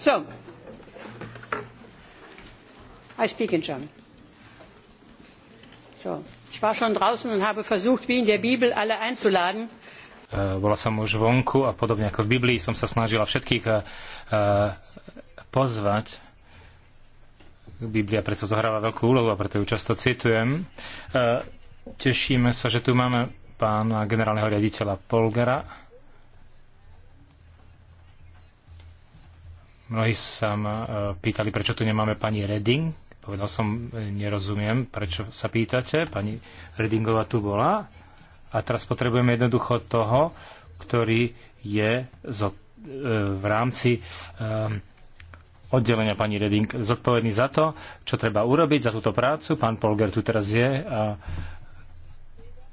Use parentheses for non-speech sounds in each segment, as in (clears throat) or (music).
So, I speak in German. So, ich war schon draußen und habe versucht, wie in der Bibel alle einzuladen. Eh, bola som už vonku a podobne ako v Biblii som sa snažila všetkých uh, pozvať. Biblia predsa zohráva veľkú úlohu a preto ju často citujem. Uh, tešíme sa, že tu máme pána generálneho riaditeľa Polgara Mnohí sa ma e, pýtali, prečo tu nemáme pani Reding. Povedal som, e, nerozumiem, prečo sa pýtate. Pani Redingová tu bola. A teraz potrebujeme jednoducho toho, ktorý je e, v rámci oddelenia pani Reding zodpovedný za to, čo treba urobiť, za túto prácu. Pán Polger tu teraz je a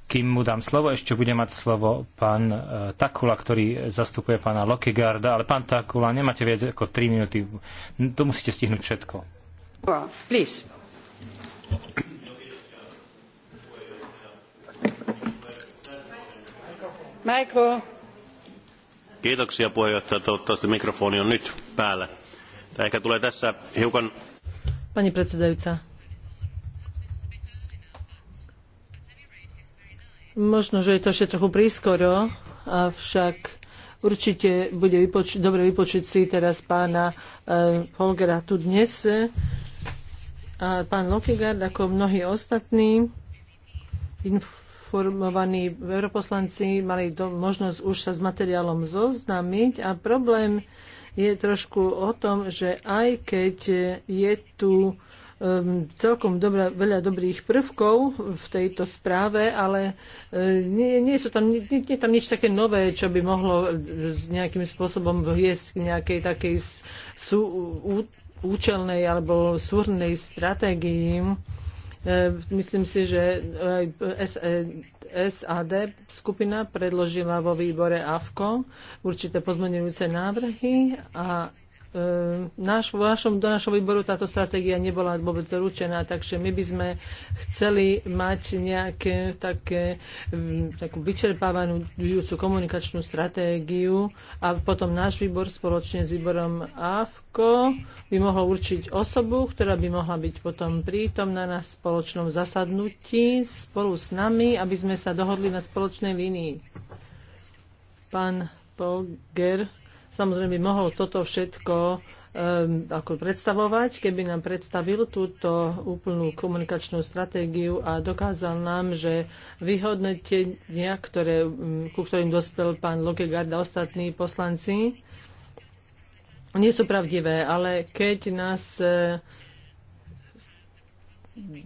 kým mu dám slovo, ešte bude mať slovo pán e, Takula, ktorý zastupuje pána Lokigarda, ale pán Takula, nemáte viac ako 3 minúty. To musíte stihnúť všetko. Please. Michael. Kiitoksia puheenjohtaja. Toivottavasti mikrofoni on nyt päällä. Tämä ehkä tulee tässä hiukan... Pani predsedajúca, Možno, že je to ešte trochu prískoro, avšak určite bude vypoč- dobre vypočuť si teraz pána e, Holgera tu dnes. A pán Lokigard, ako mnohí ostatní informovaní europoslanci, mali do- možnosť už sa s materiálom zoznámiť a problém je trošku o tom, že aj keď je tu Ehm, celkom dobra, veľa dobrých prvkov v tejto správe, ale e, nie, nie, sú tam, nie, nie je tam nič také nové, čo by mohlo e, nejakým spôsobom viesť k nejakej takej sú, ú, účelnej alebo súrnej stratégii. Ehm, myslím si, že SAD e, skupina predložila vo výbore AFKO určité pozmenujúce návrhy a E, náš, našom, do našho výboru táto stratégia nebola vôbec doručená, takže my by sme chceli mať nejaké také, takú vyčerpávanú komunikačnú stratégiu a potom náš výbor spoločne s výborom AFKO by mohol určiť osobu, ktorá by mohla byť potom prítomná na spoločnom zasadnutí spolu s nami, aby sme sa dohodli na spoločnej línii. Pán Poger, samozrejme by mohol toto všetko ako predstavovať, keby nám predstavil túto úplnú komunikačnú stratégiu a dokázal nám, že vyhodnotenia, ktoré, ku ktorým dospel pán Lokegard a ostatní poslanci, nie sú pravdivé, ale keď nás e,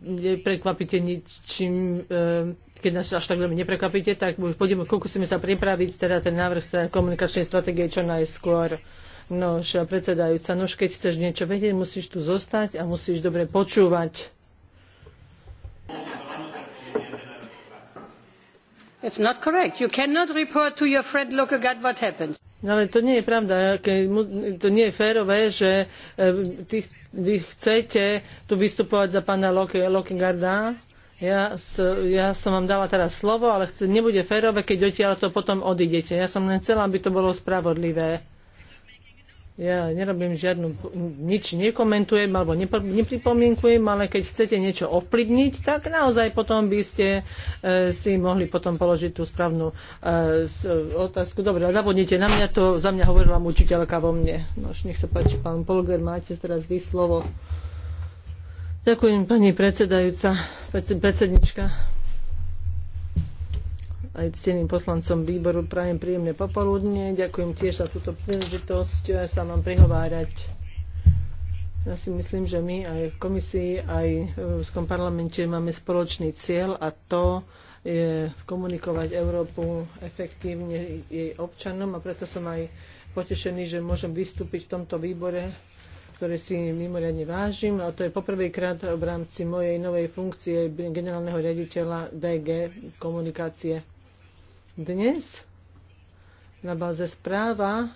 neprekvapíte ničím, e, keď nás až tak veľmi neprekvapíte, tak pôjdeme, pokúsime sa pripraviť teda ten návrh komunikačnej stratégie čo najskôr. Nož, predsedajúca, nož, keď chceš niečo vedieť, musíš tu zostať a musíš dobre počúvať. It's not correct. You cannot report to your friend Lokegaard what No, Ale to nie je pravda. To nie je férové, že eh, vy chcete tu vystupovať za pána Lokingarda. Ja, ja som vám dala teraz slovo, ale chc- nebude férové, keď odtiaľ to potom odídete. Ja som len chcela, aby to bolo spravodlivé. Ja nerobím žiadnu, nič nekomentujem alebo nepripomienkujem, ale keď chcete niečo ovplyvniť, tak naozaj potom by ste e, si mohli potom položiť tú správnu e, s, otázku. Dobre, zabudnite na mňa, to za mňa hovorila učiteľka vo mne. No, nech sa páči, pán Polger, máte teraz vy slovo. Ďakujem pani predsedajúca, predsednička. Aj cteným poslancom výboru prajem príjemné popoludne. Ďakujem tiež za túto príležitosť sa vám prihovárať. Ja si myslím, že my aj v komisii, aj v Európskom parlamente máme spoločný cieľ a to je komunikovať Európu efektívne jej občanom a preto som aj potešený, že môžem vystúpiť v tomto výbore ktoré si mimoriadne vážim. A to je poprvýkrát v rámci mojej novej funkcie generálneho riaditeľa DG komunikácie. Dnes na báze správa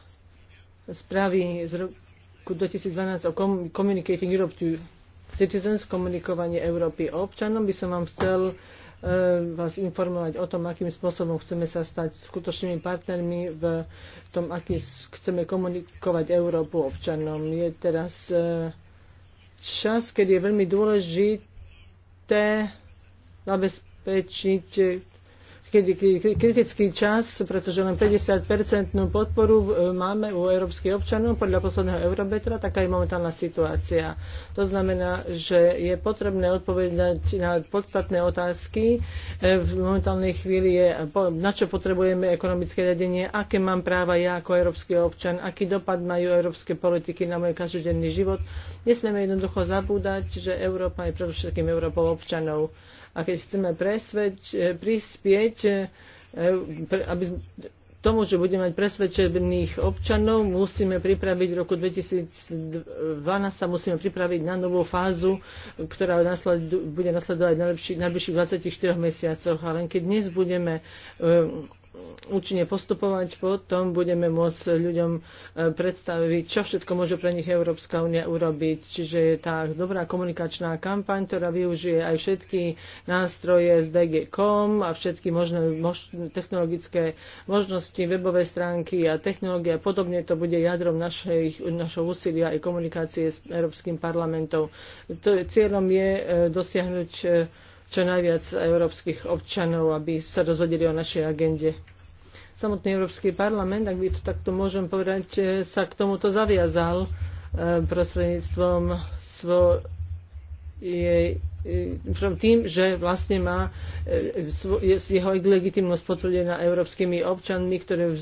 správy z roku 2012 o Communicating Europe to Citizens, komunikovanie Európy občanom, by som vám chcel Eh, vás informovať o tom, akým spôsobom chceme sa stať skutočnými partnermi v tom, akým chceme komunikovať Európu občanom. Je teraz eh, čas, kedy je veľmi dôležité zabezpečiť kritický čas, pretože len 50-percentnú podporu e, máme u európskych občanov podľa posledného Eurobetra, taká je momentálna situácia. To znamená, že je potrebné odpovedať na podstatné otázky. E, v momentálnej chvíli je, na čo potrebujeme ekonomické riadenie, aké mám práva ja ako európsky občan, aký dopad majú európske politiky na môj každodenný život. Nesmieme jednoducho zabúdať, že Európa je predovšetkým Európou občanov a keď chceme presvedč, e, prispieť, e, aby tomu, že budeme mať presvedčených občanov, musíme pripraviť v roku 2012 sa musíme pripraviť na novú fázu, ktorá bude nasledovať najbližších 24 mesiacoch. A len keď dnes budeme e, účinne postupovať, potom budeme môcť ľuďom e, predstaviť, čo všetko môže pre nich Európska únia urobiť. Čiže je tá dobrá komunikačná kampaň, ktorá využije aj všetky nástroje z DG.com a všetky možné mož, technologické možnosti, webové stránky a technológie a podobne. To bude jadrom našej, našho úsilia aj komunikácie s Európskym parlamentom. To, cieľom je e, dosiahnuť e, čo najviac európskych občanov, aby sa rozhodili o našej agende. Samotný Európsky parlament, ak by to takto môžem povedať, e, sa k tomuto zaviazal e, prostredníctvom svojej e, tým, že vlastne má jeho legitimnosť potvrdená európskymi občanmi, ktoré,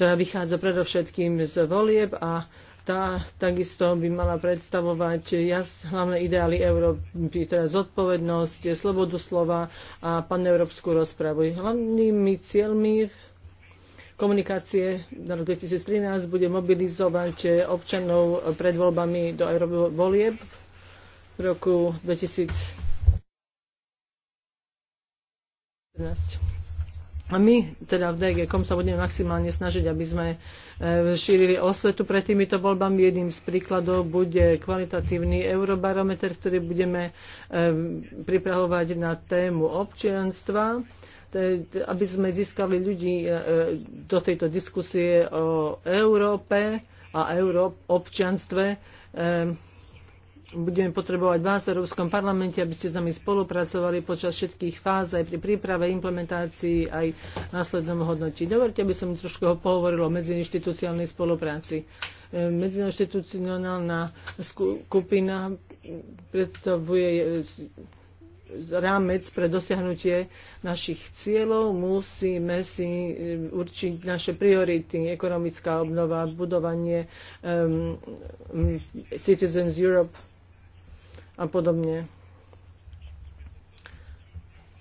ktorá vychádza predovšetkým z volieb a tá takisto by mala predstavovať jas, hlavné ideály Európy, teda zodpovednosť, slobodu slova a paneurópsku rozpravu. Hlavnými cieľmi komunikácie na rok 2013 bude mobilizovať občanov pred voľbami do volieb v roku 2013. A my teda v DG Kom sa budeme maximálne snažiť, aby sme e, šírili osvetu pred týmito voľbami. Jedným z príkladov bude kvalitatívny eurobarometer, ktorý budeme e, pripravovať na tému občianstva aby sme získali ľudí e, do tejto diskusie o Európe a Európ občianstve budeme potrebovať vás v Európskom parlamente, aby ste s nami spolupracovali počas všetkých fáz, aj pri príprave, implementácii, aj následnom hodnotí. Dovolte, aby som trošku pohovoril o medziinstitucionálnej spolupráci. E, medziinstitucionálna skupina predstavuje e, rámec pre dosiahnutie našich cieľov. Musíme si e, určiť naše priority, ekonomická obnova, budovanie um, Citizens Europe a podobne.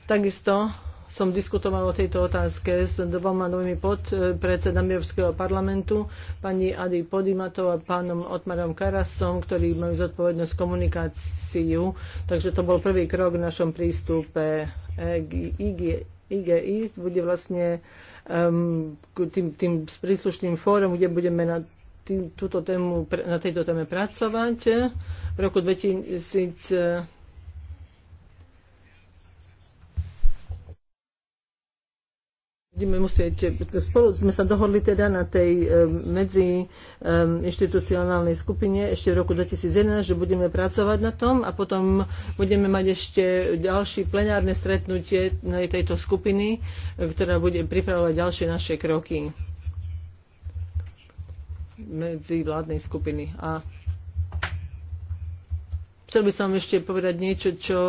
Takisto som diskutoval o tejto otázke s dvoma novými podpredsedami Európskeho parlamentu, pani Adi Podimatov a pánom Otmarom Karasom, ktorí majú zodpovednosť komunikáciu. Takže to bol prvý krok v našom prístupe IGI. E bude vlastne tým, tým príslušným fórum, kde budeme na, tým, túto tému, na tejto téme pracovať v roku 2000 budeme musieť, spolu sme sa dohodli teda na tej medzi inštitucionálnej skupine ešte v roku 2011, že budeme pracovať na tom a potom budeme mať ešte ďalšie plenárne stretnutie tejto skupiny, e, ktorá bude pripravovať ďalšie naše kroky medzi vládnej skupiny. A Chcel by som ešte povedať niečo, čo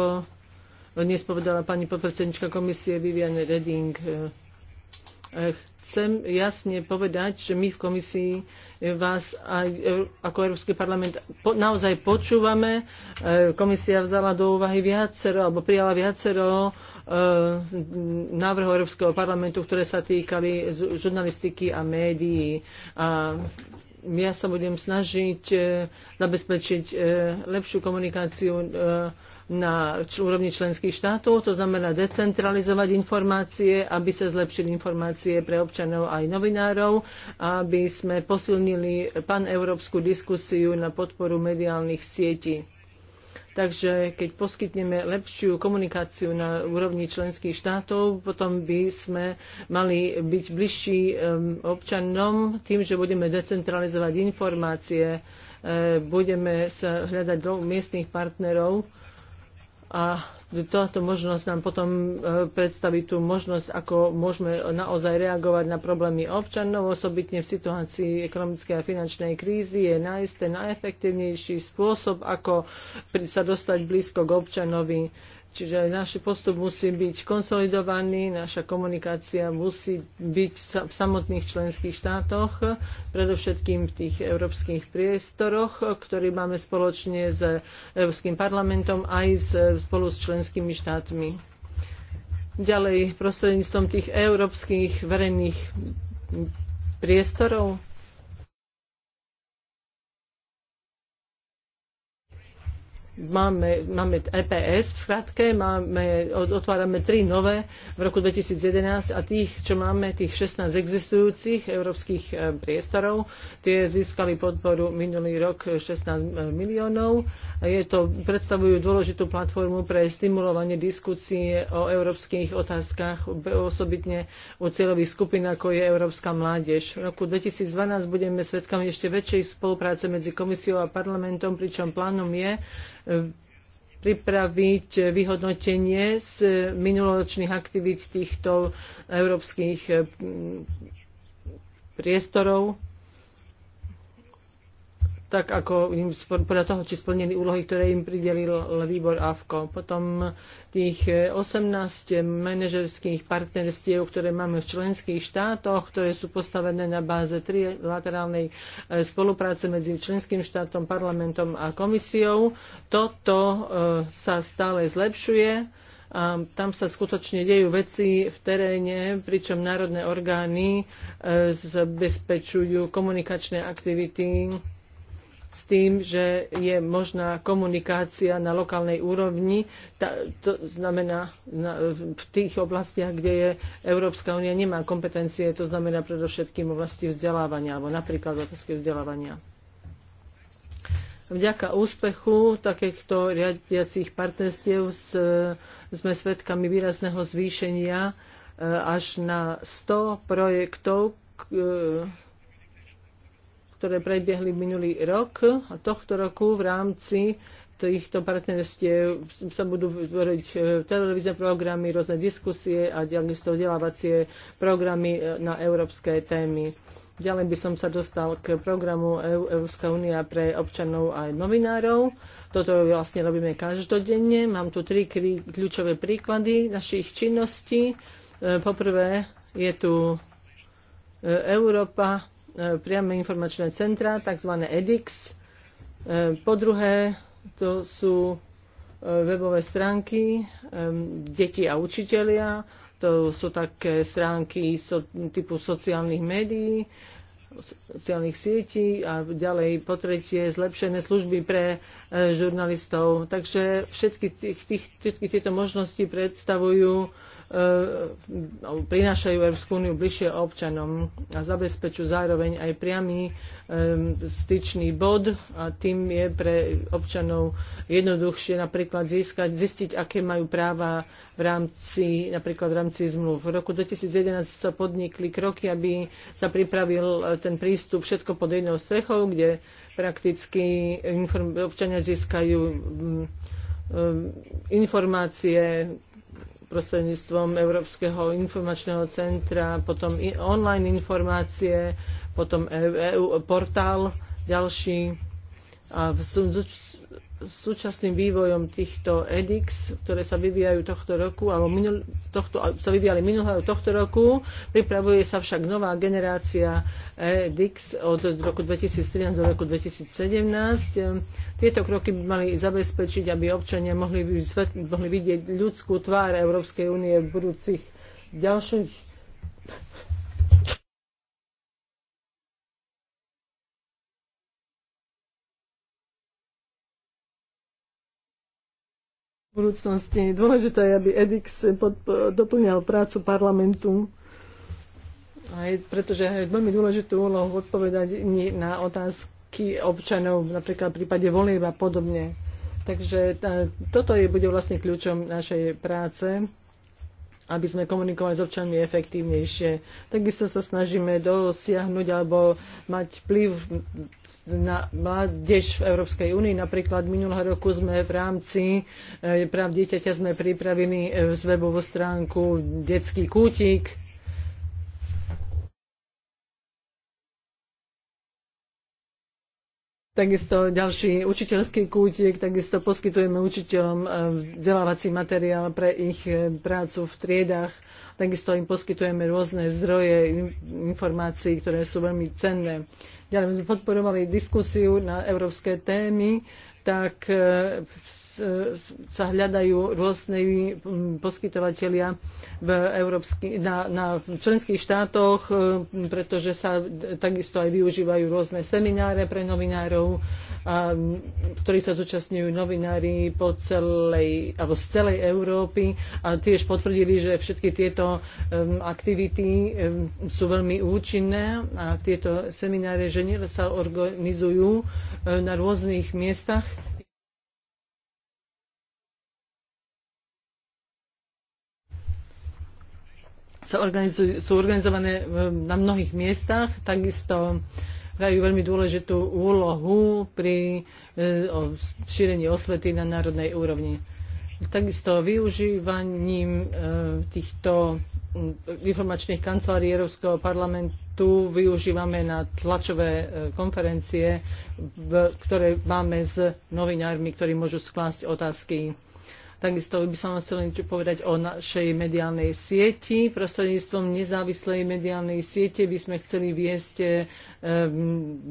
dnes povedala pani podpredsednička komisie Viviane Reding. E, chcem jasne povedať, že my v komisii vás aj e, ako Európsky parlament naozaj počúvame. E, komisia vzala do úvahy viacero, alebo prijala viacero návrhu Európskeho parlamentu, ktoré sa týkali žurnalistiky a médií. A ja sa budem snažiť e, zabezpečiť e, lepšiu komunikáciu e, na úrovni členských štátov, to znamená decentralizovať informácie, aby sa zlepšili informácie pre občanov aj novinárov, aby sme posilnili paneurópsku diskusiu na podporu mediálnych sietí. Takže keď poskytneme lepšiu komunikáciu na úrovni členských štátov, potom by sme mali byť bližší občanom tým, že budeme decentralizovať informácie, eh, budeme sa hľadať do miestných partnerov a táto možnosť nám potom e, predstaví tú možnosť, ako môžeme naozaj reagovať na problémy občanov, osobitne v situácii ekonomickej a finančnej krízy, je nájsť ten najefektívnejší spôsob, ako sa dostať blízko k občanovi Čiže náš postup musí byť konsolidovaný, naša komunikácia musí byť v samotných členských štátoch, predovšetkým v tých európskych priestoroch, ktorý máme spoločne s Európskym parlamentom aj spolu s členskými štátmi. Ďalej prostredníctvom tých európskych verejných priestorov máme, máme EPS v skratke, máme, otvárame tri nové v roku 2011 a tých, čo máme, tých 16 existujúcich európskych e, priestorov, tie získali podporu minulý rok 16 e, miliónov. Je to, predstavujú dôležitú platformu pre stimulovanie diskusie o európskych otázkach, osobitne u cieľových skupín, ako je Európska mládež. V roku 2012 budeme svedkami ešte väčšej spolupráce medzi komisiou a parlamentom, pričom plánom je, pripraviť vyhodnotenie z minuloročných aktivít týchto európskych mm, priestorov tak ako im, podľa toho, či splnili úlohy, ktoré im pridelil výbor AFKO. Potom tých 18 e, manažerských partnerstiev, ktoré máme v členských štátoch, ktoré sú postavené na báze trilaterálnej e, spolupráce medzi členským štátom, parlamentom a komisiou. Toto e, sa stále zlepšuje a tam sa skutočne dejú veci v teréne, pričom národné orgány zabezpečujú komunikačné aktivity s tým, že je možná komunikácia na lokálnej úrovni. Ta, to znamená na, v tých oblastiach, kde je Európska únia nemá kompetencie, to znamená predovšetkým oblasti vzdelávania alebo napríklad otázky vzdelávania. Vďaka úspechu takýchto riadiacich partnerstiev s, sme svedkami výrazného zvýšenia e, až na 100 projektov, k, e, ktoré prebiehli minulý rok a tohto roku v rámci týchto partnerstiev sa budú tvoriť e, televízne programy, rôzne diskusie a ďalkisto vzdelávacie programy e, na európske témy. Ďalej by som sa dostal k programu e Európska únia pre občanov a novinárov. Toto vlastne robíme každodenne. Mám tu tri kľúčové príklady našich činností. Poprvé je tu Európa E, priame informačné centra, tzv. EDIX. E, po druhé, to sú e, webové stránky deti a učitelia. To sú také stránky so, typu sociálnych médií, sociálnych sietí a ďalej po tretie zlepšené služby pre e, žurnalistov. Takže všetky, tých, tých, všetky tieto možnosti predstavujú E, prinášajú Európsku úniu bližšie občanom a zabezpečujú zároveň aj priamy e, styčný bod a tým je pre občanov jednoduchšie napríklad získať, zistiť, aké majú práva v rámci, napríklad v rámci zmluv. V roku 2011 sa podnikli kroky, aby sa pripravil e, ten prístup všetko pod jednou strechou, kde prakticky občania získajú informácie, prostredníctvom Európskeho informačného centra, potom online informácie, potom EU e- e- portál ďalší a v súčasným vývojom týchto edix, ktoré sa vyvíjajú tohto roku, alebo minul, tohto, sa vyvíjali minulého tohto roku. Pripravuje sa však nová generácia edix od roku 2013 do roku 2017. Tieto kroky by mali zabezpečiť, aby občania mohli, mohli vidieť ľudskú tvár Európskej únie v budúcich ďalších budúcnosti. Dôležité je, aby EDIX doplňal prácu parlamentu, aj, pretože je veľmi dôležitú úlohu odpovedať na otázky občanov, napríklad v prípade volieb a podobne. Takže tá, e, toto je, bude vlastne kľúčom našej práce aby sme komunikovali s občanmi efektívnejšie. Takisto sa snažíme dosiahnuť alebo mať vplyv na mládež v Európskej únii. Napríklad minulého roku sme v rámci eh, práv dieťaťa sme pripravili eh, z webovú stránku Detský kútik, Takisto ďalší učiteľský kútik, takisto poskytujeme učiteľom eh, vzdelávací materiál pre ich prácu v triedách. Takisto im poskytujeme rôzne zdroje informácií, ktoré sú veľmi cenné. Ďalej sme podporovali diskusiu na európske témy, tak e, E, sa hľadajú rôzne poskytovateľia v Európsky, na, na členských štátoch, e, pretože sa takisto aj využívajú rôzne semináre pre novinárov, ktorí sa zúčastňujú novinári po celej, alebo z celej Európy a tiež potvrdili, že všetky tieto aktivity sú veľmi účinné a tieto semináre že sa organizujú e, na rôznych miestach sa organizujú, sú organizované e, na mnohých miestach, takisto hrajú veľmi dôležitú úlohu pri e, o šírení osvety na národnej úrovni. Takisto využívaním e, týchto informačných kancelárií Európskeho parlamentu využívame na tlačové e, konferencie, v, ktoré máme s novinármi, ktorí môžu sklásť otázky Takisto by som chcel niečo povedať o našej mediálnej sieti. Prostredníctvom nezávislej mediálnej siete by sme chceli viesť eh,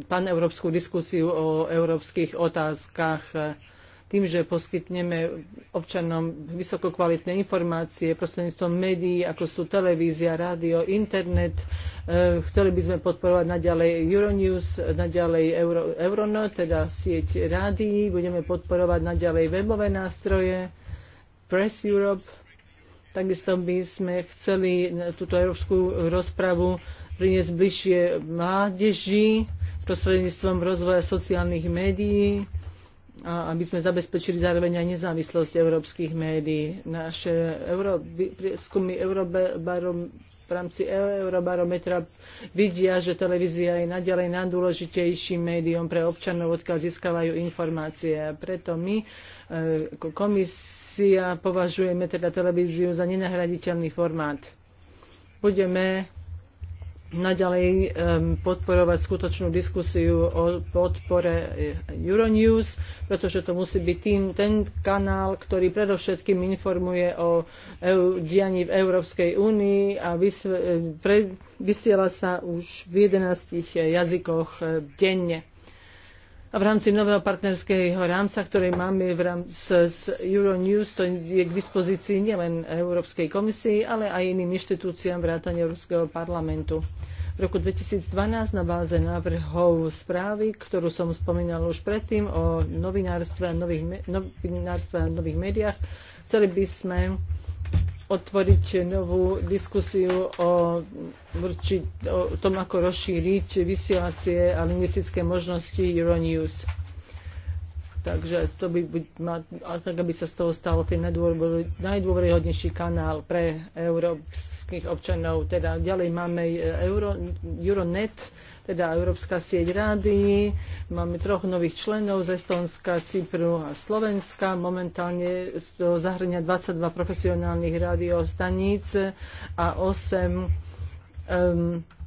paneurópsku diskusiu o európskych otázkach tým, že poskytneme občanom vysokokvalitné informácie prostredníctvom médií, ako sú televízia, rádio, internet. Eh, chceli by sme podporovať naďalej Euronews, naďalej Euro, teda sieť rádií. Budeme podporovať naďalej webové nástroje Press Europe. Takisto by sme chceli túto európsku rozpravu priniesť bližšie mládeži prostredníctvom rozvoja sociálnych médií a aby sme zabezpečili zároveň aj nezávislosť európskych médií. Naše Euró... v rámci Eurobarometra vidia, že televízia je naďalej najdôležitejším médium pre občanov, odkiaľ získavajú informácie. A preto my, e, ako komisia, a považujeme teda televíziu za nenahraditeľný formát. Budeme naďalej podporovať skutočnú diskusiu o podpore e, Euronews, pretože to musí byť tým, ten kanál, ktorý predovšetkým informuje o dianí v Európskej únii a vysve, e, pre, vysiela sa už v 11 e, jazykoch denne. A v rámci nového partnerského rámca, ktorý máme v rámci z Euronews, to je k dispozícii nielen Európskej komisii, ale aj iným inštitúciám vrátane Európskeho parlamentu. V roku 2012 na báze návrhov správy, ktorú som spomínal už predtým o novinárstve a nových, novinárstve a nových médiách, chceli by sme otvoriť novú diskusiu o, o tom, ako rozšíriť vysielacie a lingvistické možnosti Euronews. Takže to by, by tak aby sa z toho stalo ten najdôveryhodnejší kanál pre európskych občanov. Teda ďalej máme Euro, Euronet, teda Európska sieť rádií. Máme troch nových členov z Estonska, Cypru a Slovenska. Momentálne to zahrania 22 profesionálnych rádiostaníc a 8 um,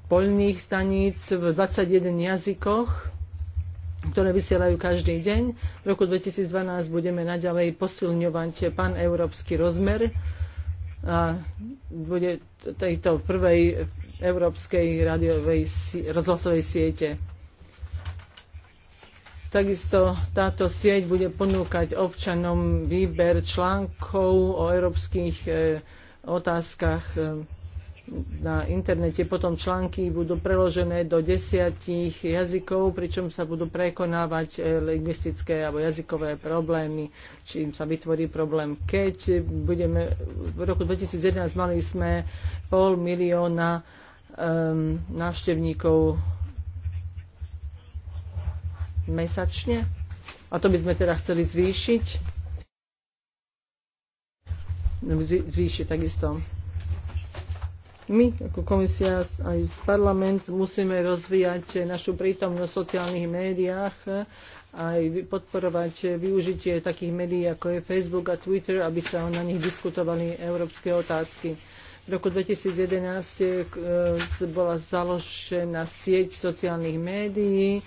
poľných staníc v 21 jazykoch ktoré vysielajú každý deň. V roku 2012 budeme naďalej posilňovať paneurópsky rozmer a bude tejto prvej európskej radiovej rozhlasovej siete. Takisto táto sieť bude ponúkať občanom výber článkov o európskych e, otázkach e, na internete potom články budú preložené do desiatich jazykov, pričom sa budú prekonávať eh, lingvistické alebo jazykové problémy, čím sa vytvorí problém. Keď budeme, v roku 2011 mali sme pol milióna um, návštevníkov mesačne. A to by sme teda chceli zvýšiť. Zvýšiť takisto my ako komisia aj parlament musíme rozvíjať našu prítomnosť v sociálnych médiách, aj podporovať využitie takých médií ako je Facebook a Twitter, aby sa na nich diskutovali európske otázky. V roku 2011 eh, bola založená sieť sociálnych médií,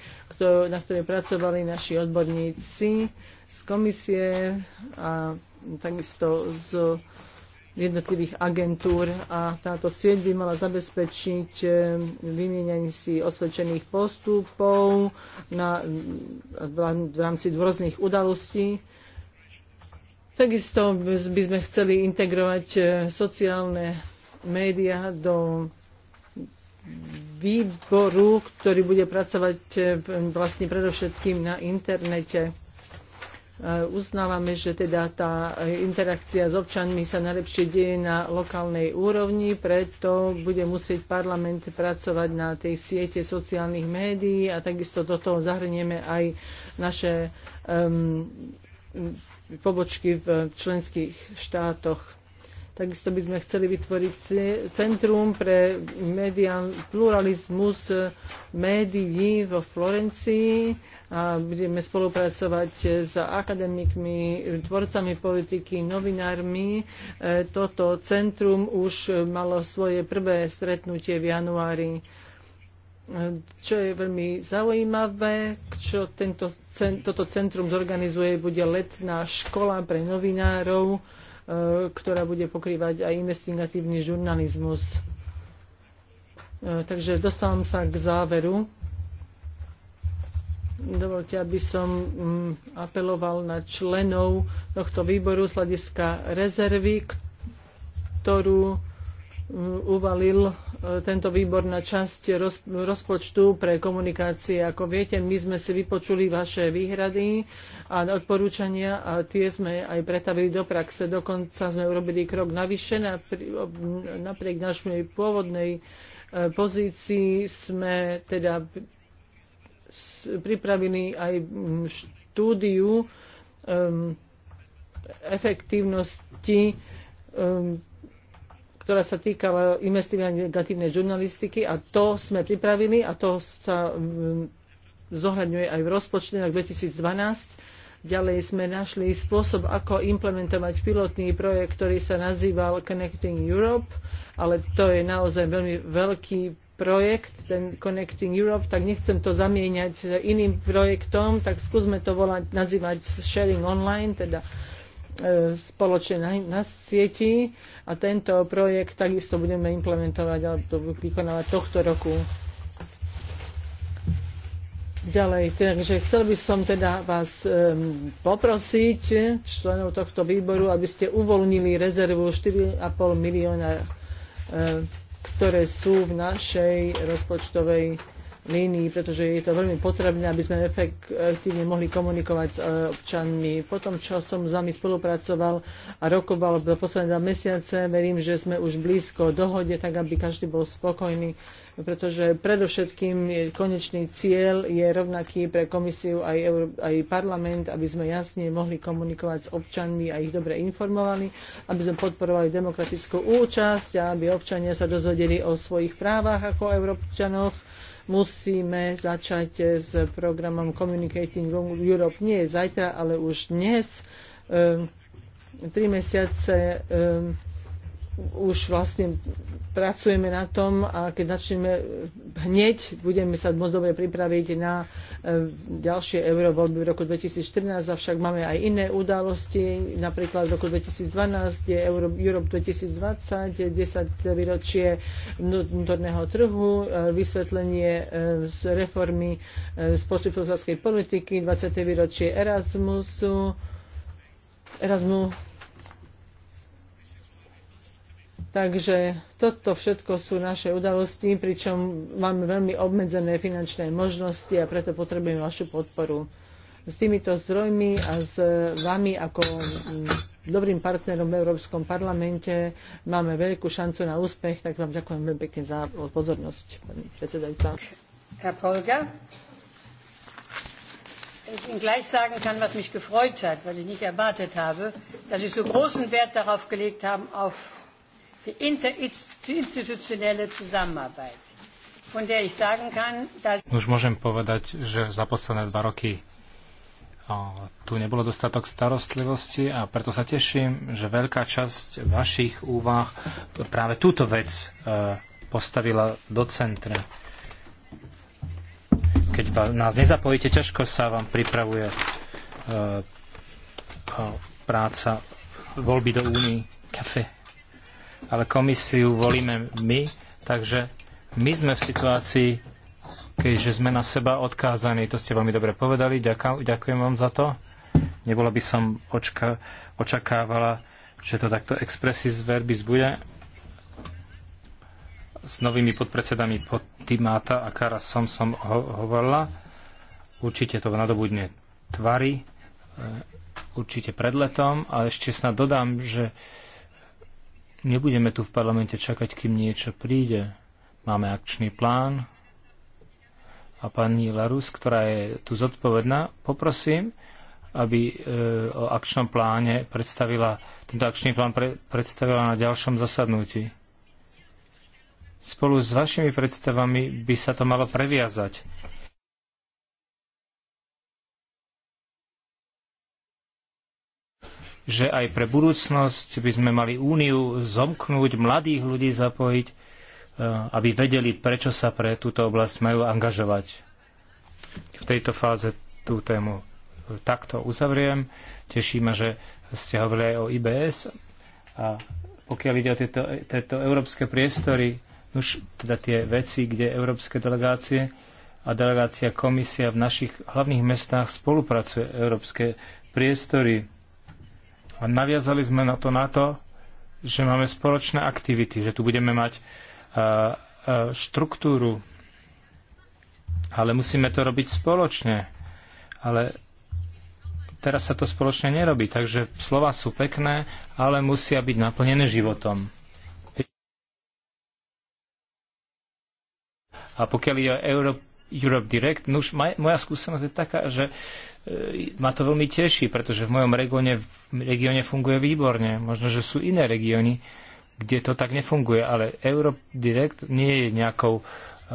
na ktorej pracovali naši odborníci z komisie a takisto z jednotlivých agentúr a táto sieť by mala zabezpečiť eh, vymienianie si osvedčených postupov na, v rámci rôznych udalostí. Takisto by sme chceli integrovať eh, sociálne médiá do výboru, ktorý bude pracovať eh, vlastne predovšetkým na internete uznávame, že teda tá interakcia s občanmi sa najlepšie deje na lokálnej úrovni, preto bude musieť parlament pracovať na tej siete sociálnych médií a takisto do toho zahrnieme aj naše um, pobočky v členských štátoch. Takisto by sme chceli vytvoriť centrum pre medial, pluralizmus eh, médií vo Florencii a budeme spolupracovať s eh, akademikmi, tvorcami politiky, novinármi. Eh, toto centrum už malo svoje prvé stretnutie v januári čo je veľmi zaujímavé, čo tento, toto centrum zorganizuje, bude letná škola pre novinárov, E, ktorá bude pokrývať aj investigatívny žurnalizmus. E, takže dostávam sa k záveru. Dovolte, aby som mm, apeloval na členov tohto výboru z hľadiska rezervy, ktorú mm, uvalil e, tento výbor na časť rozpočtu pre komunikácie. Ako viete, my sme si vypočuli vaše výhrady a odporúčania a tie sme aj pretavili do praxe. Dokonca sme urobili krok navyše napriek našej pôvodnej e, pozícii sme teda pripravili aj štúdiu um, efektívnosti, um, ktorá sa týkala investigatívnej negatívnej žurnalistiky a to sme pripravili a to sa um, zohľadňuje aj v rozpočte na 2012 Ďalej sme našli spôsob, ako implementovať pilotný projekt, ktorý sa nazýval Connecting Europe, ale to je naozaj veľmi veľký projekt, ten Connecting Europe, tak nechcem to zamieňať s iným projektom, tak skúsme to volať, nazývať Sharing Online, teda e, spoločne na, na sieti a tento projekt takisto budeme implementovať alebo vykonávať tohto roku ďalej. Takže chcel by som teda vás um, poprosiť, členov tohto výboru, aby ste uvoľnili rezervu 4,5 milióna, um, ktoré sú v našej rozpočtovej línii, pretože je to veľmi potrebné, aby sme efektívne mohli komunikovať s e, občanmi. Po tom, čo som s vami spolupracoval a rokoval za posledné dva mesiace, verím, že sme už blízko dohode, tak aby každý bol spokojný, pretože predovšetkým konečný cieľ je rovnaký pre komisiu aj, Euró aj parlament, aby sme jasne mohli komunikovať s občanmi a ich dobre informovali, aby sme podporovali demokratickú účasť a aby občania sa dozvedeli o svojich právach ako európčanoch musíme začať s programom Communicating Europe. Nie zajtra, ale už dnes. Ehm, tri mesiace ehm, už vlastne pracujeme na tom a keď začneme hneď, budeme sa moc dobre pripraviť na e, ďalšie eurovoľby v roku 2014, avšak máme aj iné udalosti, napríklad v roku 2012 je Europe 2020, 10 výročie vnútorného trhu, e, vysvetlenie e, z reformy spoločenskej politiky, 20. výročie Erasmusu, Erasmus Takže toto všetko sú naše udalosti, pričom máme veľmi obmedzené finančné možnosti a preto potrebujeme vašu podporu. S týmito zdrojmi a s vami ako mm, dobrým partnerom v Európskom parlamente máme veľkú šancu na úspech, tak vám ďakujem veľmi pekne za pozornosť, pani predsedajúca. Herr Polga, ich Ihnen gleich sagen kann, was mich gefreut hat, weil ich nicht erwartet habe, dass Sie so großen Wert darauf gelegt haben, auf die interinstitutionelle Zusammenarbeit, von der ich sagen kann, dass... Už môžem povedať, že za posledné dva roky tu nebolo dostatok starostlivosti a preto sa teším, že veľká časť vašich úvah práve túto vec e, postavila do centra. Keď nás nezapojíte, ťažko sa vám pripravuje e, práca voľby do Únii. café ale komisiu volíme my, takže my sme v situácii, keďže sme na seba odkázaní. To ste veľmi dobre povedali, ďakujem vám za to. Nebola by som očka, očakávala, že to takto expressis verbis bude s novými podpredsedami pod Timáta a Karasom som ho- hovorila. Určite to nadobudne tvary, e, určite pred letom. A ešte snad dodám, že nebudeme tu v parlamente čakať, kým niečo príde. Máme akčný plán a pani Larus, ktorá je tu zodpovedná, poprosím, aby e, o akčnom pláne predstavila, tento akčný plán pre, predstavila na ďalšom zasadnutí. Spolu s vašimi predstavami by sa to malo previazať že aj pre budúcnosť by sme mali úniu zomknúť, mladých ľudí zapojiť, e, aby vedeli, prečo sa pre túto oblasť majú angažovať. V tejto fáze tú tému takto uzavriem. Teší ma, že ste hovorili aj o IBS a pokiaľ ide o tieto, tieto európske priestory, už teda tie veci, kde európske delegácie a delegácia komisia v našich hlavných mestách spolupracuje európske priestory a naviazali sme na to na to, že máme spoločné aktivity, že tu budeme mať e, e, štruktúru, ale musíme to robiť spoločne. Ale teraz sa to spoločne nerobí, takže slova sú pekné, ale musia byť naplnené životom. A pokiaľ je o Europe Direct. No už moja skúsenosť je taká, že e, ma to veľmi teší, pretože v mojom regióne, regióne funguje výborne. Možno, že sú iné regióny, kde to tak nefunguje, ale Europe Direct nie je nejakou e,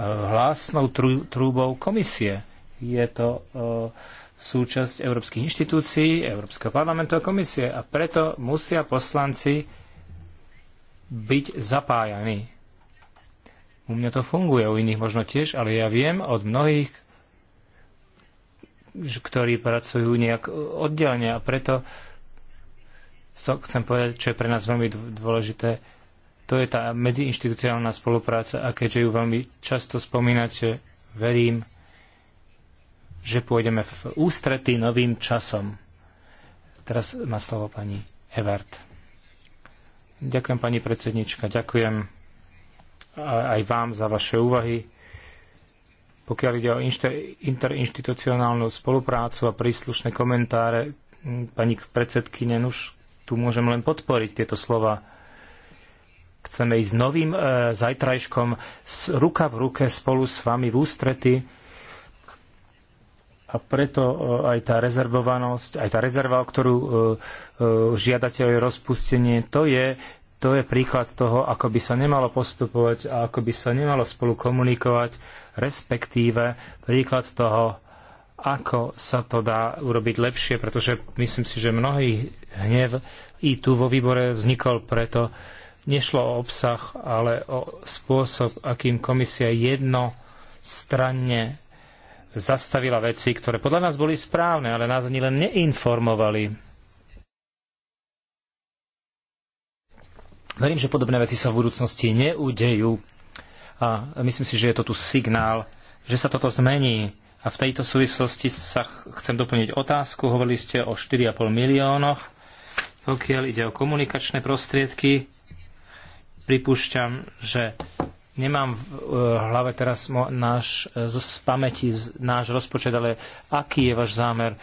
hlásnou trúbou komisie. Je to e, súčasť európskych inštitúcií, Európskeho parlamentu a komisie a preto musia poslanci byť zapájani. U mňa to funguje, u iných možno tiež, ale ja viem od mnohých, ktorí pracujú nejak oddelenie a preto so, chcem povedať, čo je pre nás veľmi dôležité, to je tá medziinstitucionálna spolupráca a keďže ju veľmi často spomínate, verím, že pôjdeme v ústrety novým časom. Teraz má slovo pani Evert. Ďakujem, pani predsednička, ďakujem aj vám za vaše úvahy. Pokiaľ ide o interinstitucionálnu spoluprácu a príslušné komentáre, pani predsedkyne, už tu môžem len podporiť tieto slova. Chceme ísť novým e, zajtrajškom s, ruka v ruke spolu s vami v ústrety a preto e, aj tá rezervovanosť, aj tá rezerva, o ktorú e, e, žiadate o jej rozpustenie, to je to je príklad toho, ako by sa nemalo postupovať a ako by sa nemalo spolu komunikovať, respektíve príklad toho, ako sa to dá urobiť lepšie, pretože myslím si, že mnohý hnev i tu vo výbore vznikol preto, nešlo o obsah, ale o spôsob, akým komisia jedno stranne zastavila veci, ktoré podľa nás boli správne, ale nás ani len neinformovali Verím, že podobné veci sa v budúcnosti neudejú. A myslím si, že je to tu signál, že sa toto zmení. A v tejto súvislosti sa chcem doplniť otázku. Hovorili ste o 4,5 miliónoch. Pokiaľ ide o komunikačné prostriedky, pripúšťam, že nemám v e, hlave teraz náš, e, z pamäti z, náš rozpočet, ale aký je váš zámer e,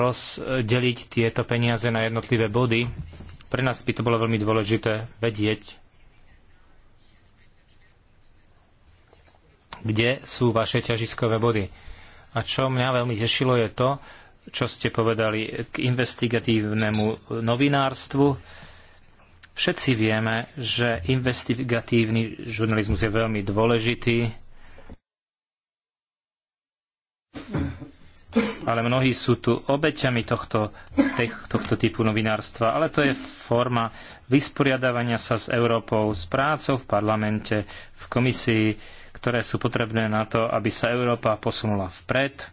rozdeliť tieto peniaze na jednotlivé body? Pre nás by to bolo veľmi dôležité vedieť, kde sú vaše ťažiskové body. A čo mňa veľmi tešilo je to, čo ste povedali k investigatívnemu novinárstvu. Všetci vieme, že investigatívny žurnalizmus je veľmi dôležitý ale mnohí sú tu obeťami tohto, tohto typu novinárstva. Ale to je forma vysporiadavania sa s Európou, s prácou v parlamente, v komisii, ktoré sú potrebné na to, aby sa Európa posunula vpred.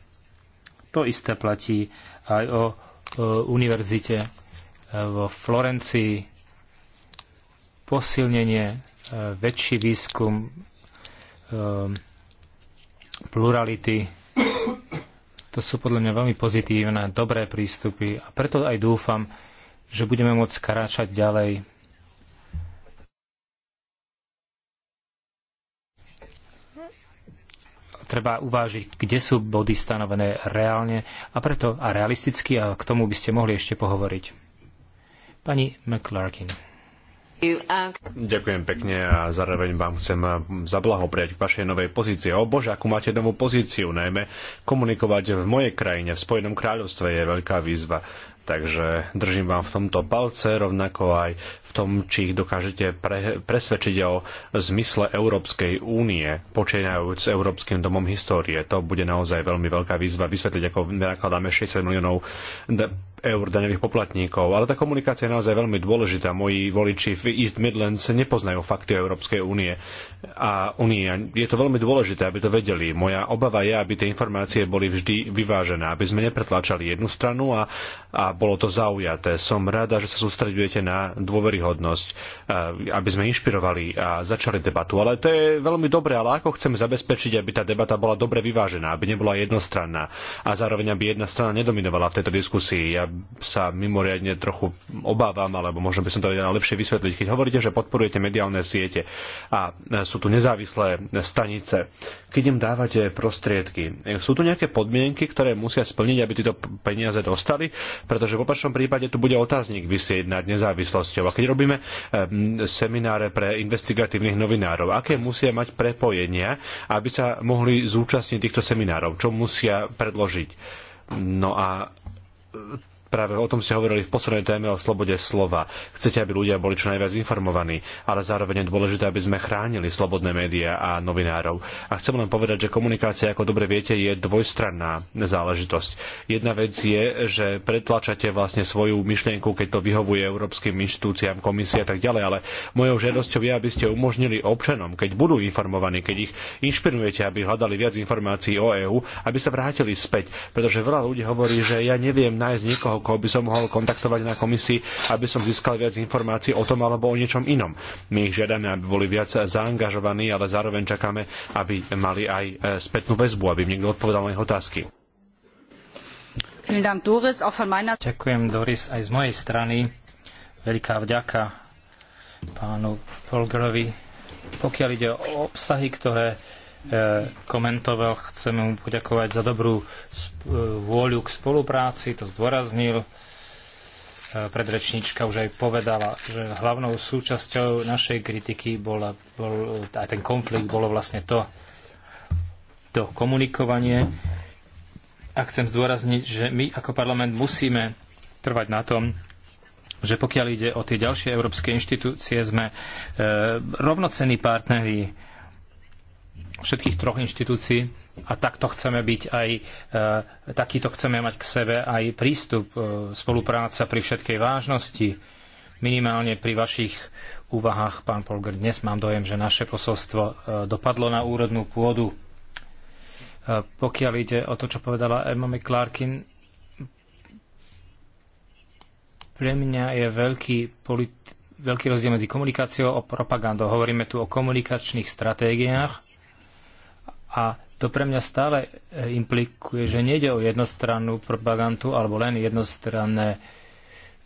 To isté platí aj o, o univerzite e, vo Florencii. Posilnenie, e, väčší výskum e, plurality to sú podľa mňa veľmi pozitívne, dobré prístupy a preto aj dúfam, že budeme môcť kráčať ďalej. Treba uvážiť, kde sú body stanovené reálne a preto a realisticky a k tomu by ste mohli ešte pohovoriť. Pani McClarkin. Ďakujem pekne a zároveň vám chcem zablahopriať k vašej novej pozícii. O bože, akú máte novú pozíciu, najmä komunikovať v mojej krajine, v Spojenom kráľovstve je veľká výzva. Takže držím vám v tomto palce, rovnako aj v tom, či ich dokážete pre, presvedčiť o zmysle Európskej únie, počínajúc s Európskym domom histórie. To bude naozaj veľmi veľká výzva vysvetliť, ako nakladáme 60 miliónov eur daňových poplatníkov. Ale tá komunikácia je naozaj veľmi dôležitá. Moji voliči v East Midlands nepoznajú fakty Európskej únie. A únie. je to veľmi dôležité, aby to vedeli. Moja obava je, aby tie informácie boli vždy vyvážené, aby sme nepretlačali jednu stranu a, a bolo to zaujaté. Som rada, že sa sústredujete na dôveryhodnosť, e, aby sme inšpirovali a začali debatu. Ale to je veľmi dobré, ale ako chceme zabezpečiť, aby tá debata bola dobre vyvážená, aby nebola jednostranná a zároveň aby jedna strana nedominovala v tejto diskusii. Ja sa mimoriadne trochu obávam, alebo možno by som to vedel lepšie vysvetliť. Keď hovoríte, že podporujete mediálne siete a e, sú tu nezávislé stanice, keď im dávate prostriedky, e, sú tu nejaké podmienky, ktoré musia splniť, aby tieto peniaze dostali? Pretože v opačnom prípade tu bude otáznik vysieť nad nezávislosťou. A keď robíme e, semináre pre investigatívnych novinárov, aké musia mať prepojenia, aby sa mohli zúčastniť týchto seminárov? Čo musia predložiť? No a Práve o tom ste hovorili v poslednej téme o slobode slova. Chcete, aby ľudia boli čo najviac informovaní, ale zároveň je dôležité, aby sme chránili slobodné médiá a novinárov. A chcem len povedať, že komunikácia, ako dobre viete, je dvojstranná záležitosť. Jedna vec je, že pretlačate vlastne svoju myšlienku, keď to vyhovuje európskym inštitúciám, komisie a tak ďalej, ale mojou žiadosťou je, aby ste umožnili občanom, keď budú informovaní, keď ich inšpirujete, aby hľadali viac informácií o EÚ, aby sa vrátili späť. Pretože veľa ľudí hovorí, že ja neviem nájsť niekoho, koho by som mohol kontaktovať na komisii, aby som získal viac informácií o tom alebo o niečom inom. My ich žiadame, aby boli viac zaangažovaní, ale zároveň čakáme, aby mali aj e, spätnú väzbu, aby im niekto odpovedal na ich otázky. Ďakujem, Doris, aj z mojej strany. Veľká vďaka pánu Polgerovi. Pokiaľ ide o obsahy, ktoré E, komentoval. Chcem mu poďakovať za dobrú e, vôľu k spolupráci, to zdôraznil. E, predrečníčka už aj povedala, že hlavnou súčasťou našej kritiky bola, bol, aj ten konflikt bolo vlastne to, to komunikovanie. A chcem zdôrazniť, že my ako parlament musíme trvať na tom, že pokiaľ ide o tie ďalšie európske inštitúcie, sme e, rovnocenní partneri všetkých troch inštitúcií a takto chceme byť aj, e, takýto chceme mať k sebe aj prístup, e, spolupráca pri všetkej vážnosti. Minimálne pri vašich úvahách, pán Polger, dnes mám dojem, že naše posolstvo e, dopadlo na úrodnú pôdu. Pokiaľ ide o to, čo povedala Emma McClarkin, pre mňa je veľký, polit- veľký rozdiel medzi komunikáciou a propagandou. Hovoríme tu o komunikačných stratégiách, a to pre mňa stále e, implikuje, že nejde o jednostrannú propagandu alebo len jednostranné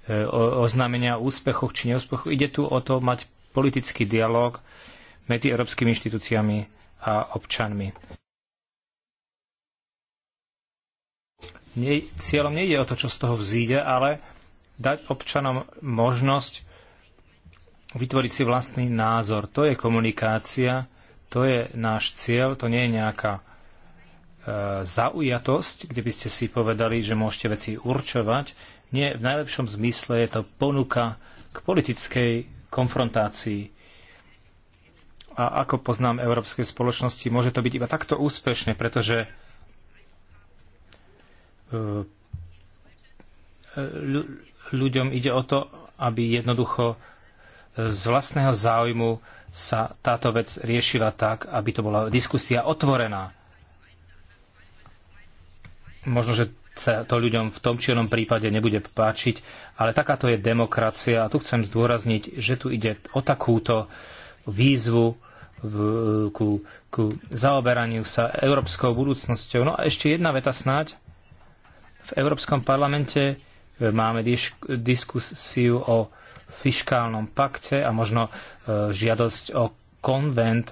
e, oznámenia o úspechoch či neúspechoch. Ide tu o to mať politický dialog medzi európskymi inštitúciami a občanmi. Nie, cieľom nejde o to, čo z toho vzíde, ale dať občanom možnosť vytvoriť si vlastný názor. To je komunikácia, to je náš cieľ, to nie je nejaká e, zaujatosť, kde by ste si povedali, že môžete veci určovať. Nie, v najlepšom zmysle je to ponuka k politickej konfrontácii. A ako poznám európskej spoločnosti, môže to byť iba takto úspešné, pretože e, ľuďom ide o to, aby jednoducho z vlastného záujmu sa táto vec riešila tak, aby to bola diskusia otvorená. Možno, že sa to ľuďom v tom či onom prípade nebude páčiť, ale takáto je demokracia a tu chcem zdôrazniť, že tu ide o takúto výzvu v, ku, ku zaoberaniu sa európskou budúcnosťou. No a ešte jedna veta snáď. V Európskom parlamente máme diskusiu o fiskálnom pakte a možno e, žiadosť o konvent.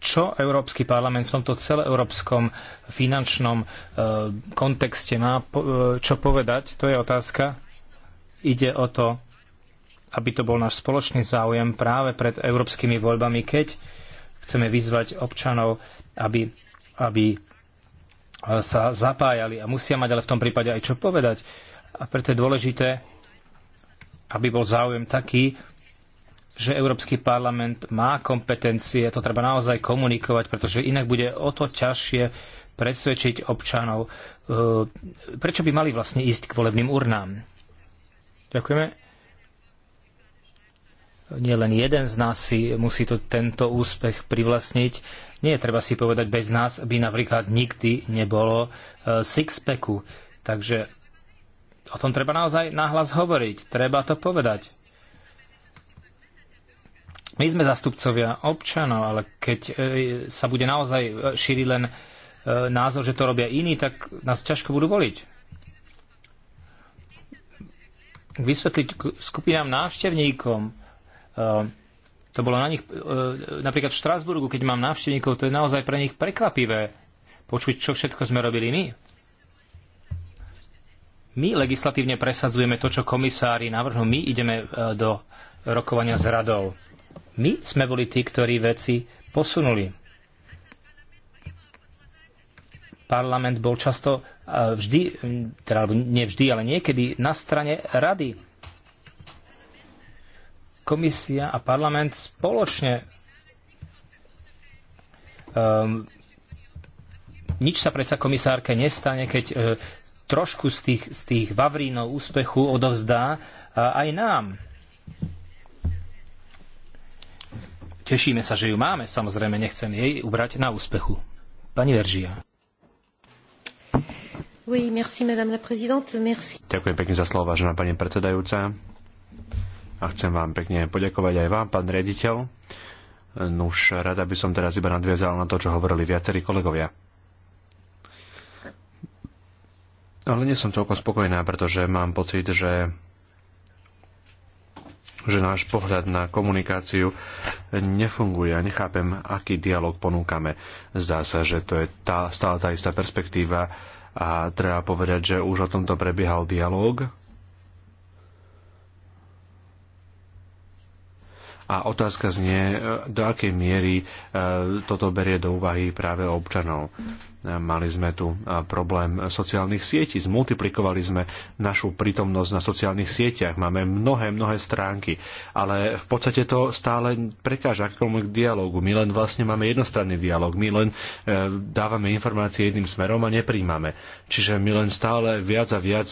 Čo Európsky parlament v tomto celoeurópskom finančnom e, kontexte má e, čo povedať? To je otázka. Ide o to, aby to bol náš spoločný záujem práve pred európskymi voľbami, keď chceme vyzvať občanov, aby, aby sa zapájali a musia mať ale v tom prípade aj čo povedať. A preto je dôležité, aby bol záujem taký, že Európsky parlament má kompetencie, to treba naozaj komunikovať, pretože inak bude o to ťažšie presvedčiť občanov, e, prečo by mali vlastne ísť k volebným urnám. Ďakujeme nie len jeden z nás si musí to, tento úspech privlastniť. Nie, je treba si povedať, bez nás by napríklad nikdy nebolo e, six packu. Takže o tom treba naozaj náhlas hovoriť. Treba to povedať. My sme zastupcovia občanov, ale keď e, sa bude naozaj e, šíriť len e, názor, že to robia iní, tak nás ťažko budú voliť. Vysvetliť skupinám návštevníkom, to bolo na nich, napríklad v Štrasburgu, keď mám návštevníkov, to je naozaj pre nich prekvapivé počuť, čo všetko sme robili my my legislatívne presadzujeme to, čo komisári navrhnú. My ideme e, do rokovania s radou. My sme boli tí, ktorí veci posunuli. Parlament bol často e, vždy, teda nevždy, ale niekedy na strane rady. Komisia a parlament spoločne um, nič sa predsa komisárke nestane, keď trošku z tých, z tých vavrínov úspechu odovzdá aj nám. Tešíme sa, že ju máme, samozrejme nechcem jej ubrať na úspechu. Pani Veržia. Oui, merci, madame la présidente. Merci. Ďakujem pekne za slovo, vážená pani predsedajúca. A chcem vám pekne poďakovať aj vám, pán riaditeľ. Nuž, rada by som teraz iba nadviazal na to, čo hovorili viacerí kolegovia ale nie som celkom spokojná, pretože mám pocit, že že náš pohľad na komunikáciu nefunguje a nechápem, aký dialog ponúkame. Zdá sa, že to je tá, stále tá istá perspektíva a treba povedať, že už o tomto prebiehal dialog A otázka znie, e, do akej miery e, toto berie do úvahy práve občanov. E, mali sme tu problém sociálnych sietí, zmultiplikovali sme našu prítomnosť na sociálnych sieťach, máme mnohé, mnohé stránky, ale v podstate to stále prekáža akémukoľvek dialogu. My len vlastne máme jednostranný dialog, my len dávame informácie jedným smerom a nepríjmame. Čiže my len stále viac a viac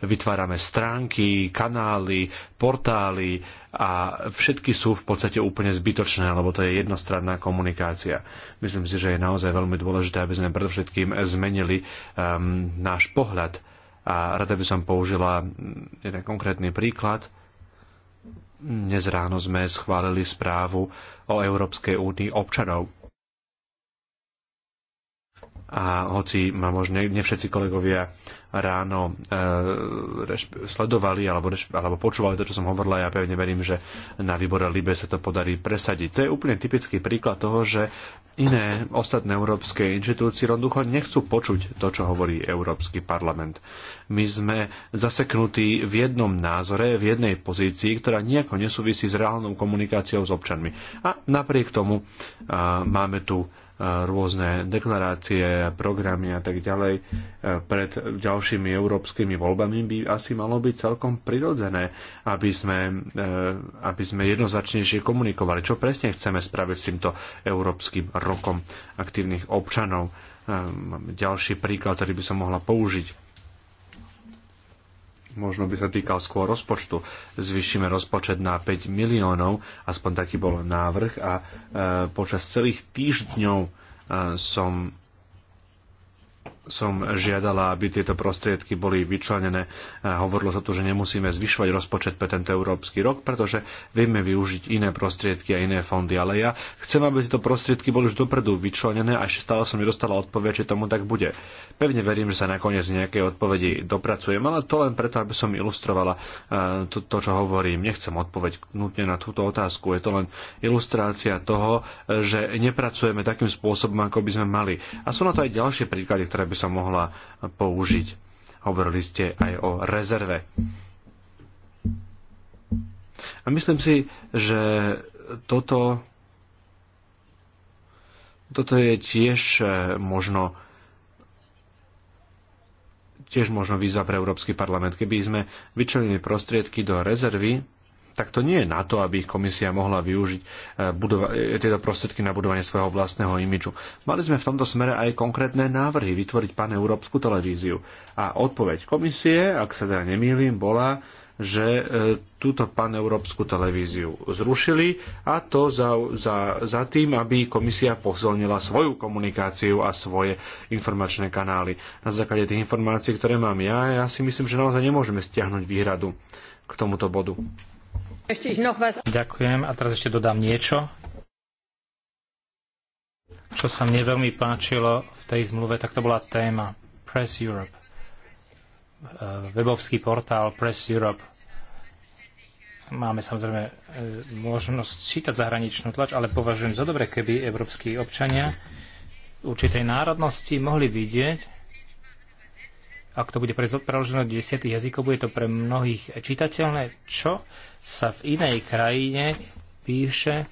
vytvárame stránky, kanály, portály, a všetky sú v podstate úplne zbytočné, lebo to je jednostranná komunikácia. Myslím si, že je naozaj veľmi dôležité, aby sme predovšetkým zmenili um, náš pohľad a rada by som použila jeden konkrétny príklad. Dnes ráno sme schválili správu o Európskej únii občanov a hoci ma možno ne všetci kolegovia ráno e, sledovali alebo, alebo počúvali to, čo som hovorila, ja pevne verím, že na výbore Libe sa to podarí presadiť. To je úplne typický príklad toho, že iné ostatné európske inštitúcie jednoducho nechcú počuť to, čo hovorí Európsky parlament. My sme zaseknutí v jednom názore, v jednej pozícii, ktorá nejako nesúvisí s reálnou komunikáciou s občanmi. A napriek tomu e, máme tu rôzne deklarácie, programy a tak ďalej e, pred ďalšími európskymi voľbami by asi malo byť celkom prirodzené, aby sme, e, aby sme jednoznačnejšie komunikovali, čo presne chceme spraviť s týmto európskym rokom aktívnych občanov. E, ďalší príklad, ktorý by som mohla použiť možno by sa týkal skôr rozpočtu. Zvyšíme rozpočet na 5 miliónov, aspoň taký bol návrh a e, počas celých týždňov e, som som žiadala, aby tieto prostriedky boli vyčlenené. Hovorilo sa tu, že nemusíme zvyšovať rozpočet pre tento európsky rok, pretože vieme využiť iné prostriedky a iné fondy. Ale ja chcem, aby tieto prostriedky boli už dopredu vyčlenené a ešte stále som nedostala odpoveď, či tomu tak bude. Pevne verím, že sa nakoniec nejakej odpovedi dopracujem, ale to len preto, aby som ilustrovala eh, to, to čo hovorím. Nechcem odpoveď nutne na túto otázku. Je to len ilustrácia toho, eh, že nepracujeme takým spôsobom, ako by sme mali. A sú na to aj ďalšie príklady, ktoré by sa mohla použiť. Hovorili ste aj o rezerve. A myslím si, že toto, toto je tiež eh, možno tiež možno výzva pre Európsky parlament. Keby sme vyčlenili prostriedky do rezervy, tak to nie je na to, aby ich komisia mohla využiť eh, budova- eh, tieto prostriedky na budovanie svojho vlastného imidžu. Mali sme v tomto smere aj konkrétne návrhy vytvoriť paneurópsku televíziu. A odpoveď komisie, ak sa teda nemýlim, bola, že eh, túto paneurópsku televíziu zrušili a to za, za, za tým, aby komisia posilnila svoju komunikáciu a svoje informačné kanály. Na základe tých informácií, ktoré mám ja, ja si myslím, že naozaj nemôžeme stiahnuť výhradu k tomuto bodu. Ďakujem a teraz ešte dodám niečo, čo sa mne veľmi páčilo v tej zmluve, tak to bola téma Press Europe. E, webovský portál Press Europe. Máme samozrejme e, možnosť čítať zahraničnú tlač, ale považujem za dobre, keby európsky občania určitej národnosti mohli vidieť, ak to bude preložené do desiatých jazykov, bude to pre mnohých čitateľné, čo sa v inej krajine píše e,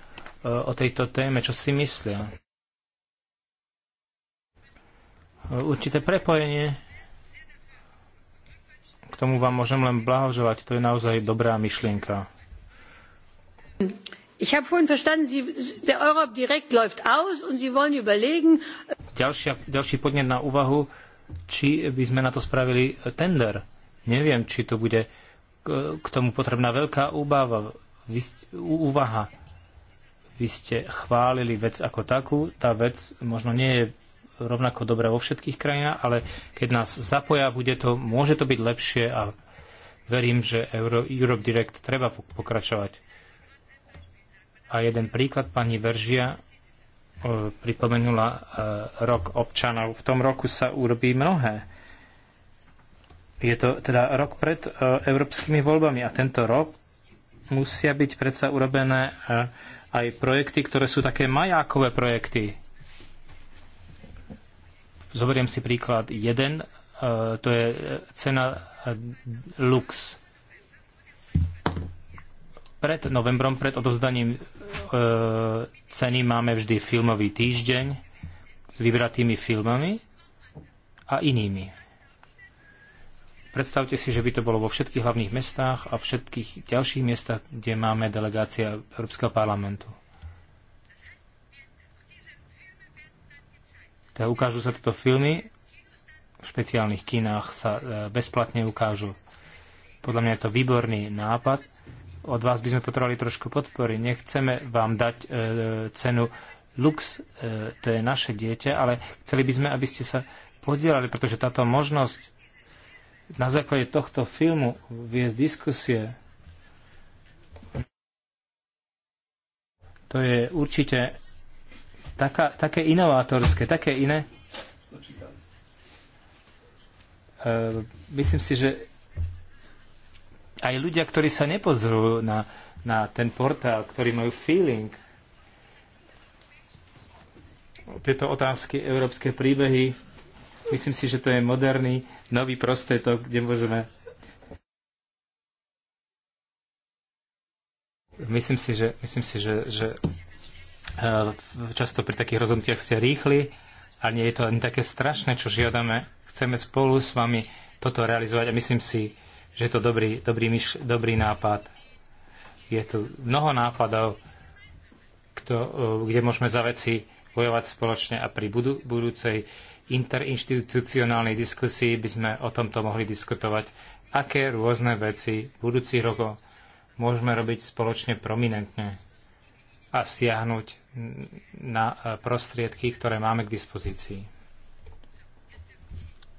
o tejto téme, čo si myslia. E, určité prepojenie. K tomu vám môžem len blahoželať. To je naozaj dobrá myšlienka. Ich habe vorhin verstanden, Sie, der Europe direkt läuft aus und Sie wollen überlegen... Ďalšia, ďalší podnet na úvahu či by sme na to spravili tender. Neviem, či to bude k tomu potrebná veľká úbava, úvaha. Vy ste chválili vec ako takú, tá vec možno nie je rovnako dobrá vo všetkých krajinách, ale keď nás zapoja, bude to, môže to byť lepšie a verím, že Euro, Europe Direct treba pokračovať. A jeden príklad, pani Veržia, E, pripomenula e, rok občanov. V tom roku sa urobí mnohé. Je to teda rok pred e, európskymi voľbami a tento rok musia byť predsa urobené aj projekty, ktoré sú také majákové projekty. Zoberiem si príklad jeden, to je cena Lux pred novembrom, pred odovzdaním e, ceny máme vždy filmový týždeň s vybratými filmami a inými. Predstavte si, že by to bolo vo všetkých hlavných mestách a všetkých ďalších miestach, kde máme delegácia Európskeho parlamentu. Teda ukážu sa tieto filmy, v špeciálnych kinách sa e, bezplatne ukážu. Podľa mňa je to výborný nápad od vás by sme potrebovali trošku podpory. Nechceme vám dať e, cenu lux, e, to je naše dieťa, ale chceli by sme, aby ste sa podielali, pretože táto možnosť na základe tohto filmu viesť diskusie, to je určite taká, také inovátorské, také iné. E, myslím si, že aj ľudia, ktorí sa nepozrú na, na ten portál, ktorí majú feeling, tieto otázky, európske príbehy. Myslím si, že to je moderný, nový prostriedok, kde môžeme... Myslím si, že, myslím si, že, že e, často pri takých rozhodnutiach ste rýchli a nie je to ani také strašné, čo žiadame. Chceme spolu s vami toto realizovať a myslím si, že je to dobrý, dobrý, myš, dobrý nápad. Je tu mnoho nápadov, kto, kde môžeme za veci bojovať spoločne a pri budu, budúcej interinstitucionálnej diskusii by sme o tomto mohli diskutovať, aké rôzne veci v budúcich rokoch môžeme robiť spoločne prominentne a siahnuť na e, prostriedky, ktoré máme k dispozícii.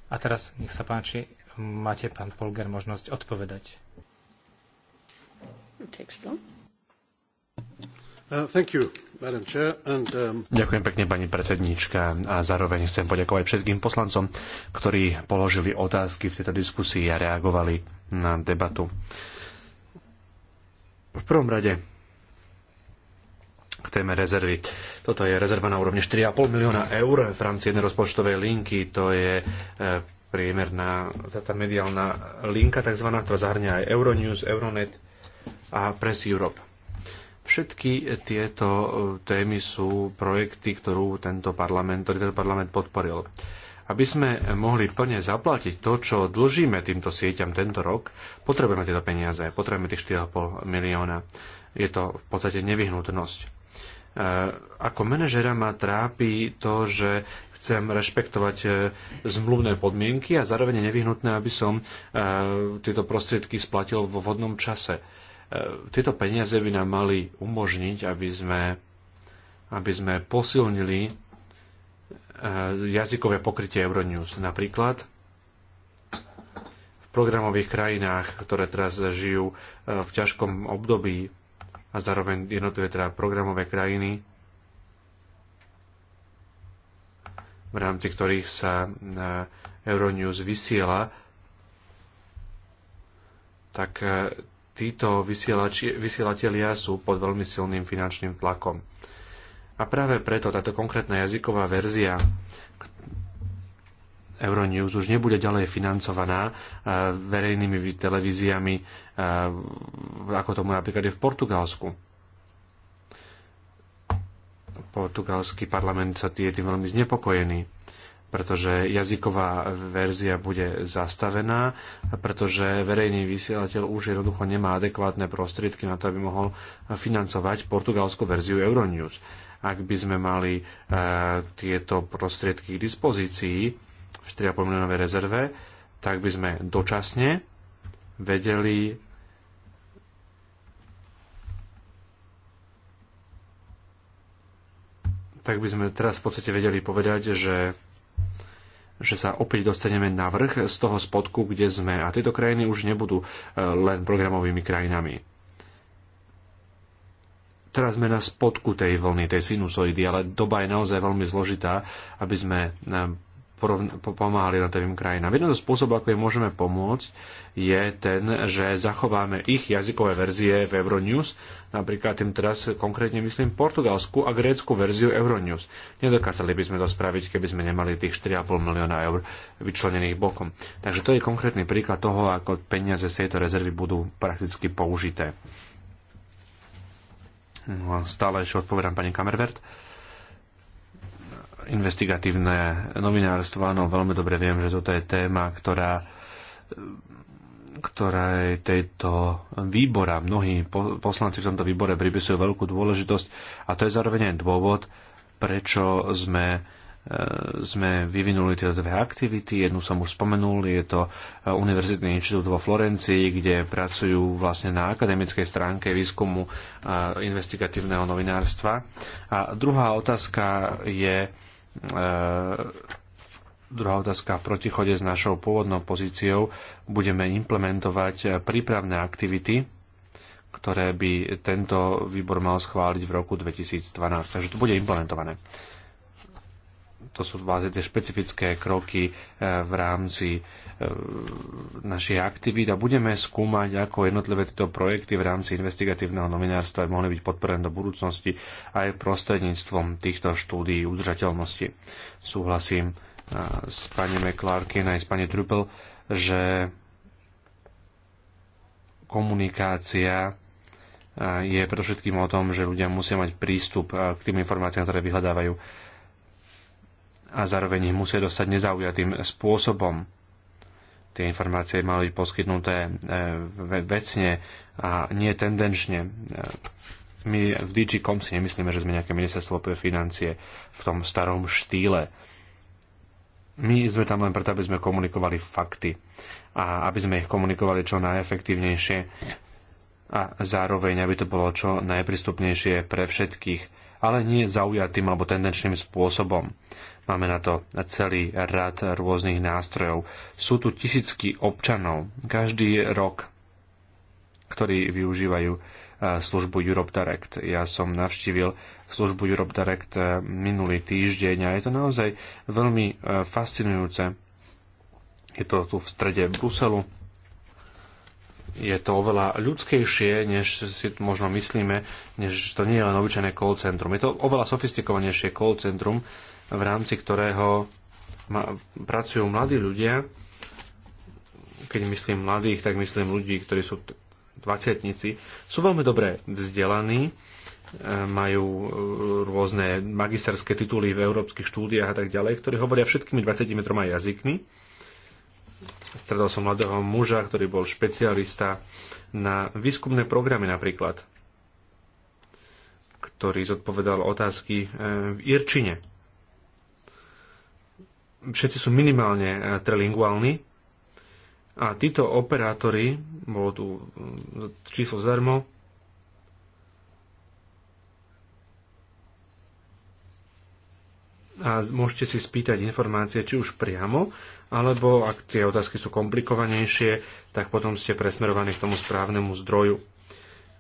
A teraz nech sa páči máte, pán Polger, možnosť odpovedať. Uh, um, Ďakujem pekne, pani predsedníčka, a zároveň chcem poďakovať všetkým poslancom, ktorí položili otázky v tejto diskusii a reagovali na debatu. V prvom rade k téme rezervy. Toto je rezerva na úrovni 4,5 milióna eur v rámci jednej rozpočtovej linky. To je eh, priemerná tá mediálna linka tzv., ktorá zahrňa aj Euronews, Euronet a Press Europe. Všetky tieto eh, témy sú projekty, ktorú tento parlament, ktorý tento parlament podporil. Aby sme mohli plne zaplatiť to, čo dlžíme týmto sieťam tento rok, potrebujeme tieto peniaze, potrebujeme tých 4,5 milióna. Je to v podstate nevyhnutnosť. Eh, ako manažera ma trápi to, že chcem rešpektovať e, zmluvné podmienky a zároveň je nevyhnutné, aby som e, tieto prostriedky splatil vo vhodnom čase. E, tieto peniaze by nám mali umožniť, aby sme, aby sme posilnili jazykové pokrytie Euronews. Napríklad v programových krajinách, ktoré teraz žijú v ťažkom období a zároveň jednotlivé teda programové krajiny v rámci ktorých sa e, Euronews vysiela, tak e, títo vysielatelia sú pod veľmi silným finančným tlakom. A práve preto táto konkrétna jazyková verzia Euronews už nebude ďalej financovaná e, verejnými televíziami, ako tomu napríklad je v Portugalsku portugalský parlament sa je tým veľmi znepokojený, pretože jazyková verzia bude zastavená, pretože verejný vysielateľ už jednoducho nemá adekvátne prostriedky na to, aby mohol financovať portugalskú verziu Euronews. Ak by sme mali uh, tieto prostriedky k dispozícii v 4,5 miliónovej rezerve, tak by sme dočasne vedeli tak by sme teraz v podstate vedeli povedať, že že sa opäť dostaneme na vrch z toho spodku, kde sme. A tieto krajiny už nebudú e, len programovými krajinami. Teraz sme na spodku tej vlny, tej sinusoidy, ale doba je naozaj veľmi zložitá, aby sme e, pomáhali na tým krajinám. Jedno zo spôsobov, ako im môžeme pomôcť, je ten, že zachováme ich jazykové verzie v Euronews Napríklad tým teraz konkrétne myslím portugalskú a grécku verziu Euronews. Nedokázali by sme to spraviť, keby sme nemali tých 4,5 milióna eur vyčlenených bokom. Takže to je konkrétny príklad toho, ako peniaze z tejto rezervy budú prakticky použité. No a stále ešte odpovedám pani Kamervert investigatívne novinárstvo, áno, veľmi dobre viem, že toto je téma, ktorá ktoré tejto výbora, mnohí poslanci v tomto výbore pripisujú veľkú dôležitosť a to je zároveň aj dôvod, prečo sme e, sme vyvinuli tieto dve aktivity. Jednu som už spomenul, je to e, Univerzitný inštitút vo Florencii, kde pracujú vlastne na akademickej stránke výskumu e, investigatívneho novinárstva. A druhá otázka je Druhá otázka v protichode s našou pôvodnou pozíciou. Budeme implementovať prípravné aktivity, ktoré by tento výbor mal schváliť v roku 2012. Takže to bude implementované. To sú vlastne tie špecifické kroky eh, v rámci eh, našej aktivít a budeme skúmať, ako jednotlivé tieto projekty v rámci investigatívneho novinárstva mohli byť podporené do budúcnosti aj prostredníctvom týchto štúdií udržateľnosti. Súhlasím s pani McClarkin aj s pani Trupel, že komunikácia je predovšetkým o tom, že ľudia musia mať prístup k tým informáciám, ktoré vyhľadávajú a zároveň ich musia dostať nezaujatým spôsobom. Tie informácie mali byť poskytnuté e, vecne a nie tendenčne. E, my v DG.com si nemyslíme, že sme nejaké ministerstvo pre financie v tom starom štýle my sme tam len preto, aby sme komunikovali fakty a aby sme ich komunikovali čo najefektívnejšie a zároveň, aby to bolo čo najprístupnejšie pre všetkých, ale nie zaujatým alebo tendenčným spôsobom. Máme na to celý rad rôznych nástrojov. Sú tu tisícky občanov každý rok, ktorí využívajú službu Europe Direct. Ja som navštívil službu Europe Direct eh, minulý týždeň a je to naozaj veľmi eh, fascinujúce. Je to tu v strede Bruselu, je to oveľa ľudskejšie, než si možno myslíme, než to nie je len obyčajné call centrum. Je to oveľa sofistikovanejšie call centrum, v rámci ktorého pracujú mladí ľudia. Keď myslím mladých, tak myslím ľudí, ktorí sú dvacetnici, sú veľmi dobre vzdelaní, e, majú e, rôzne magisterské tituly v európskych štúdiách a tak ďalej, ktorí hovoria všetkými 20 metroma jazykmi. Stredol som mladého muža, ktorý bol špecialista na výskumné programy napríklad, ktorý zodpovedal otázky e, v Irčine. Všetci sú minimálne trilinguálni, a títo operátori, bolo tu mm, číslo zdarmo, a môžete si spýtať informácie či už priamo, alebo ak tie otázky sú komplikovanejšie, tak potom ste presmerovaní k tomu správnemu zdroju.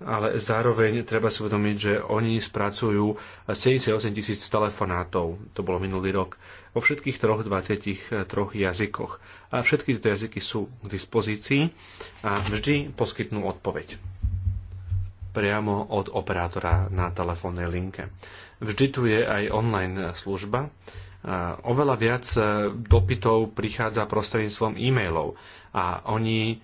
Ale zároveň treba si uvedomiť, že oni spracujú 78 tisíc telefonátov, to bolo minulý rok, vo všetkých troch 23 jazykoch a všetky tieto jazyky sú k dispozícii a vždy poskytnú odpoveď priamo od operátora na telefónnej linke. Vždy tu je aj online služba. Oveľa viac e, dopytov prichádza prostredníctvom e-mailov a oni e,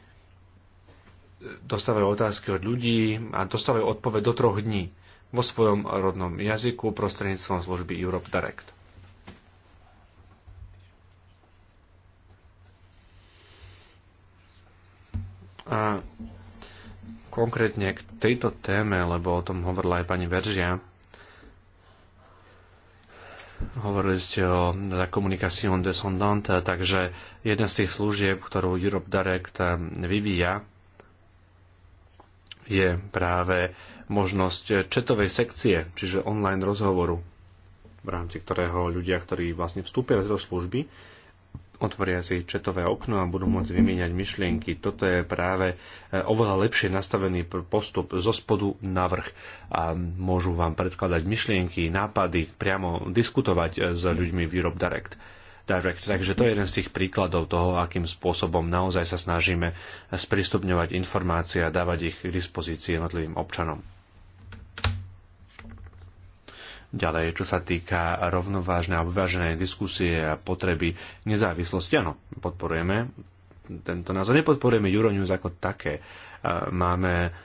dostávajú otázky od ľudí a dostávajú odpoveď do troch dní vo svojom rodnom jazyku prostredníctvom služby Europe Direct. A konkrétne k tejto téme, lebo o tom hovorila aj pani Veržia, hovorili ste o la communication descendante, takže jedna z tých služieb, ktorú Europe Direct um, vyvíja, je práve možnosť četovej sekcie, čiže online rozhovoru, v rámci ktorého ľudia, ktorí vlastne vstúpia do služby, otvoria si četové okno a budú môcť vymieňať myšlienky. Toto je práve e, oveľa lepšie nastavený postup zo spodu na vrch a môžu vám predkladať myšlienky, nápady, priamo diskutovať e, s ľuďmi v Europe Direct. Direct. Takže to je jeden z tých príkladov toho, akým spôsobom naozaj sa snažíme sprístupňovať informácie a dávať ich k dispozícii jednotlivým občanom. Ďalej, čo sa týka rovnovážnej a vyváženej diskusie a potreby nezávislosti, áno, podporujeme tento názor. Nepodporujeme Euronews ako také. Máme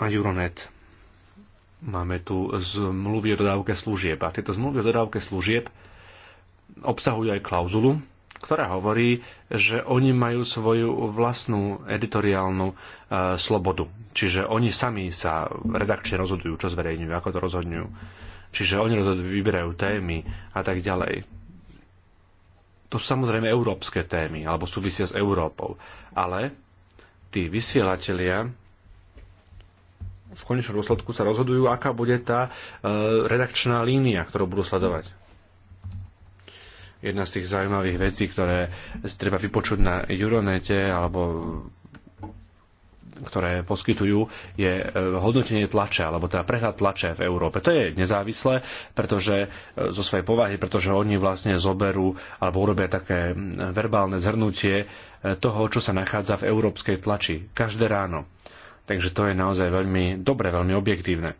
a Euronet. Máme tu zmluvy o dodávke služieb. A tieto zmluvy o dodávke služieb obsahujú aj klauzulu, ktorá hovorí, že oni majú svoju vlastnú editoriálnu E, slobodu. Čiže oni sami sa redakčne rozhodujú, čo zverejňujú, ako to rozhodňujú. Čiže oni rozhodujú, vyberajú témy a tak ďalej. To sú samozrejme európske témy, alebo súvisia s Európou. Ale tí vysielatelia v konečnom dôsledku sa rozhodujú, aká bude tá e, redakčná línia, ktorú budú sledovať jedna z tých zaujímavých vecí, ktoré treba vypočuť na Euronete alebo ktoré poskytujú, je e, hodnotenie tlače, alebo teda prehľad tlače v Európe. To je nezávislé, pretože e, zo svojej povahy, pretože oni vlastne zoberú alebo urobia také verbálne zhrnutie e, toho, čo sa nachádza v európskej tlači každé ráno. Takže to je naozaj veľmi dobre, veľmi objektívne.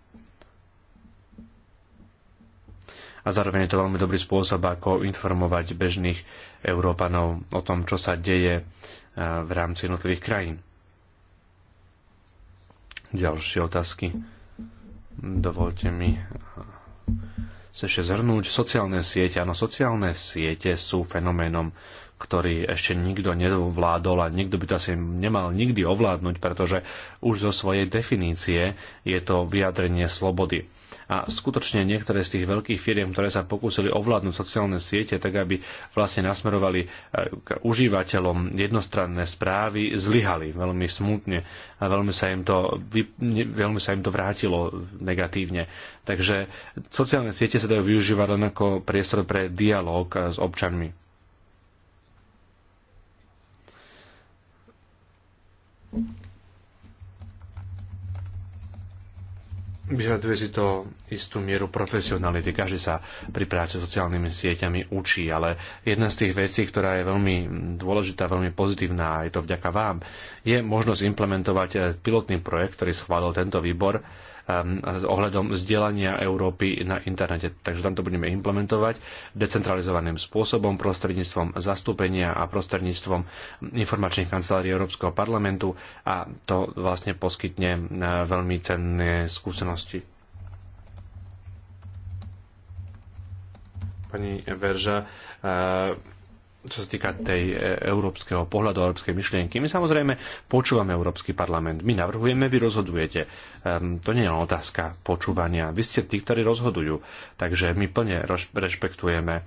A zároveň je to veľmi dobrý spôsob, ako informovať bežných Európanov o tom, čo sa deje v rámci jednotlivých krajín ďalšie otázky. Dovolte mi sa ešte zhrnúť. Sociálne siete, áno, sociálne siete sú fenoménom, ktorý ešte nikto nedovládol a nikto by to asi nemal nikdy ovládnuť, pretože už zo svojej definície je to vyjadrenie slobody. A skutočne niektoré z tých veľkých firiem, ktoré sa pokúsili ovládnuť sociálne siete, tak aby vlastne nasmerovali e, k užívateľom jednostranné správy, zlyhali veľmi smutne a veľmi sa im to, veľmi sa im to vrátilo negatívne. Takže sociálne siete sa dajú využívať len ako priestor pre dialog s občanmi. Vyžaduje si to istú mieru profesionality. Každý sa pri práci s sociálnymi sieťami učí, ale jedna z tých vecí, ktorá je veľmi dôležitá, veľmi pozitívna, a je to vďaka vám, je možnosť implementovať pilotný projekt, ktorý schválil tento výbor, Um, s ohľadom vzdelania Európy na internete. Takže tam to budeme implementovať decentralizovaným spôsobom, prostredníctvom zastúpenia a prostredníctvom informačných kancelárií Európskeho parlamentu a to vlastne poskytne uh, veľmi cenné skúsenosti. pani Verža. Uh, čo sa týka tej e, európskeho pohľadu, európskej myšlienky. My samozrejme počúvame Európsky parlament, my navrhujeme, vy rozhodujete. Um, to nie je len otázka počúvania. Vy ste tí, ktorí rozhodujú. Takže my plne rešpektujeme e,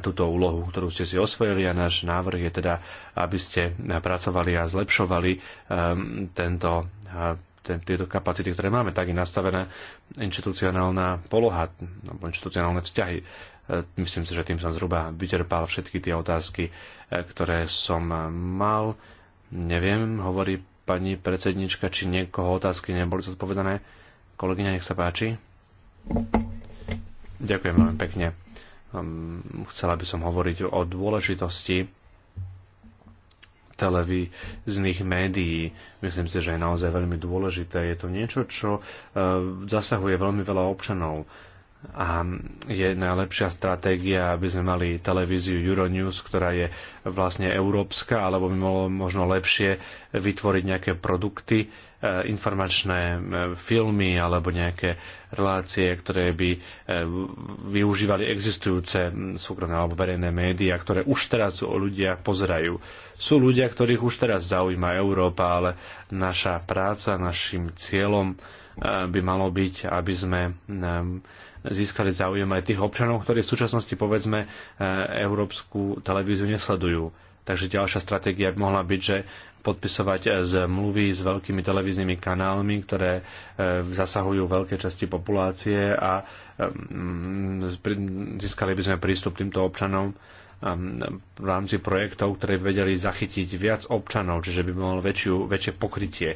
túto úlohu, ktorú ste si osvojili a náš návrh je teda, aby ste e, pracovali a zlepšovali um, tento uh, tieto kapacity, ktoré máme, tak je nastavená inštitucionálna poloha alebo inštitucionálne vzťahy. E, myslím si, že tým som zhruba vyčerpal všetky tie otázky, e, ktoré som mal. Neviem, hovorí pani predsednička, či niekoho otázky neboli zodpovedané. Kolegyňa, nech sa páči. Ďakujem veľmi pekne. Ehm, chcela by som hovoriť o dôležitosti televíznych médií. Myslím si, že je naozaj veľmi dôležité. Je to niečo, čo e, zasahuje veľmi veľa občanov a je najlepšia stratégia, aby sme mali televíziu Euronews, ktorá je vlastne európska, alebo by bolo možno lepšie vytvoriť nejaké produkty, Eh, informačné eh, filmy alebo nejaké relácie, ktoré by eh, využívali existujúce hm, súkromné alebo verejné médiá, ktoré už teraz o ľudia pozerajú. Sú ľudia, ktorých už teraz zaujíma Európa, ale naša práca, našim cieľom by malo byť, aby sme hm, získali záujem aj tých občanov, ktorí v súčasnosti, povedzme, európsku televíziu nesledujú. Takže ďalšia stratégia by mohla byť, že podpisovať eh, zmluvy s veľkými televíznymi kanálmi, ktoré eh, zasahujú veľké časti populácie a eh, získali by sme prístup týmto občanom v rámci projektov, ktoré by vedeli zachytiť viac občanov, čiže by mal väčšiu, väčšie pokrytie,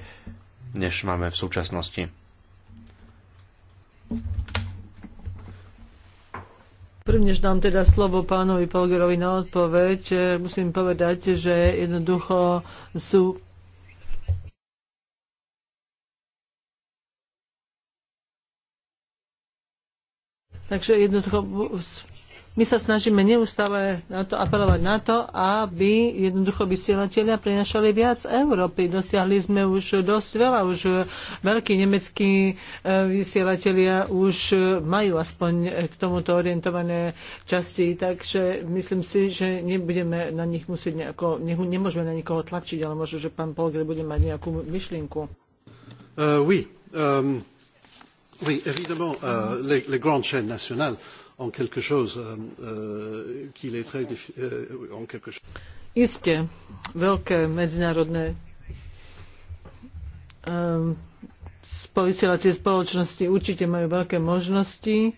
než máme v súčasnosti. Prvnež dám teda slovo pánovi Polgerovi na odpoveď. Eh, musím povedať, že jednoducho sú Takže jednoducho my sa snažíme neustále na to, apelovať na to, aby jednoducho vysielatelia prinašali viac Európy. Dosiahli sme už dosť veľa, už veľkí nemeckí e, vysielatelia už majú aspoň k tomuto orientované časti, takže myslím si, že nebudeme na nich musieť nejako, nemôžeme na nikoho tlačiť, ale možno, že pán Polgre bude mať nejakú myšlienku. Uh, oui. Um... Oui, évidemment, uh, les, les grandes chaînes nationales en quelque chose euh, euh qu'il est très euh, en quelque chose. Isté, veľké medzinárodné um, vysielacie spoločnosti určite majú veľké možnosti.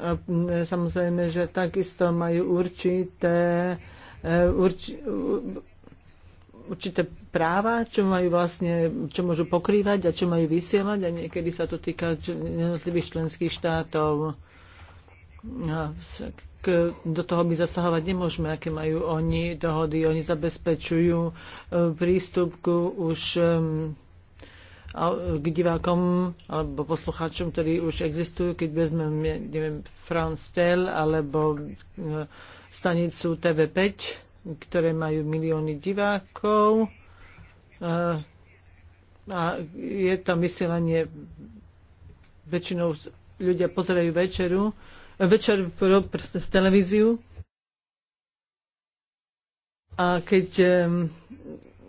A samozrejme, že takisto majú určité, e, určité práva, čo majú vlastne, čo môžu pokrývať a čo majú vysielať a niekedy sa to týka jednotlivých členských štátov. A k, do toho by zasahovať nemôžeme, aké majú oni dohody. Oni zabezpečujú e, prístup ku už k divákom alebo poslucháčom, ktorí už existujú, keď vezmeme, neviem, France Tel alebo e, stanicu TV5, ktoré majú milióny divákov. A je tam vysielanie, väčšinou ľudia pozerajú večeru, večer z televíziu. A keď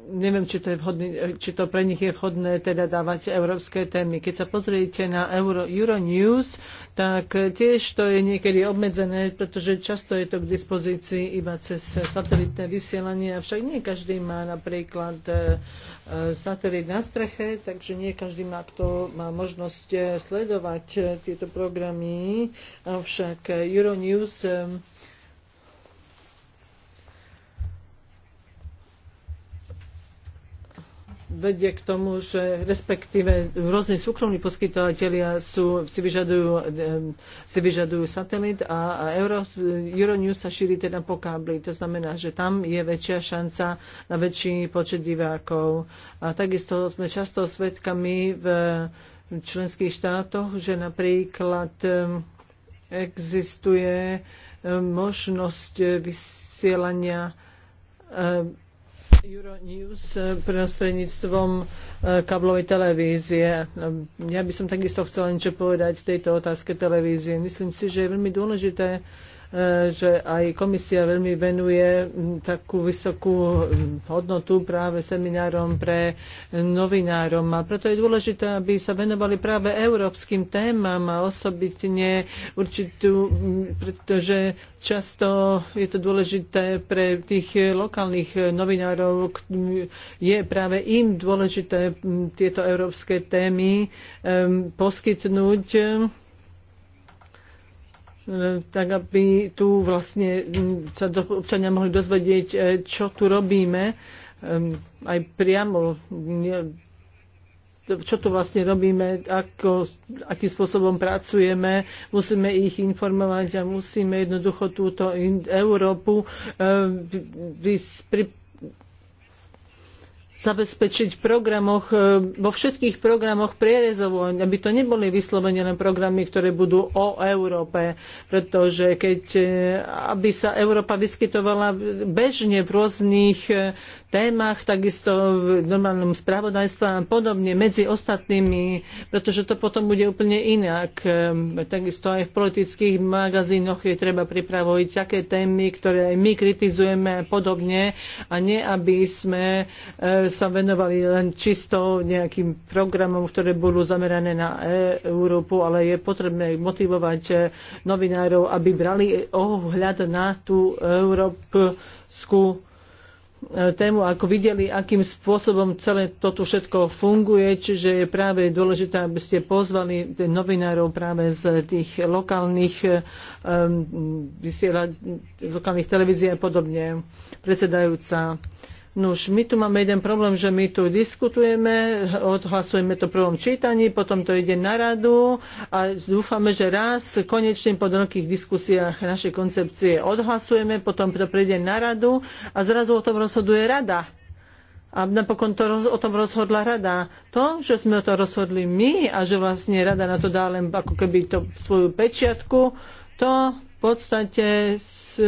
neviem, či to, je vhodný, či to pre nich je vhodné teda dávať európske témy. Keď sa pozriete na Euro, Euronews, tak tiež to je niekedy obmedzené, pretože často je to k dispozícii iba cez satelitné vysielanie, avšak nie každý má napríklad e, e, satelit na streche, takže nie každý má, kto má možnosť e, sledovať tieto programy, avšak Euronews vedie k tomu, že respektíve rôzne súkromní poskytovateľia sú, si, vyžadujú, si vyžadujú satelit a, a Euro, Euronews sa šíri teda po kábli. To znamená, že tam je väčšia šanca na väčší počet divákov. A takisto sme často svedkami v členských štátoch, že napríklad existuje možnosť vysielania Euronews eh, prostredníctvom eh, kablovej televízie. No, ja by som takisto chcela niečo povedať v tejto otázke televízie. Myslím si, že je veľmi dôležité, že aj komisia veľmi venuje takú vysokú hodnotu práve seminárom pre novinárom. A preto je dôležité, aby sa venovali práve európskym témam a osobitne určitú, pretože často je to dôležité pre tých lokálnych novinárov, je práve im dôležité tieto európske témy poskytnúť E, tak aby tu vlastne sa do, občania mohli dozvedieť, e, čo tu robíme, aj priamo, čo tu vlastne robíme, ako, akým spôsobom pracujeme, musíme ich informovať a musíme jednoducho túto Európu e, pri, zabezpečiť v programoch, e, vo všetkých programoch prierezovo, aby to neboli vyslovene len programy, ktoré budú o Európe, pretože keď, e, aby sa Európa vyskytovala bežne v rôznych e, témach, takisto v normálnom spravodajstve a podobne medzi ostatnými, pretože to potom bude úplne inak. Ehm, takisto aj v politických magazínoch je treba pripravovať také témy, ktoré aj my kritizujeme a podobne a nie, aby sme ehm, sa venovali len čisto nejakým programom, ktoré budú zamerané na Európu, ale je potrebné motivovať ehm, novinárov, aby brali ohľad na tú európsku E, tému, ako videli, akým spôsobom celé toto všetko funguje, čiže je práve dôležité, aby ste pozvali novinárov práve z tých lokálnych um, vysiela, lokálnych televízií a podobne. Predsedajúca Nuž, my tu máme jeden problém, že my tu diskutujeme, odhlasujeme to v prvom čítaní, potom to ide na radu a dúfame, že raz konečne po veľkých diskusiách naše koncepcie odhlasujeme, potom to príde na radu a zrazu o tom rozhoduje rada. A napokon to, o tom rozhodla rada. To, že sme o to rozhodli my a že vlastne rada na to dá len ako keby to svoju pečiatku, to v podstate s,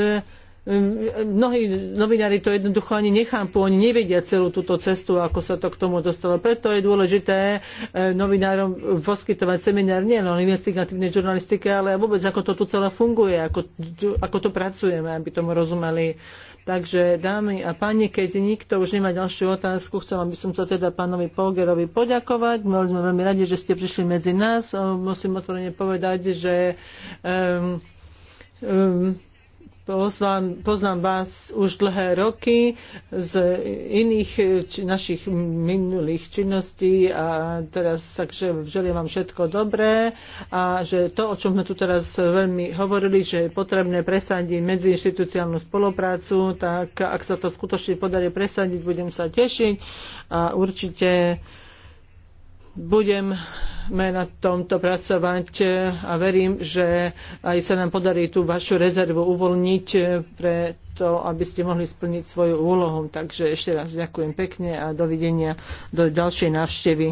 Ehm, mnohí novinári to jednoducho ani nechápu, oni nevedia celú túto cestu, ako sa to k tomu dostalo. Preto je dôležité ehm, novinárom poskytovať seminár nie len o investigatívnej žurnalistike, ale vôbec ako to tu celé funguje, ako, ako to pracujeme, aby tomu rozumeli. Takže dámy a páni, keď nikto už nemá ďalšiu otázku, chcela by som sa teda pánovi Polgerovi poďakovať. Boli sme veľmi radi, že ste prišli medzi nás. Ehm, musím otvorene povedať, že um, um, Poznám, poznám vás už dlhé roky z iných či, našich minulých činností a teraz takže želím vám všetko dobré a že to, o čom sme tu teraz veľmi hovorili, že je potrebné presadiť medziinstitucionálnu spoluprácu, tak ak sa to skutočne podarí presadiť, budem sa tešiť a určite budeme na tomto pracovať a verím, že aj sa nám podarí tú vašu rezervu uvoľniť pre to, aby ste mohli splniť svoju úlohu. Takže ešte raz ďakujem pekne a dovidenia do ďalšej návštevy.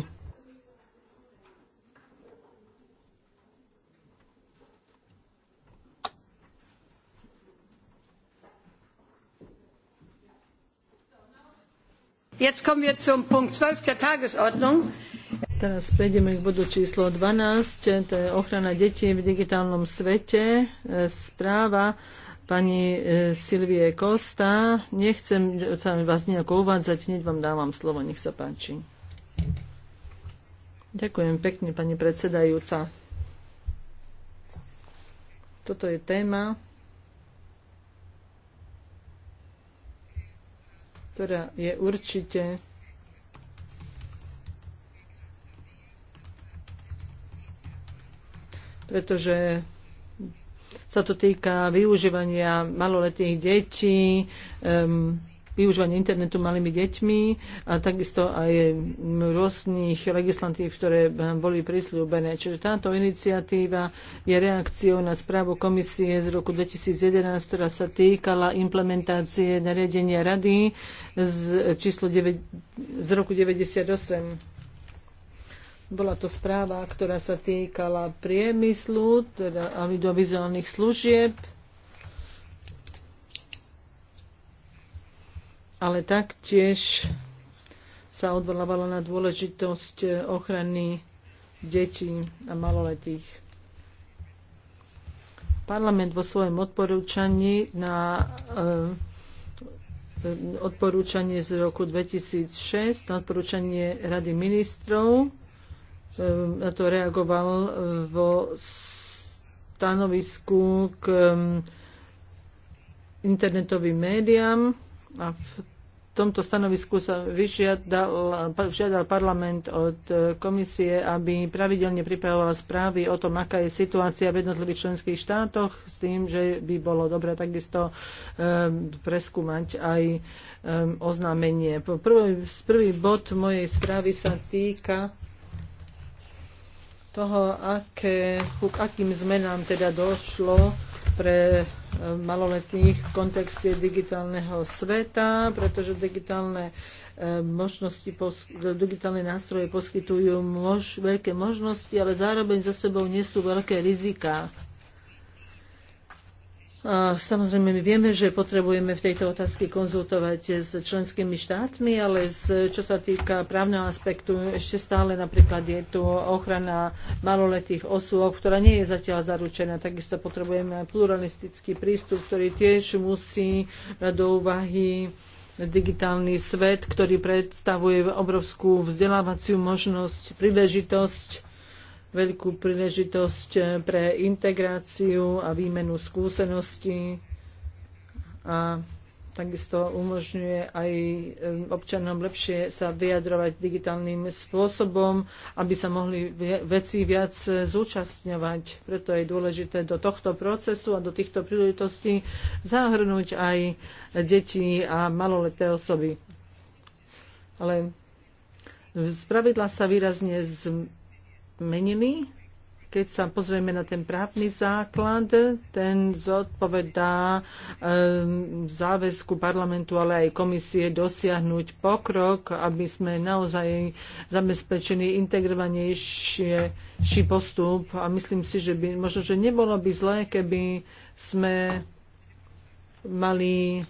Jetzt kommen wir zum Punkt 12 der Tagesordnung. Teraz prejdeme k bodu číslo 12, to je ochrana detí v digitálnom svete. E, správa pani e, Silvie Kosta. Nechcem vás nejako uvádzať, hneď vám dávam slovo, nech sa páči. Ďakujem pekne, pani predsedajúca. Toto je téma, ktorá je určite pretože sa to týka využívania maloletých detí, um, využívania internetu malými deťmi a takisto aj rôznych legislatív, ktoré boli prislúbené. Čiže táto iniciatíva je reakciou na správu komisie z roku 2011, ktorá sa týkala implementácie nariadenia rady z, číslo 9, z roku 1998 bola to správa, ktorá sa týkala priemyslu, teda audiovizuálnych služieb, ale taktiež sa odvolávala na dôležitosť ochrany detí a maloletých. Parlament vo svojom odporúčaní na e, e, odporúčanie z roku 2006, na odporúčanie Rady ministrov Ehm, na to reagoval ehm, vo stanovisku k ehm, internetovým médiám a v tomto stanovisku sa vyžiadal, parlament od e, komisie, aby pravidelne pripravovala správy o tom, aká je situácia v jednotlivých členských štátoch, s tým, že by bolo dobré takisto preskúmať aj oznámenie. Prvý, prvý bod mojej správy sa týka toho, aké, k akým zmenám teda došlo pre e, maloletných v kontexte digitálneho sveta, pretože digitálne e, možnosti, digitálne nástroje poskytujú mož, veľké možnosti, ale zároveň za sebou nesú veľké rizika samozrejme, my vieme, že potrebujeme v tejto otázke konzultovať s členskými štátmi, ale z, čo sa týka právneho aspektu, ešte stále napríklad je tu ochrana maloletých osôb, ktorá nie je zatiaľ zaručená. Takisto potrebujeme pluralistický prístup, ktorý tiež musí do úvahy digitálny svet, ktorý predstavuje obrovskú vzdelávaciu možnosť, príležitosť veľkú príležitosť eh, pre integráciu a výmenu skúseností a takisto umožňuje aj eh, občanom lepšie sa vyjadrovať digitálnym spôsobom, aby sa mohli veci viac eh, zúčastňovať. Preto je dôležité do tohto procesu a do týchto príležitostí zahrnúť aj deti a maloleté osoby. Ale z pravidla sa výrazne z menili. Keď sa pozrieme na ten právny základ, ten zodpovedá ehm, záväzku parlamentu, ale aj komisie dosiahnuť pokrok, aby sme naozaj zabezpečili integrovanejší postup. A myslím si, že by, možno, že nebolo by zlé, keby sme mali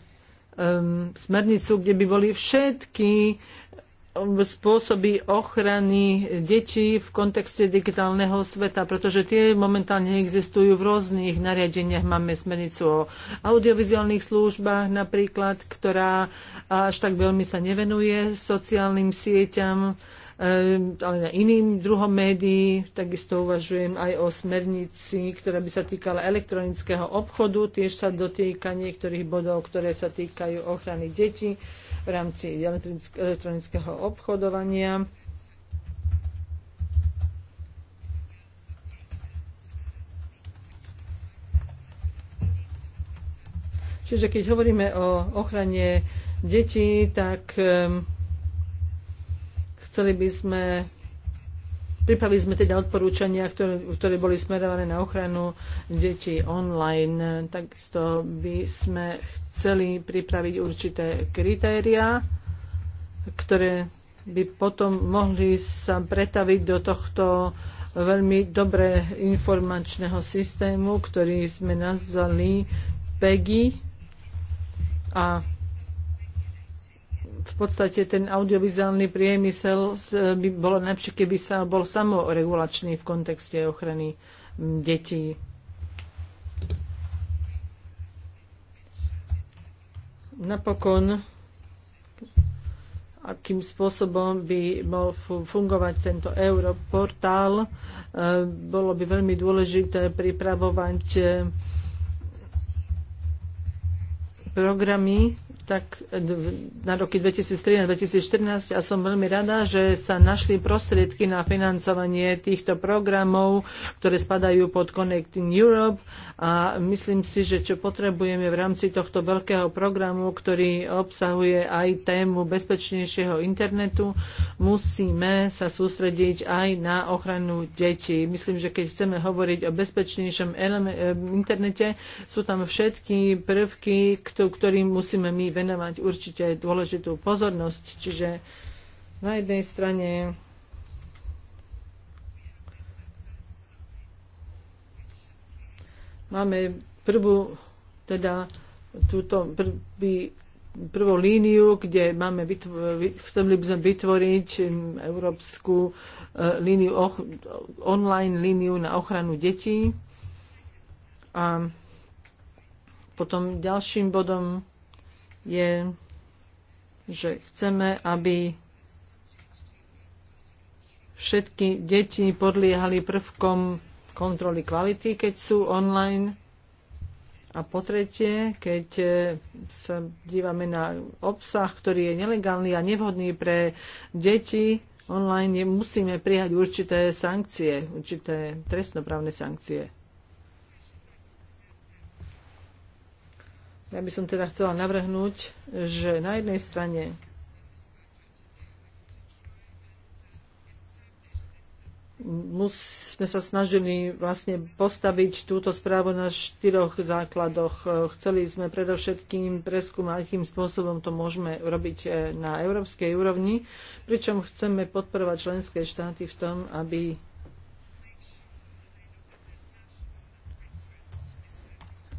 um, smernicu, kde by boli všetky spôsoby ochrany detí v kontexte digitálneho sveta, pretože tie momentálne existujú v rôznych nariadeniach. Máme smernicu o audiovizuálnych službách napríklad, ktorá až tak veľmi sa nevenuje sociálnym sieťam Ehm, ale na iným druhom médií. Takisto uvažujem aj o smernici, ktorá by sa týkala elektronického obchodu. Tiež sa dotýka niektorých bodov, ktoré sa týkajú ochrany detí v rámci elektronického obchodovania. Čiže keď hovoríme o ochrane detí, tak um, Chceli by sme Pripravili sme teda odporúčania, ktoré, ktoré boli smerované na ochranu detí online. Takisto by sme chceli pripraviť určité kritéria, ktoré by potom mohli sa pretaviť do tohto veľmi dobré informačného systému, ktorý sme nazvali PEGI. A v podstate ten audiovizuálny priemysel e, by bolo najlepšie, keby sa bol samoregulačný v kontexte ochrany detí. Napokon, akým spôsobom by mal fungovať tento europortál, e, bolo by veľmi dôležité pripravovať e, programy tak na roky 2013-2014 a som veľmi rada, že sa našli prostriedky na financovanie týchto programov, ktoré spadajú pod Connecting Europe a myslím si, že čo potrebujeme v rámci tohto veľkého programu, ktorý obsahuje aj tému bezpečnejšieho internetu, musíme sa sústrediť aj na ochranu detí. Myslím, že keď chceme hovoriť o bezpečnejšom eh, internete, sú tam všetky prvky, ktorým musíme my venovať určite dôležitú pozornosť. Čiže na jednej strane máme prvú, teda túto prvý, prvú líniu, kde máme chceli by sme vytvoriť um, európsku uh, líniu, online líniu na ochranu detí. A potom ďalším bodom je, že chceme, aby všetky deti podliehali prvkom kontroly kvality, keď sú online. A po tretie, keď e, sa dívame na obsah, ktorý je nelegálny a nevhodný pre deti online, musíme prijať určité sankcie, určité trestnoprávne sankcie. Ja by som teda chcela navrhnúť, že na jednej strane sme sa snažili vlastne postaviť túto správu na štyroch základoch. Chceli sme predovšetkým preskúmať, akým spôsobom to môžeme robiť eh, na európskej úrovni, pričom chceme podporovať členské štáty v tom, aby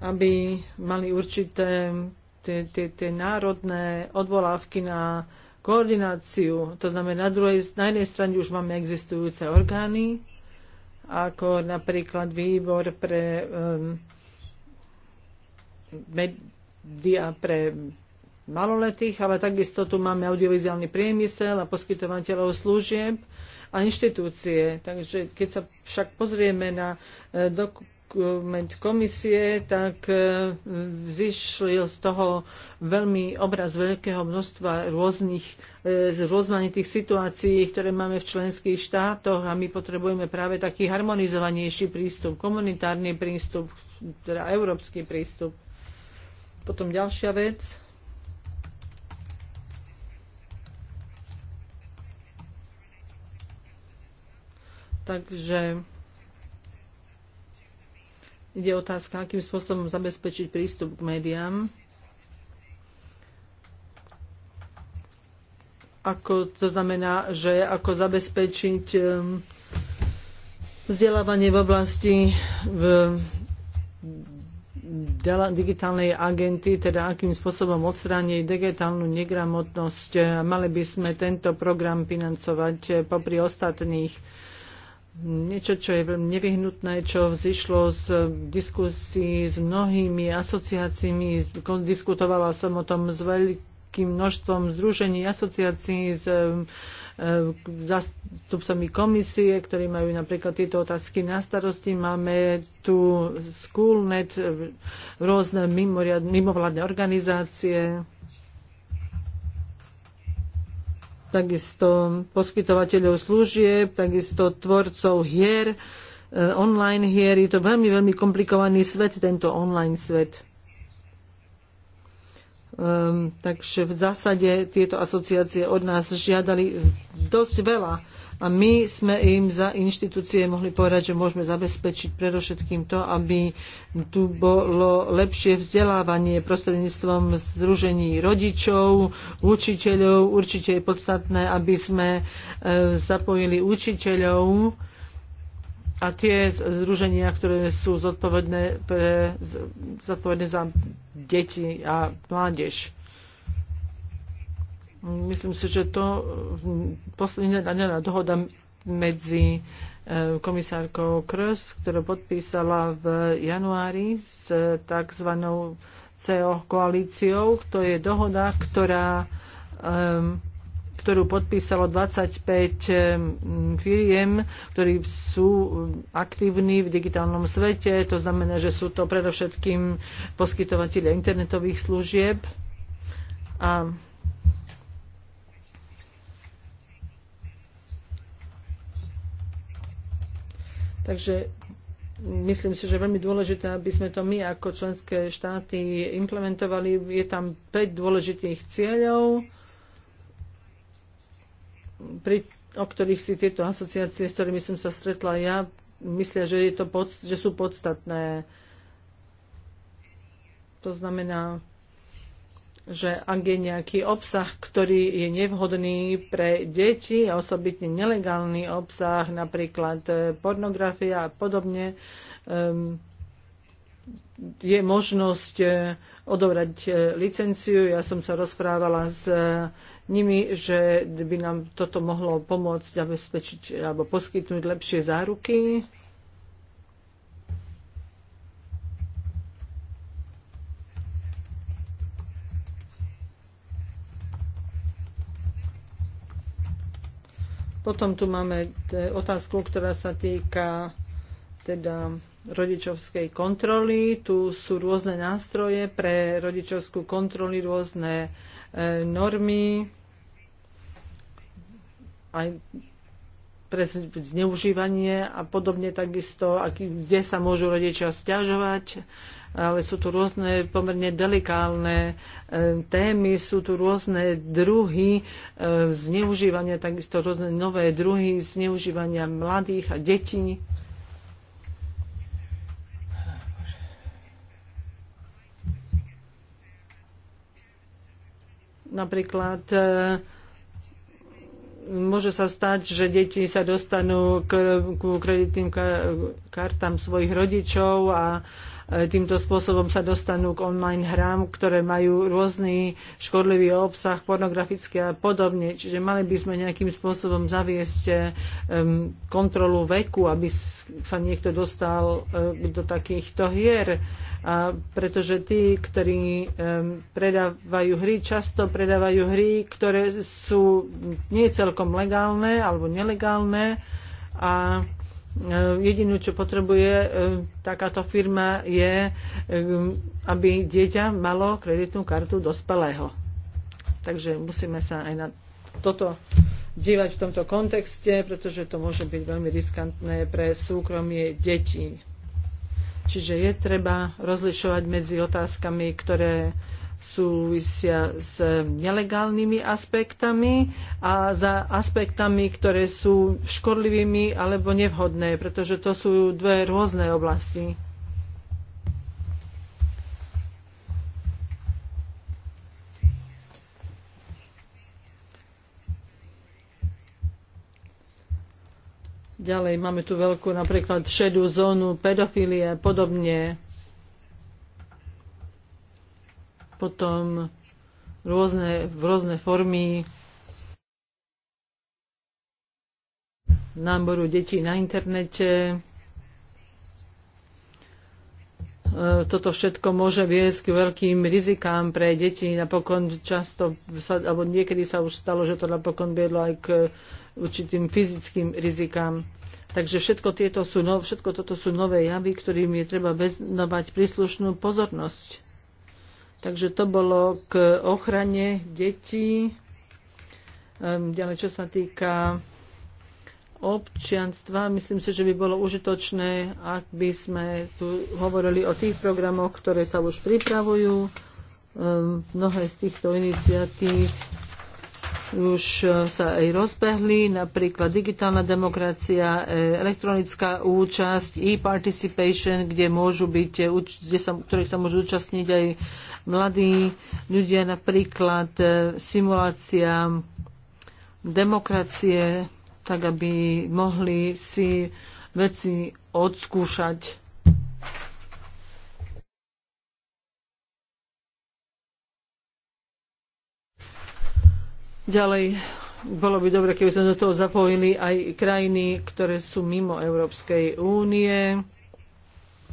aby mali určité tie, tie, tie národné odvolávky na koordináciu. To znamená, na, druhej, na jednej strane už máme existujúce orgány, ako napríklad výbor pre um, media pre maloletých, ale takisto tu máme audiovizuálny priemysel a poskytovateľov služieb a inštitúcie. Takže keď sa však pozrieme na eh, dokument komisie, tak e, zišiel z toho veľmi obraz veľkého množstva rôznych e, rozmanitých situácií, ktoré máme v členských štátoch a my potrebujeme práve taký harmonizovanejší prístup, komunitárny prístup, teda európsky prístup. Potom ďalšia vec. Takže ide otázka, akým spôsobom zabezpečiť prístup k médiám. Ako to znamená, že ako zabezpečiť ehm, vzdelávanie v oblasti v digitálnej agenty, teda akým spôsobom odstrániť digitálnu negramotnosť. Mali by sme tento program financovať popri ostatných niečo, čo je veľmi nevyhnutné, čo vzýšlo z diskusí s mnohými asociáciami. Diskutovala som o tom s veľkým množstvom združení, asociácií, s e, e, zástupcami komisie, ktorí majú napríklad tieto otázky na starosti. Máme tu Schoolnet, e, rôzne mimoriadne, mimovládne organizácie. takisto poskytovateľov služieb, takisto tvorcov hier, eh, online hier. Je to veľmi, veľmi komplikovaný svet, tento online svet. Um, takže v zásade tieto asociácie od nás žiadali dosť veľa a my sme im za inštitúcie mohli povedať, že môžeme zabezpečiť predovšetkým to, aby tu bolo lepšie vzdelávanie prostredníctvom združení rodičov, učiteľov. Určite je podstatné, aby sme eh, zapojili učiteľov a tie združenia, ktoré sú zodpovedné, pre, zodpovedné za deti a mládež. Myslím si, že to posledná dohoda medzi e, komisárkou Kröz, ktorú podpísala v januári s tzv. CO koalíciou. To je dohoda, ktorá um, ktorú podpísalo 25 eh, firiem, ktorí sú eh, aktívni v digitálnom svete. To znamená, že sú to predovšetkým poskytovateľia internetových služieb. A Takže myslím si, že je veľmi dôležité, aby sme to my ako členské štáty implementovali. Je tam 5 dôležitých cieľov pri, o ktorých si tieto asociácie, s ktorými som sa stretla ja, myslia, že, je to pod, že sú podstatné. To znamená, že ak je nejaký obsah, ktorý je nevhodný pre deti a osobitne nelegálny obsah, napríklad e, pornografia a podobne, um, je možnosť e, odobrať e, licenciu. Ja som sa rozprávala s nimi, že by nám toto mohlo pomôcť zabezpečiť alebo poskytnúť lepšie záruky. Potom tu máme otázku, ktorá sa týka teda rodičovskej kontroly. Tu sú rôzne nástroje pre rodičovskú kontroly, rôzne E, normy aj pre zneužívanie a podobne takisto, aký, kde sa môžu rodičia stiažovať, ale sú tu rôzne pomerne delikálne e, témy, sú tu rôzne druhy e, zneužívania, takisto rôzne nové druhy zneužívania mladých a detí. Napríklad e, môže sa stať, že deti sa dostanú k, k kreditným kartám svojich rodičov a E, týmto spôsobom sa dostanú k online hrám, ktoré majú rôzny škodlivý obsah, pornografický a podobne. Čiže mali by sme nejakým spôsobom zaviesť e, kontrolu veku, aby sa niekto dostal e, do takýchto hier. A pretože tí, ktorí um, predávajú hry, často predávajú hry, ktoré sú nie celkom legálne alebo nelegálne a E, Jedinú, čo potrebuje e, takáto firma, je, e, aby dieťa malo kreditnú kartu dospelého. Takže musíme sa aj na toto dívať v tomto kontexte, pretože to môže byť veľmi riskantné pre súkromie detí. Čiže je treba rozlišovať medzi otázkami, ktoré súvisia s nelegálnymi aspektami a za aspektami, ktoré sú škodlivými alebo nevhodné, pretože to sú dve rôzne oblasti. Ďalej máme tu veľkú napríklad šedú zónu pedofilie a podobne. potom rôzne, rôzne formy náboru detí na internete. E, toto všetko môže viesť k veľkým rizikám pre deti. Napokon často, sa, alebo niekedy sa už stalo, že to napokon viedlo aj k určitým fyzickým rizikám. Takže všetko, tieto sú no, všetko toto sú nové javy, ktorým je treba venovať príslušnú pozornosť. Takže to bolo k ochrane detí. Ehm, ďalej, čo sa týka občianstva. Myslím si, že by bolo užitočné, ak by sme tu hovorili o tých programoch, ktoré sa už pripravujú. Ehm, mnohé z týchto iniciatív už e, sa aj rozbehli, napríklad digitálna demokracia, e, elektronická účasť, e-participation, kde, môžu byť, e, kde sa, ktorých sa môžu zúčastniť aj mladí ľudia, napríklad simulácia demokracie, tak aby mohli si veci odskúšať Ďalej, bolo by dobre, keby sme do toho zapojili aj krajiny, ktoré sú mimo Európskej únie.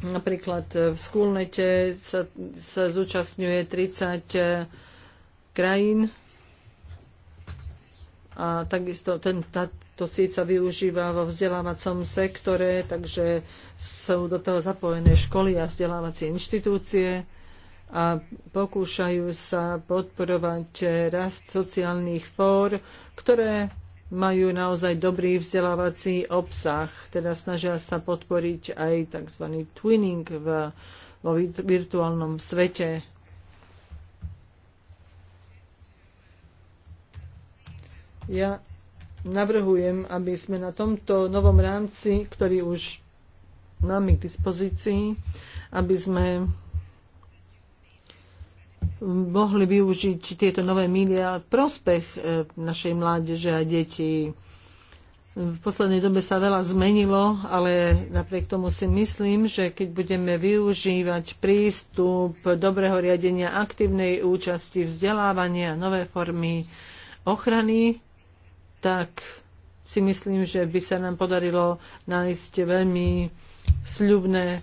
Napríklad v Skulnete sa, sa zúčastňuje 30 eh, krajín a takisto ten, tá, to sa využíva vo vzdelávacom sektore, takže sú do toho zapojené školy a vzdelávacie inštitúcie a pokúšajú sa podporovať rast sociálnych fór, ktoré majú naozaj dobrý vzdelávací obsah. Teda snažia sa podporiť aj tzv. twinning v, vo virtuálnom svete. Ja navrhujem, aby sme na tomto novom rámci, ktorý už máme k dispozícii, aby sme mohli využiť tieto nové mília prospech e, našej mládeže a detí. V poslednej dobe sa veľa zmenilo, ale napriek tomu si myslím, že keď budeme využívať prístup dobrého riadenia aktívnej účasti, vzdelávania, a nové formy ochrany, tak si myslím, že by sa nám podarilo nájsť veľmi sľubné e,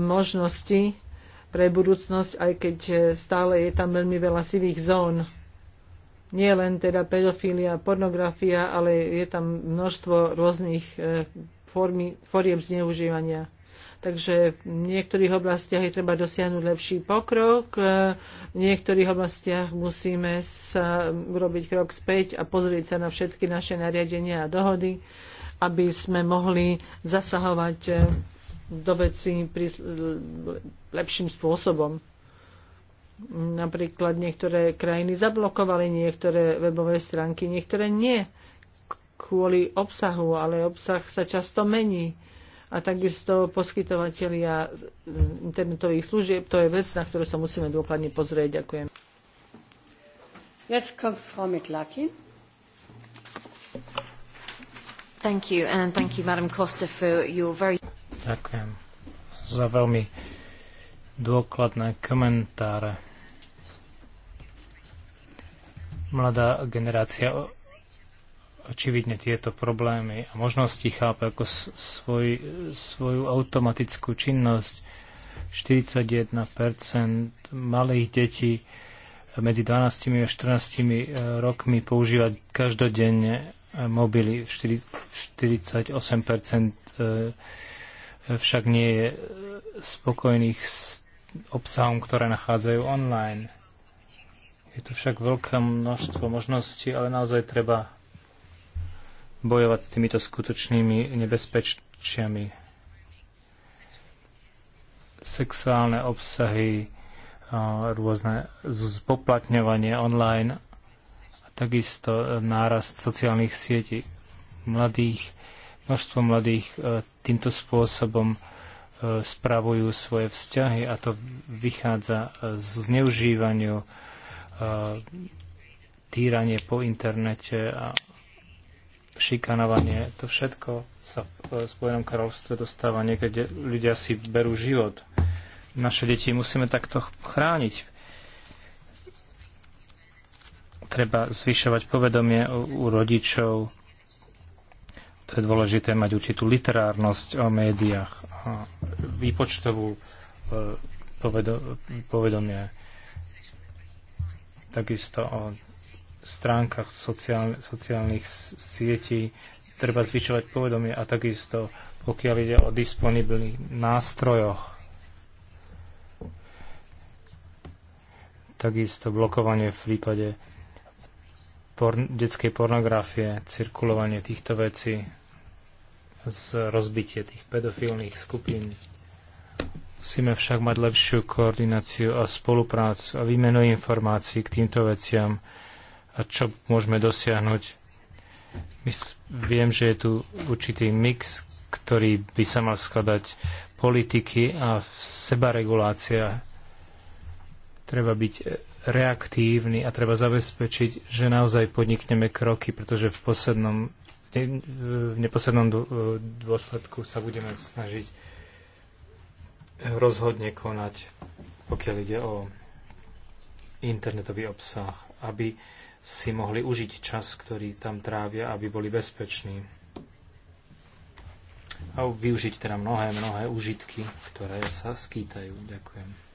možnosti pre budúcnosť, aj keď e, stále je tam veľmi veľa sivých zón. Nie len teda pedofília, pornografia, ale je tam množstvo rôznych e, formy, foriem zneužívania. Takže v niektorých oblastiach je treba dosiahnuť lepší pokrok, e, v niektorých oblastiach musíme sa urobiť krok späť a pozrieť sa na všetky naše nariadenia a dohody, aby sme mohli zasahovať do veci lepším spôsobom. Napríklad niektoré krajiny zablokovali niektoré webové stránky, niektoré nie kvôli obsahu, ale obsah sa často mení. A takisto poskytovateľia internetových služieb, to je vec, na ktorú sa musíme dôkladne pozrieť. Ďakujem. Jetzt kommt Frau Thank you, and thank you, Madam Costa, for your very... Ďakujem za veľmi dôkladné komentáre. Mladá generácia očividne tieto problémy a možnosti chápe ako svoj, svoju automatickú činnosť. 41% malých detí medzi 12 a 14 e, rokmi používať každodenne mobily, 48% však nie je spokojných s obsahom, ktoré nachádzajú online. Je tu však veľké množstvo možností, ale naozaj treba bojovať s týmito skutočnými nebezpečiami. Sexuálne obsahy, rôzne zpoplatňovanie online a takisto nárast sociálnych sietí mladých Množstvo mladých e, týmto spôsobom e, spravujú svoje vzťahy a to vychádza e, z zneužívaniu, týranie po internete a šikanovanie. To všetko sa v Spojenom kráľovstve dostáva niekedy ľudia si berú život. Naše deti musíme takto chrániť. Treba zvyšovať povedomie u rodičov, to je dôležité mať určitú literárnosť o médiách a výpočtovú e, povedomie. Takisto o stránkach sociál, sociálnych sietí treba zvyšovať povedomie a takisto pokiaľ ide o disponibilných nástrojoch. Takisto blokovanie v prípade por- detskej pornografie, cirkulovanie týchto vecí, z rozbitie tých pedofilných skupín. Musíme však mať lepšiu koordináciu a spoluprácu a výmenu informácií k týmto veciam a čo môžeme dosiahnuť. Viem, že je tu určitý mix, ktorý by sa mal skladať politiky a sebaregulácia. Treba byť reaktívni a treba zabezpečiť, že naozaj podnikneme kroky, pretože v poslednom v neposlednom e, dôsledku sa budeme snažiť rozhodne konať, pokiaľ ide o internetový obsah, aby si mohli užiť čas, ktorý tam trávia, aby boli bezpeční. A využiť teda mnohé, mnohé užitky, ktoré sa skýtajú. Ďakujem.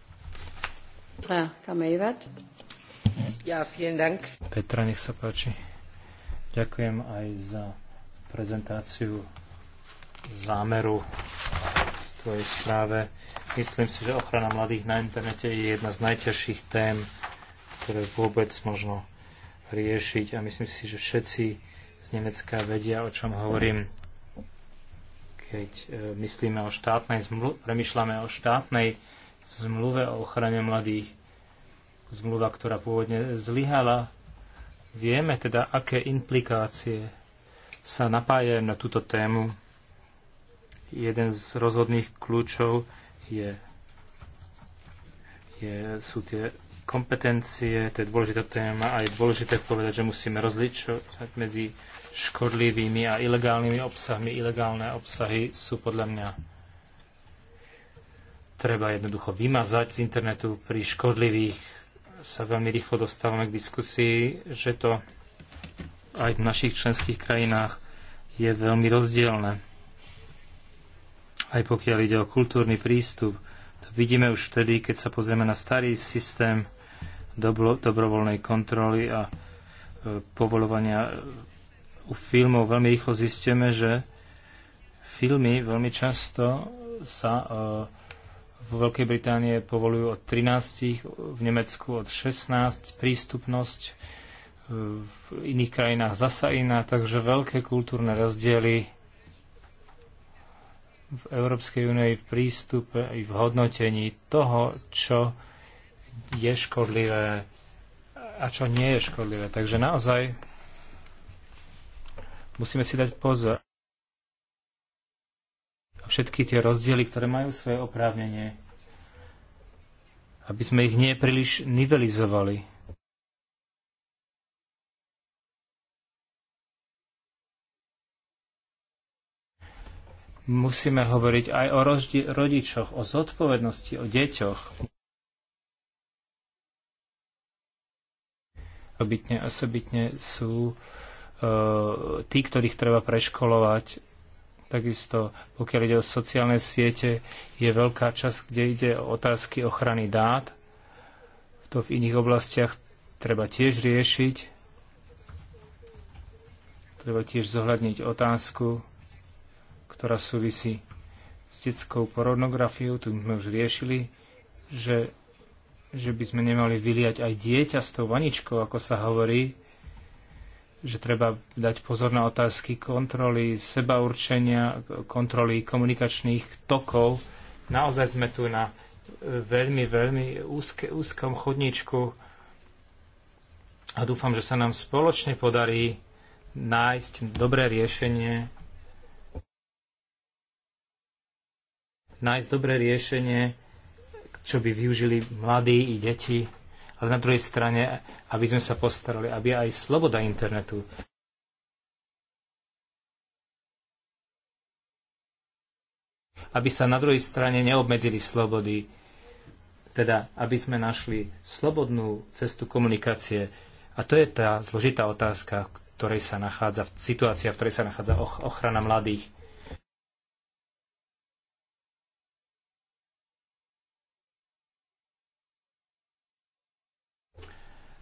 Petra, nech sa páči. Ďakujem aj za prezentáciu zámeru v tvojej správe. Myslím si, že ochrana mladých na internete je jedna z najťažších tém, ktoré vôbec možno riešiť a myslím si, že všetci z Nemecka vedia, o čom hovorím. Keď e, myslíme o štátnej, premyšľame o štátnej zmluve o ochrane mladých, zmluva, ktorá pôvodne zlyhala. Vieme teda, aké implikácie sa napájajú na túto tému. Jeden z rozhodných kľúčov je, je, sú tie kompetencie, to je dôležitá téma a je dôležité povedať, že musíme rozličovať medzi škodlivými a ilegálnymi obsahmi. Ilegálne obsahy sú podľa mňa treba jednoducho vymazať z internetu. Pri škodlivých sa veľmi rýchlo dostávame k diskusii, že to aj v našich členských krajinách je veľmi rozdielne. Aj pokiaľ ide o kultúrny prístup, to vidíme už vtedy, keď sa pozrieme na starý systém dobro, dobrovoľnej kontroly a e, povolovania e, u filmov, veľmi rýchlo zistíme, že filmy veľmi často sa e, vo Veľkej Británie povolujú od 13, v Nemecku od 16 prístupnosť, e, v iných krajinách zasa iná, takže veľké kultúrne rozdiely v Európskej únii v prístupe i v hodnotení toho, čo je škodlivé a čo nie je škodlivé. Takže naozaj musíme si dať pozor všetky tie rozdiely, ktoré majú svoje oprávnenie, aby sme ich nepríliš nivelizovali. Musíme hovoriť aj o rodičoch, o zodpovednosti, o deťoch. osobitne, osobitne sú e, tí, ktorých treba preškolovať Takisto, pokiaľ ide o sociálne siete, je veľká časť, kde ide o otázky ochrany dát. To v iných oblastiach treba tiež riešiť. Treba tiež zohľadniť otázku, ktorá súvisí s detskou pornografiou, tu sme už riešili, že, že by sme nemali vyliať aj dieťa s tou vaničkou, ako sa hovorí, že treba dať pozor na otázky kontroly, sebaurčenia, kontroly komunikačných tokov. Naozaj sme tu na e, veľmi, veľmi úzke, úzkom chodníčku a dúfam, že sa nám spoločne podarí nájsť dobré riešenie nájsť dobré riešenie, čo by využili mladí i deti ale na druhej strane, aby sme sa postarali, aby aj sloboda internetu aby sa na druhej strane neobmedzili slobody, teda aby sme našli slobodnú cestu komunikácie. A to je tá zložitá otázka, v ktorej sa nachádza, situácia, v ktorej sa nachádza ochrana mladých.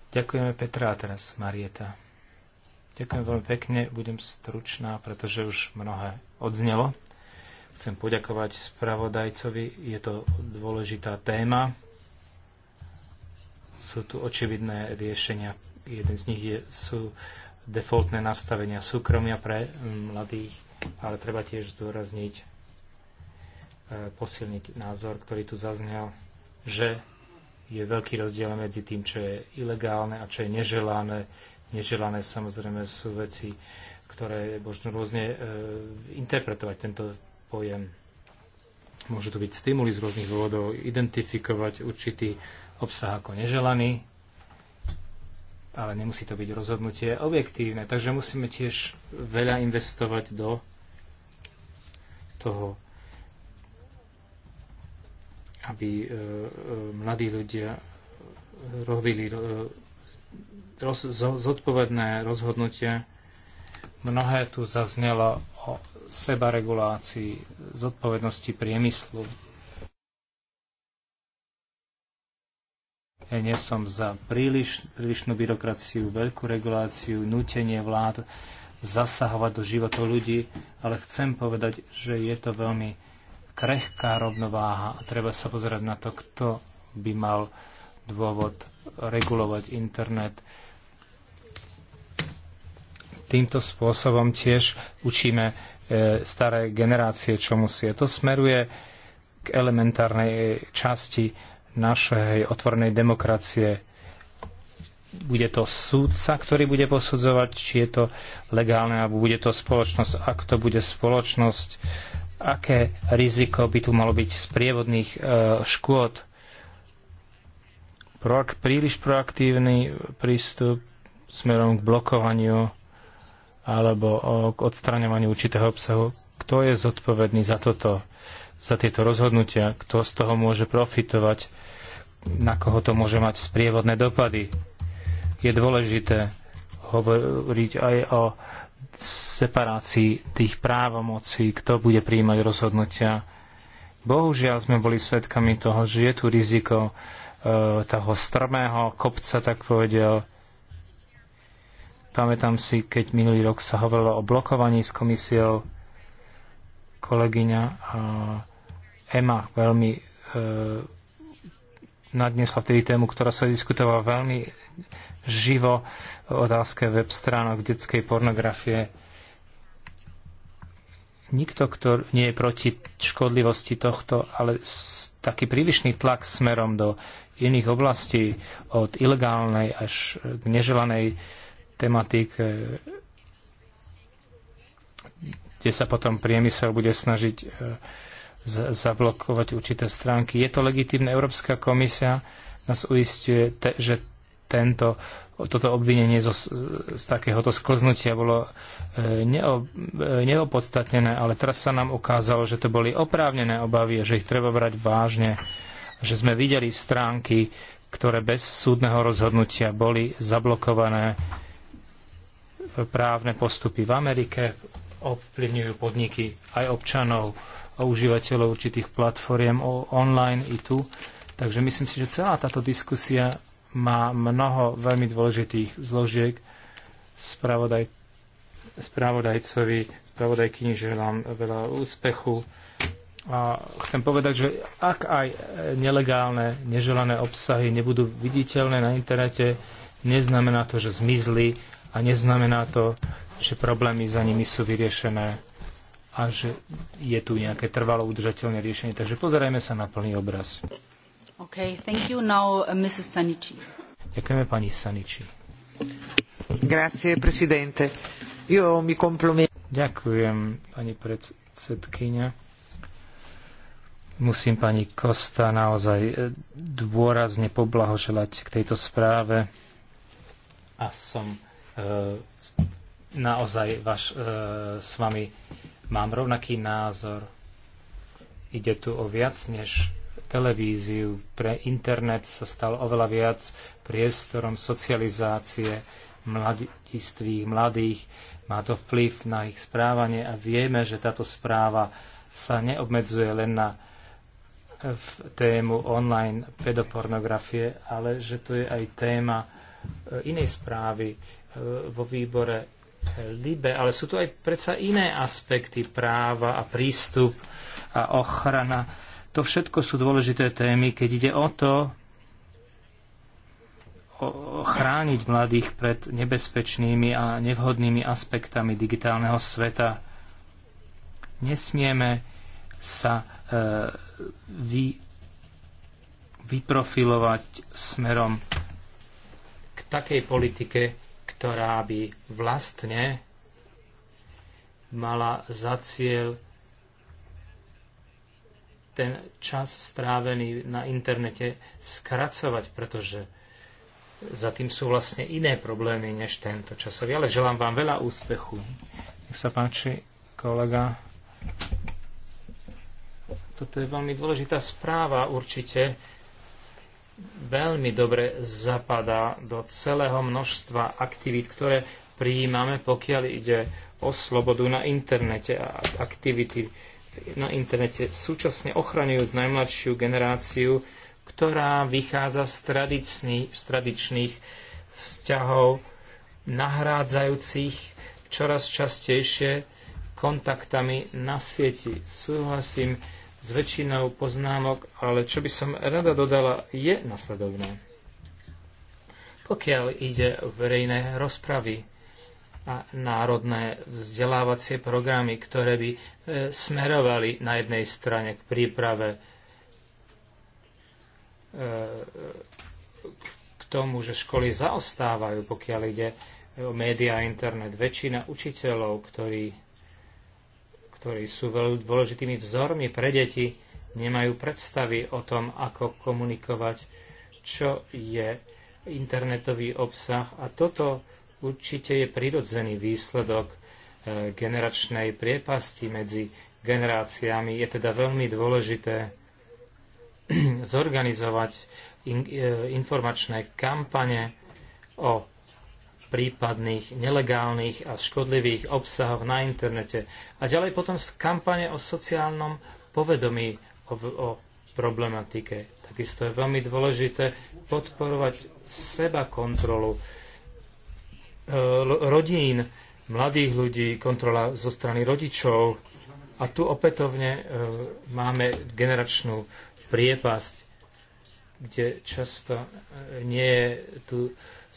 Ďakujeme Petra a teraz Marieta. Ďakujem veľmi pekne, budem stručná, pretože už mnohé odznelo. Chcem poďakovať spravodajcovi, je to dôležitá téma. Sú tu očividné riešenia. Jeden z nich je, sú defaultné nastavenia súkromia pre mm, mladých, ale treba tiež zdôrazniť, e, posilniť názor, ktorý tu zaznel, že je veľký rozdiel medzi tým, čo je ilegálne a čo je neželané. Neželané samozrejme sú veci, ktoré možno rôzne e, interpretovať tento pojem. Môžu to byť stimuli z rôznych dôvodov, identifikovať určitý obsah ako neželaný, ale nemusí to byť rozhodnutie objektívne. Takže musíme tiež veľa investovať do toho aby e, e, mladí ľudia robili e, roz, zodpovedné rozhodnutia. Mnohé tu zaznelo o sebaregulácii, zodpovednosti priemyslu. Ja nie som za príliš, prílišnú byrokraciu, veľkú reguláciu, nutenie vlád zasahovať do životov ľudí, ale chcem povedať, že je to veľmi krehká rovnováha a treba sa pozerať na to, kto by mal dôvod regulovať internet. Týmto spôsobom tiež učíme e, staré generácie, čo musia. To smeruje k elementárnej časti našej otvornej demokracie. Bude to súdca, ktorý bude posudzovať, či je to legálne, alebo bude to spoločnosť. Ak to bude spoločnosť, aké riziko by tu malo byť z prievodných e, škôd. Proak- príliš proaktívny prístup smerom k blokovaniu alebo e, k odstraňovaniu určitého obsahu. Kto je zodpovedný za toto, za tieto rozhodnutia? Kto z toho môže profitovať? Na koho to môže mať sprievodné dopady? Je dôležité hovoriť aj o separácii tých právomocí, kto bude príjmať rozhodnutia. Bohužiaľ sme boli svedkami toho, že je tu riziko e, toho strmého kopca, tak povedel. Pamätám si, keď minulý rok sa hovorilo o blokovaní s komisiou, kolegyňa a Ema veľmi e, nadnesla vtedy tému, ktorá sa diskutovala veľmi živo otázke web stránok detskej pornografie. Nikto, kto nie je proti škodlivosti tohto, ale taký prílišný tlak smerom do iných oblastí, od ilegálnej až k neželanej tematike, kde sa potom priemysel bude snažiť e, zablokovať určité stránky. Je to legitímne. Európska komisia nás uistuje, že tento, toto obvinenie zo, z takéhoto sklznutia bolo e, neo, e, neopodstatnené, ale teraz sa nám ukázalo, že to boli oprávnené obavy a že ich treba brať vážne, že sme videli stránky, ktoré bez súdneho rozhodnutia boli zablokované právne postupy v Amerike, ovplyvňujú podniky aj občanov, a užívateľov určitých platform online i tu. Takže myslím si, že celá táto diskusia má mnoho veľmi dôležitých zložiek. Spravodaj, spravodajcovi, spravodajkyni želám veľa úspechu. A chcem povedať, že ak aj nelegálne, neželané obsahy nebudú viditeľné na internete, neznamená to, že zmizli a neznamená to, že problémy za nimi sú vyriešené a že je tu nejaké trvalo udržateľné riešenie. Takže pozerajme sa na plný obraz thank you. Now, uh, Mrs. Sanici. Ďakujeme pani Sanici. Grazie, presidente. Io mi complimento. Ďakujem, pani predsedkyňa. Musím pani Kosta naozaj eh, dôrazne poblahoželať k tejto správe a som e, naozaj vaš, e, eh, s vami mám rovnaký názor. Ide tu o viac než televíziu, pre internet sa stal oveľa viac priestorom socializácie mladistvých, mladých. Má to vplyv na ich správanie a vieme, že táto správa sa neobmedzuje len na tému online pedopornografie, ale že to je aj téma e, inej správy e, vo výbore Libe, ale sú tu aj predsa iné aspekty práva a prístup a ochrana to všetko sú dôležité témy, keď ide o to, o chrániť mladých pred nebezpečnými a nevhodnými aspektami digitálneho sveta. Nesmieme sa e, vy, vyprofilovať smerom k takej politike, ktorá by vlastne mala za cieľ ten čas strávený na internete skracovať, pretože za tým sú vlastne iné problémy než tento časový. Ale želám vám veľa úspechu. Nech sa páči, kolega. Toto je veľmi dôležitá správa určite. Veľmi dobre zapadá do celého množstva aktivít, ktoré prijímame, pokiaľ ide o slobodu na internete a aktivity na internete, súčasne ochraňujúc najmladšiu generáciu, ktorá vychádza z, tradičných z tradičných vzťahov, nahrádzajúcich čoraz častejšie kontaktami na sieti. Súhlasím s väčšinou poznámok, ale čo by som rada dodala, je nasledovné. Pokiaľ ide o verejné rozpravy, národné vzdelávacie programy, ktoré by e, smerovali na jednej strane k príprave e, k tomu, že školy zaostávajú, pokiaľ ide o médiá a internet. Väčšina učiteľov, ktorí, ktorí sú veľmi dôležitými vzormi pre deti, nemajú predstavy o tom, ako komunikovať, čo je internetový obsah. A toto určite je prirodzený výsledok e, generačnej priepasti medzi generáciami. Je teda veľmi dôležité (clears throat) zorganizovať e, informačné kampane o prípadných nelegálnych a škodlivých obsahoch na internete. A ďalej potom kampane o sociálnom povedomí o, o problematike. Takisto je veľmi dôležité podporovať seba kontrolu Eh, rodín, mladých ľudí, kontrola zo strany rodičov. A tu opätovne eh, máme generačnú priepasť, kde často eh, nie je tu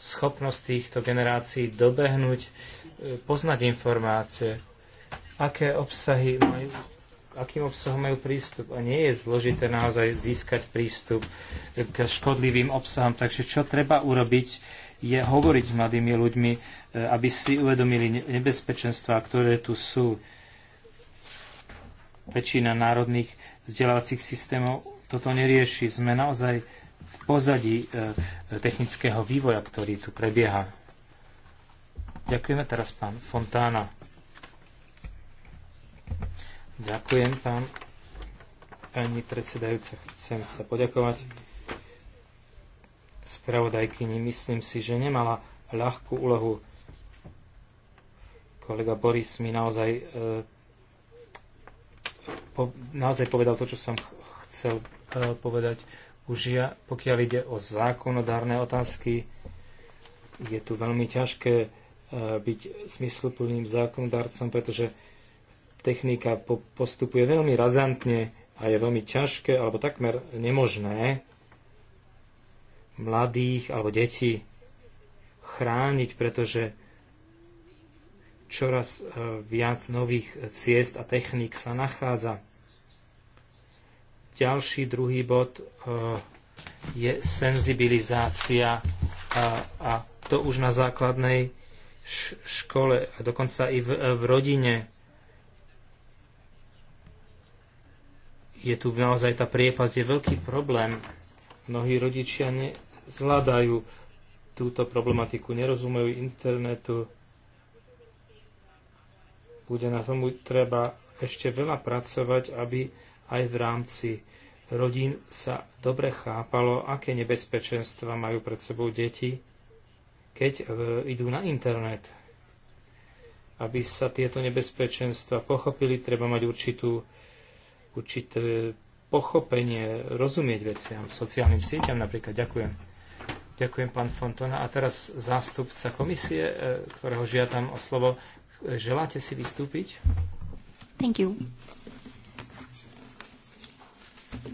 schopnosť týchto generácií dobehnúť, poznať informácie, aké obsahy majú akým obsahom majú prístup. A nie je zložité naozaj získať prístup k škodlivým obsahom. Takže čo treba urobiť, je hovoriť s mladými ľuďmi, e, aby si uvedomili nebezpečenstva, ktoré tu sú. Väčšina národných vzdelávacích systémov toto nerieši. Sme naozaj v pozadí e, e, technického vývoja, ktorý tu prebieha. Ďakujeme teraz pán Fontána. Ďakujem, pán, pani predsedajúca. Chcem sa poďakovať spravodajkyni. Myslím si, že nemala ľahkú úlohu. Kolega Boris mi naozaj, e, po, naozaj povedal to, čo som ch chcel e, povedať. Už ja, pokiaľ ide o zákonodárne otázky, je tu veľmi ťažké e, byť smysluplným zákonodárcom, pretože technika po, postupuje veľmi razantne a je veľmi ťažké alebo takmer nemožné mladých alebo detí chrániť, pretože čoraz e, viac nových ciest a techník sa nachádza. Ďalší druhý bod e, je senzibilizácia e, a to už na základnej škole a dokonca i v, rodine. Je tu naozaj tá priepasť, je veľký problém Mnohí rodičia nezvládajú túto problematiku, nerozumejú internetu. Bude na tom treba ešte veľa pracovať, aby aj v rámci rodín sa dobre chápalo, aké nebezpečenstva majú pred sebou deti, keď e, idú na internet. Aby sa tieto nebezpečenstva pochopili, treba mať určitú, určité pochopenie, rozumieť veciam, sociálnym sieťam napríklad. Ďakujem. Ďakujem, pán Fontona. A teraz zástupca komisie, e, ktorého žiadam o slovo. Želáte si vystúpiť? Thank you.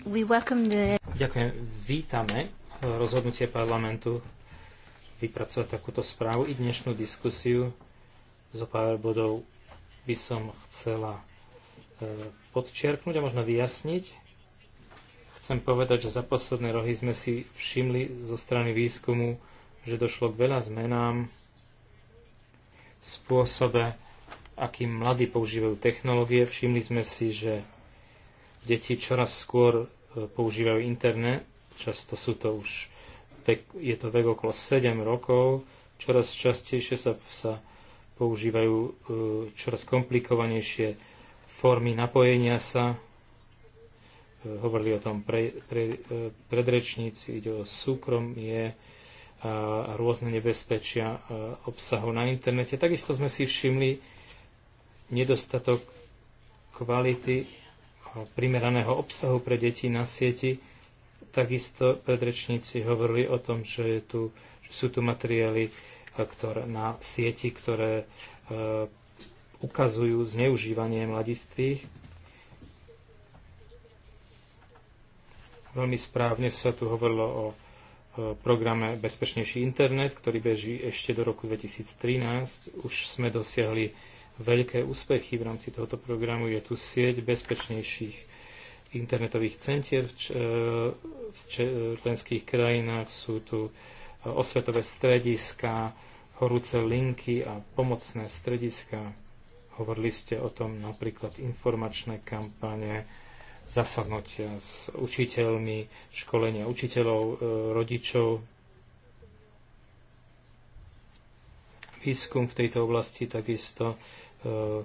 We welcome the... Ďakujem. Vítame e, rozhodnutie parlamentu vypracovať takúto správu i dnešnú diskusiu. Zo pár bodov by som chcela e, podčerknúť a možno vyjasniť. Chcem povedať, že za posledné rohy sme si všimli zo strany výskumu, že došlo k veľa zmenám v spôsobe, akým mladí používajú technológie. Všimli sme si, že deti čoraz skôr e, používajú internet, často sú to už vek, je to vek okolo 7 rokov, čoraz častejšie sa, sa používajú e, čoraz komplikovanejšie formy napojenia sa, Eh, hovorili o tom pre, pre, eh, predrečníci, ide o súkromie a rôzne nebezpečia eh, obsahu na internete. Takisto sme si všimli nedostatok kvality primeraného obsahu pre deti na sieti. Takisto predrečníci hovorili o tom, že, je tu, že sú tu materiály ktoré, na sieti, ktoré e, ukazujú zneužívanie mladistvých Veľmi správne sa tu hovorilo o e, programe Bezpečnejší internet, ktorý beží ešte do roku 2013. Už sme dosiahli veľké úspechy v rámci tohoto programu. Je tu sieť bezpečnejších internetových centier v, č- e, v e, členských krajinách. Sú tu osvetové strediska, horúce linky a pomocné strediska. Hovorili ste o tom napríklad informačné kampane, zasadnutia s učiteľmi, školenia učiteľov, e, rodičov, výskum v tejto oblasti takisto. E,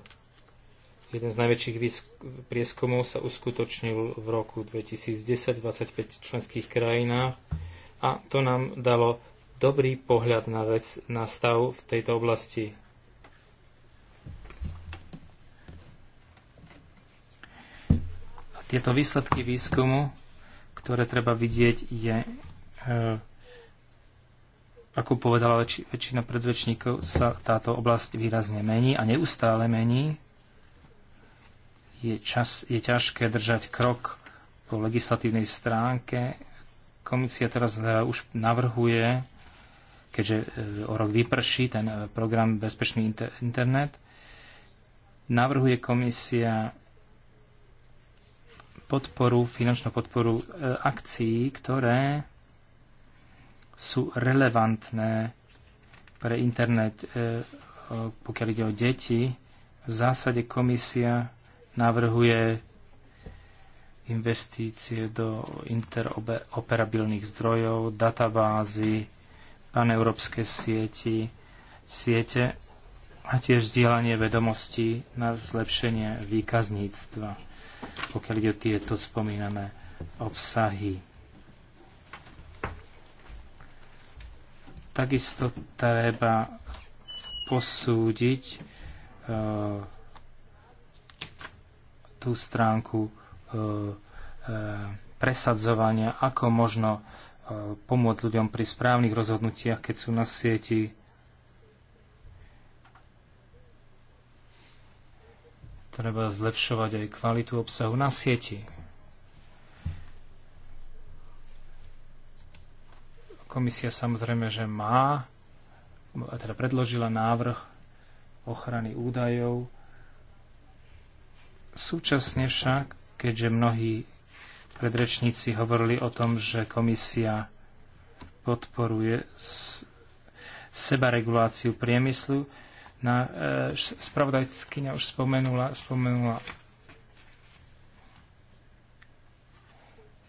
jeden z najväčších prieskumov sa uskutočnil v roku 2010 25 členských krajinách a to nám dalo dobrý pohľad na vec, na stav v tejto oblasti. Tieto výsledky výskumu, ktoré treba vidieť, je, e, ako povedala väč- väčšina predvečníkov, sa táto oblasť výrazne mení a neustále mení. Je, čas, je ťažké držať krok po legislatívnej stránke. Komisia teraz eh, už navrhuje, keďže eh, o rok vyprší ten program Bezpečný internet, navrhuje komisia podporu, finančnú podporu e, akcií, ktoré sú relevantné pre internet, e, pokiaľ ide o deti. V zásade komisia navrhuje investície do interoperabilných zdrojov, databázy, paneurópske sieti, siete a tiež zdieľanie vedomostí na zlepšenie výkazníctva pokiaľ ide tieto spomínané obsahy. Takisto treba posúdiť e, tú stránku e, e, presadzovania, ako možno e, pomôcť ľuďom pri správnych rozhodnutiach, keď sú na sieti Treba zlepšovať aj kvalitu obsahu na sieti. Komisia samozrejme, že má, teda predložila návrh ochrany údajov. Súčasne však, keďže mnohí predrečníci hovorili o tom, že komisia podporuje sebareguláciu priemyslu, na, e, spravodajskyňa už spomenula, spomenula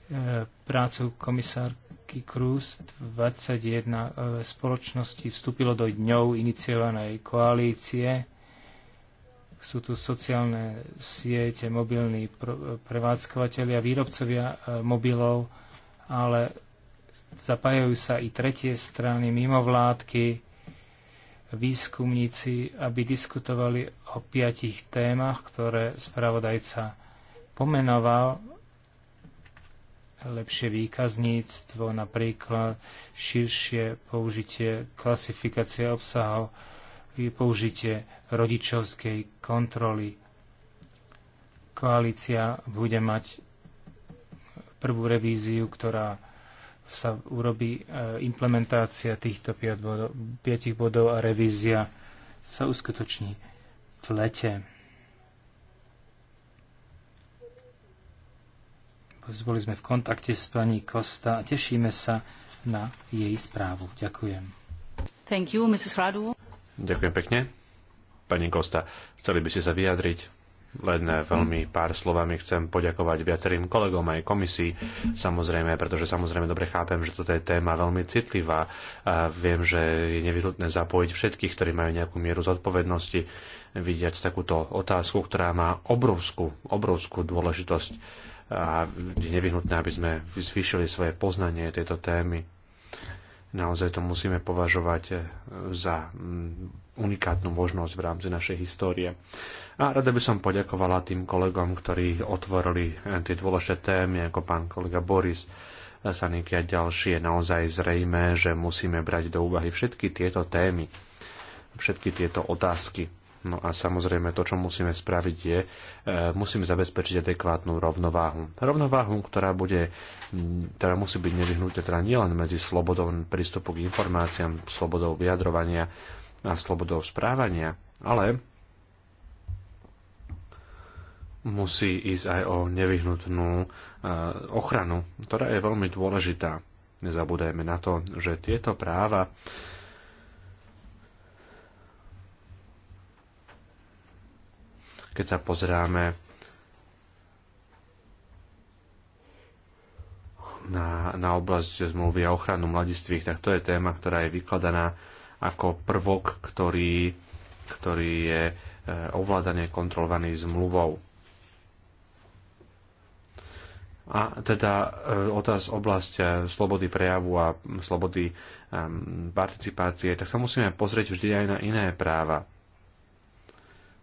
e, prácu komisárky Cruz 21 e, spoločnosti vstúpilo do dňov iniciovanej koalície. Sú tu sociálne siete, mobilní pr- e, prevádzkovateľia, výrobcovia e, mobilov, ale zapájajú sa i tretie strany, mimovládky, výskumníci, aby diskutovali o piatich témach, ktoré spravodajca pomenoval. Lepšie výkazníctvo, napríklad širšie použitie klasifikácie obsahov, použitie rodičovskej kontroly. Koalícia bude mať prvú revíziu, ktorá sa urobí e, implementácia týchto 5 bodov, 5 bodov a revízia sa uskutoční v lete. Boli sme v kontakte s pani Kosta a tešíme sa na jej správu. Ďakujem. Thank you, Mrs. Radu. Ďakujem pekne. Pani Kosta, chceli by ste sa vyjadriť? Len eh, veľmi pár slovami chcem poďakovať viacerým kolegom aj komisii, samozrejme, pretože samozrejme dobre chápem, že toto je téma veľmi citlivá. A viem, že je nevyhnutné zapojiť všetkých, ktorí majú nejakú mieru zodpovednosti, vidiať takúto otázku, ktorá má obrovskú, obrovskú dôležitosť a je nevyhnutné, aby sme zvýšili svoje poznanie tejto témy naozaj to musíme považovať eh, za mm, unikátnu možnosť v rámci našej histórie. A rada by som poďakovala tým kolegom, ktorí otvorili eh, tie dôležité témy, ako pán kolega Boris, eh, Saniky a ďalší. Je naozaj zrejme, že musíme brať do úvahy všetky tieto témy, všetky tieto otázky. No a samozrejme to, čo musíme spraviť, je, e, musíme zabezpečiť adekvátnu rovnováhu. Rovnováhu, ktorá, bude, ktorá musí byť nevyhnutá teda nielen medzi slobodou prístupu k informáciám, slobodou vyjadrovania, a slobodou správania, ale musí ísť aj o nevyhnutnú e, ochranu, ktorá je veľmi dôležitá. Nezabúdajme na to, že tieto práva keď sa pozráme na, na oblasť zmluvy a ochranu mladistvých, tak to je téma, ktorá je vykladaná ako prvok, ktorý, ktorý je e, ovládanie kontrolovaný zmluvou. A teda e, otáz oblasť e, slobody prejavu a slobody participácie, tak sa musíme pozrieť vždy aj na iné práva.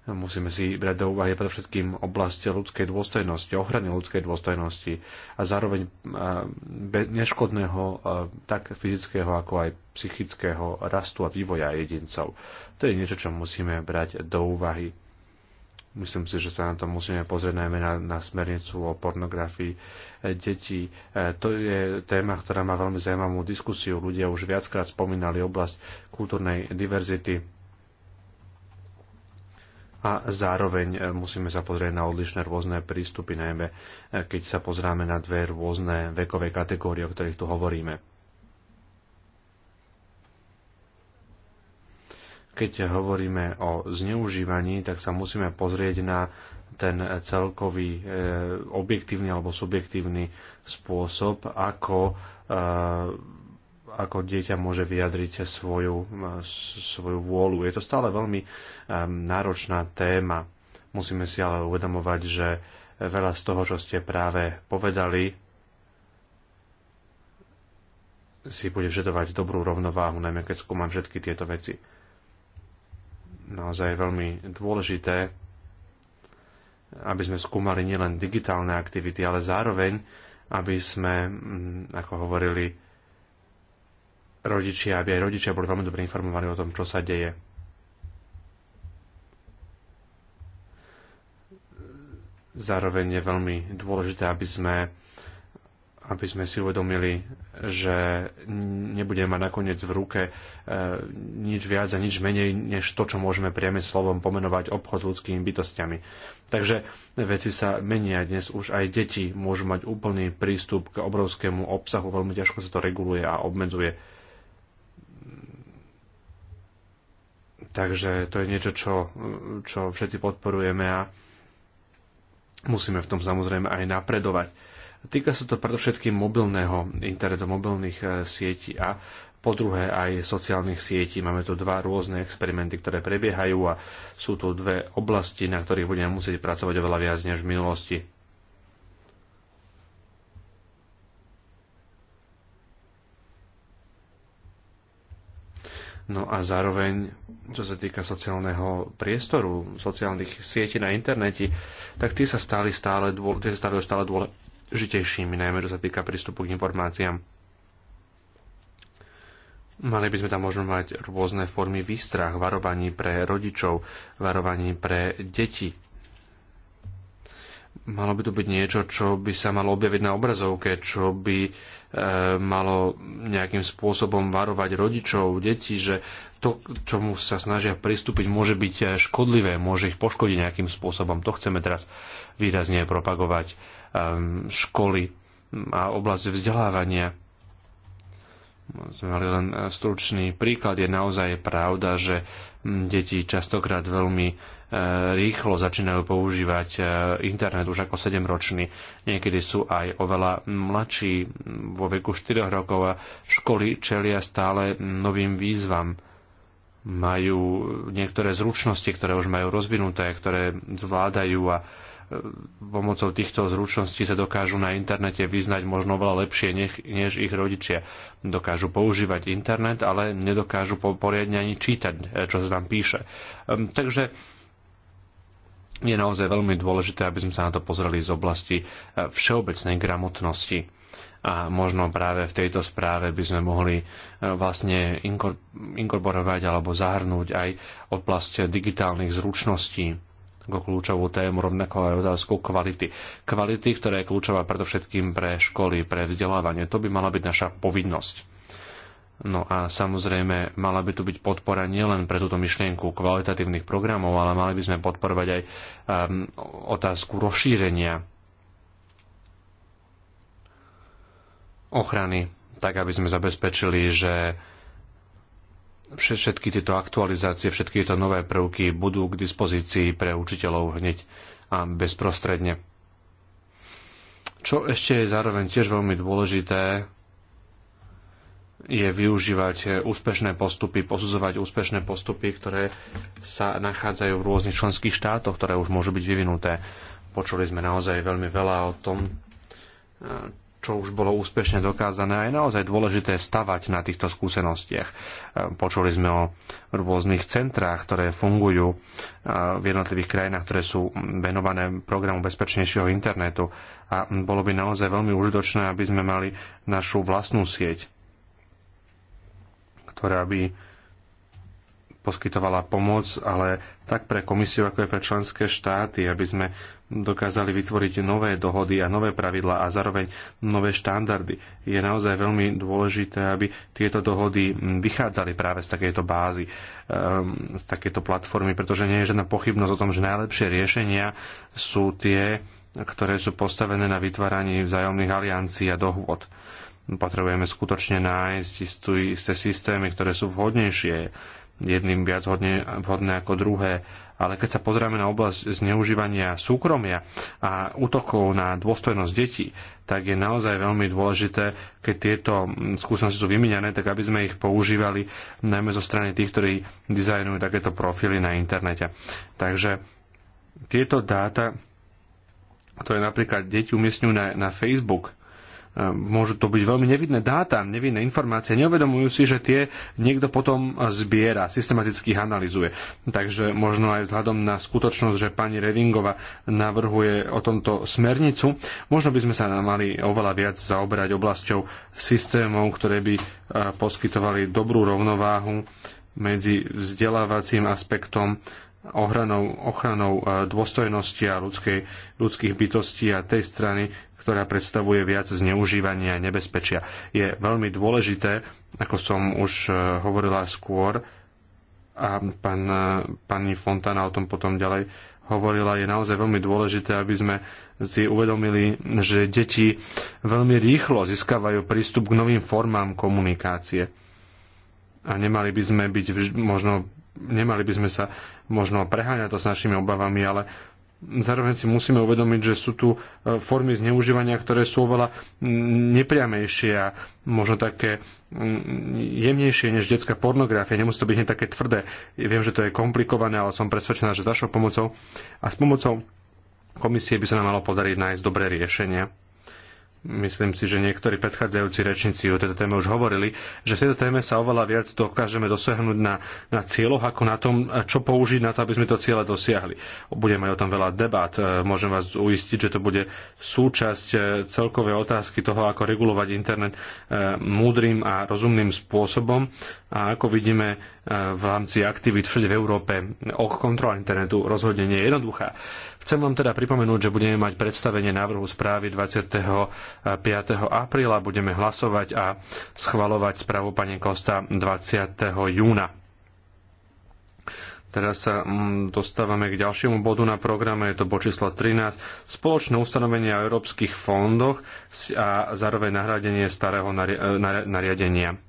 Musíme si brať do úvahy predovšetkým oblasti ľudskej dôstojnosti, ochrany ľudskej dôstojnosti a zároveň neškodného tak fyzického, ako aj psychického rastu a vývoja jedincov. To je niečo, čo musíme brať do úvahy. Myslím si, že sa na to musíme pozrieť najmä na, na smernicu o pornografii e, detí. E, to je téma, ktorá má veľmi zaujímavú diskusiu. Ľudia už viackrát spomínali oblasť kultúrnej diverzity a zároveň e, musíme sa pozrieť na odlišné rôzne prístupy, najmä e, keď sa pozráme na dve rôzne vekové kategórie, o ktorých tu hovoríme. Keď hovoríme o zneužívaní, tak sa musíme pozrieť na ten celkový e, objektívny alebo subjektívny spôsob, ako e, ako dieťa môže vyjadriť svoju, eh, svoju vôľu. Je to stále veľmi eh, náročná téma. Musíme si ale uvedomovať, že veľa z toho, čo ste práve povedali, si bude žedovať dobrú rovnováhu, najmä keď skúmam všetky tieto veci. Naozaj je veľmi dôležité, aby sme skúmali nielen digitálne aktivity, ale zároveň, aby sme, hm, ako hovorili rodičia, aby aj rodičia boli veľmi dobre informovaní o tom, čo sa deje. Zároveň je veľmi dôležité, aby sme, aby sme si uvedomili, že nebudeme mať nakoniec v ruke e, nič viac a nič menej, než to, čo môžeme priame slovom pomenovať obchod s ľudskými bytostiami. Takže veci sa menia dnes, už aj deti môžu mať úplný prístup k obrovskému obsahu, veľmi ťažko sa to reguluje a obmedzuje Takže to je niečo, čo, čo všetci podporujeme a musíme v tom samozrejme aj napredovať. Týka sa to predovšetkým mobilného internetu, mobilných e, sietí a po druhé aj sociálnych sietí. Máme tu dva rôzne experimenty, ktoré prebiehajú a sú tu dve oblasti, na ktorých budeme musieť pracovať oveľa viac než v minulosti. No a zároveň, čo sa týka sociálneho priestoru, sociálnych sietí na internete, tak tie sa stali stále, tie sa stali stále dôležitejšími, najmä čo sa týka prístupu k informáciám. Mali by sme tam možno mať rôzne formy výstrach, varovaní pre rodičov, varovaní pre deti. Malo by to byť niečo, čo by sa malo objaviť na obrazovke, čo by E, malo nejakým spôsobom varovať rodičov, detí, že to, čomu sa snažia pristúpiť, môže byť e, škodlivé, môže ich poškodiť nejakým spôsobom. To chceme teraz výrazne propagovať. E, školy a oblasť vzdelávania sme mali len stručný príklad, je naozaj pravda, že deti častokrát veľmi Eh, rýchlo začínajú používať eh, internet už ako 7-roční. Niekedy sú aj oveľa mladší vo veku 4 rokov a školy čelia stále novým výzvam majú niektoré zručnosti, ktoré už majú rozvinuté, ktoré zvládajú a eh, pomocou týchto zručností sa dokážu na internete vyznať možno veľa lepšie než ich rodičia. Dokážu používať internet, ale nedokážu poriadne ani čítať, čo sa tam píše. Ehm, takže je naozaj veľmi dôležité, aby sme sa na to pozreli z oblasti eh, všeobecnej gramotnosti. A možno práve v tejto správe by sme mohli eh, vlastne inkorporovať alebo zahrnúť aj oblasť digitálnych zručností ako kľúčovú tému, rovnako aj otázku kvality. Kvality, ktorá je kľúčová predovšetkým pre školy, pre vzdelávanie. To by mala byť naša povinnosť. No a samozrejme, mala by tu byť podpora nielen pre túto myšlienku kvalitatívnych programov, ale mali by sme podporovať aj um, otázku rozšírenia ochrany, tak aby sme zabezpečili, že všetky tieto aktualizácie, všetky tieto nové prvky budú k dispozícii pre učiteľov hneď a bezprostredne. Čo ešte je zároveň tiež veľmi dôležité, je využívať e, úspešné postupy, posudzovať úspešné postupy, ktoré sa nachádzajú v rôznych členských štátoch, ktoré už môžu byť vyvinuté. Počuli sme naozaj veľmi veľa o tom, e, čo už bolo úspešne dokázané a je naozaj dôležité stavať na týchto skúsenostiach. E, počuli sme o rôznych centrách, ktoré fungujú v jednotlivých krajinách, ktoré sú venované programu bezpečnejšieho internetu a bolo by naozaj veľmi užitočné, aby sme mali našu vlastnú sieť ktorá by poskytovala pomoc, ale tak pre komisiu, ako aj pre členské štáty, aby sme dokázali vytvoriť nové dohody a nové pravidlá a zároveň nové štandardy. Je naozaj veľmi dôležité, aby tieto dohody vychádzali práve z takejto bázy, ehm, z takéto platformy, pretože nie je žiadna pochybnosť o tom, že najlepšie riešenia sú tie, ktoré sú postavené na vytváraní vzájomných aliancií a dohôd. Potrebujeme skutočne nájsť istú, isté systémy, ktoré sú vhodnejšie, jedným viac hodne, vhodné ako druhé. Ale keď sa pozrieme na oblasť zneužívania súkromia a útokov na dôstojnosť detí, tak je naozaj veľmi dôležité, keď tieto skúsenosti sú vymiňané, tak aby sme ich používali najmä zo strany tých, ktorí dizajnujú takéto profily na internete. Takže tieto dáta, ktoré napríklad deti umiestňujú na, na Facebook, môžu to byť veľmi nevidné dáta, nevidné informácie, neuvedomujú si, že tie niekto potom zbiera, systematicky ich analizuje. Takže možno aj vzhľadom na skutočnosť, že pani Revingova navrhuje o tomto smernicu, možno by sme sa mali oveľa viac zaoberať oblasťou systémov, ktoré by eh, poskytovali dobrú rovnováhu medzi vzdelávacím aspektom ohranou, ochranou eh, dôstojnosti a ľudskej, ľudských bytostí a tej strany, ktorá predstavuje viac zneužívania a nebezpečia. Je veľmi dôležité, ako som už e, hovorila skôr, a pán, e, pani Fontana o tom potom ďalej hovorila, je naozaj veľmi dôležité, aby sme si uvedomili, že deti veľmi rýchlo získavajú prístup k novým formám komunikácie. A nemali by sme byť možno, nemali by sme sa možno preháňať to s našimi obavami, ale Zároveň si musíme uvedomiť, že sú tu e, formy zneužívania, ktoré sú oveľa nepriamejšie a možno také jemnejšie než detská pornografia. Nemusí to byť hneď také tvrdé. Viem, že to je komplikované, ale som presvedčená, že s vašou pomocou a s pomocou komisie by sa nám malo podariť nájsť dobré riešenia. Myslím si, že niektorí predchádzajúci rečníci o tejto téme už hovorili, že v tejto téme sa oveľa viac dokážeme dosiahnuť na, na cieľoch, ako na tom, čo použiť na to, aby sme to cieľa dosiahli. Budeme aj o tom veľa debát. E, môžem vás uistiť, že to bude súčasť e, celkovej otázky toho, ako regulovať internet e, múdrym a rozumným spôsobom. A ako vidíme, v rámci aktivít všade v Európe o kontrole internetu rozhodne nie je jednoduchá. Chcem vám teda pripomenúť, že budeme mať predstavenie návrhu správy 25. apríla, budeme hlasovať a schvalovať správu pani Kosta 20. júna. Teraz sa mm, dostávame k ďalšiemu bodu na programe, je to bod číslo 13. Spoločné ustanovenie o európskych fondoch a zároveň nahradenie starého e, nariadenia.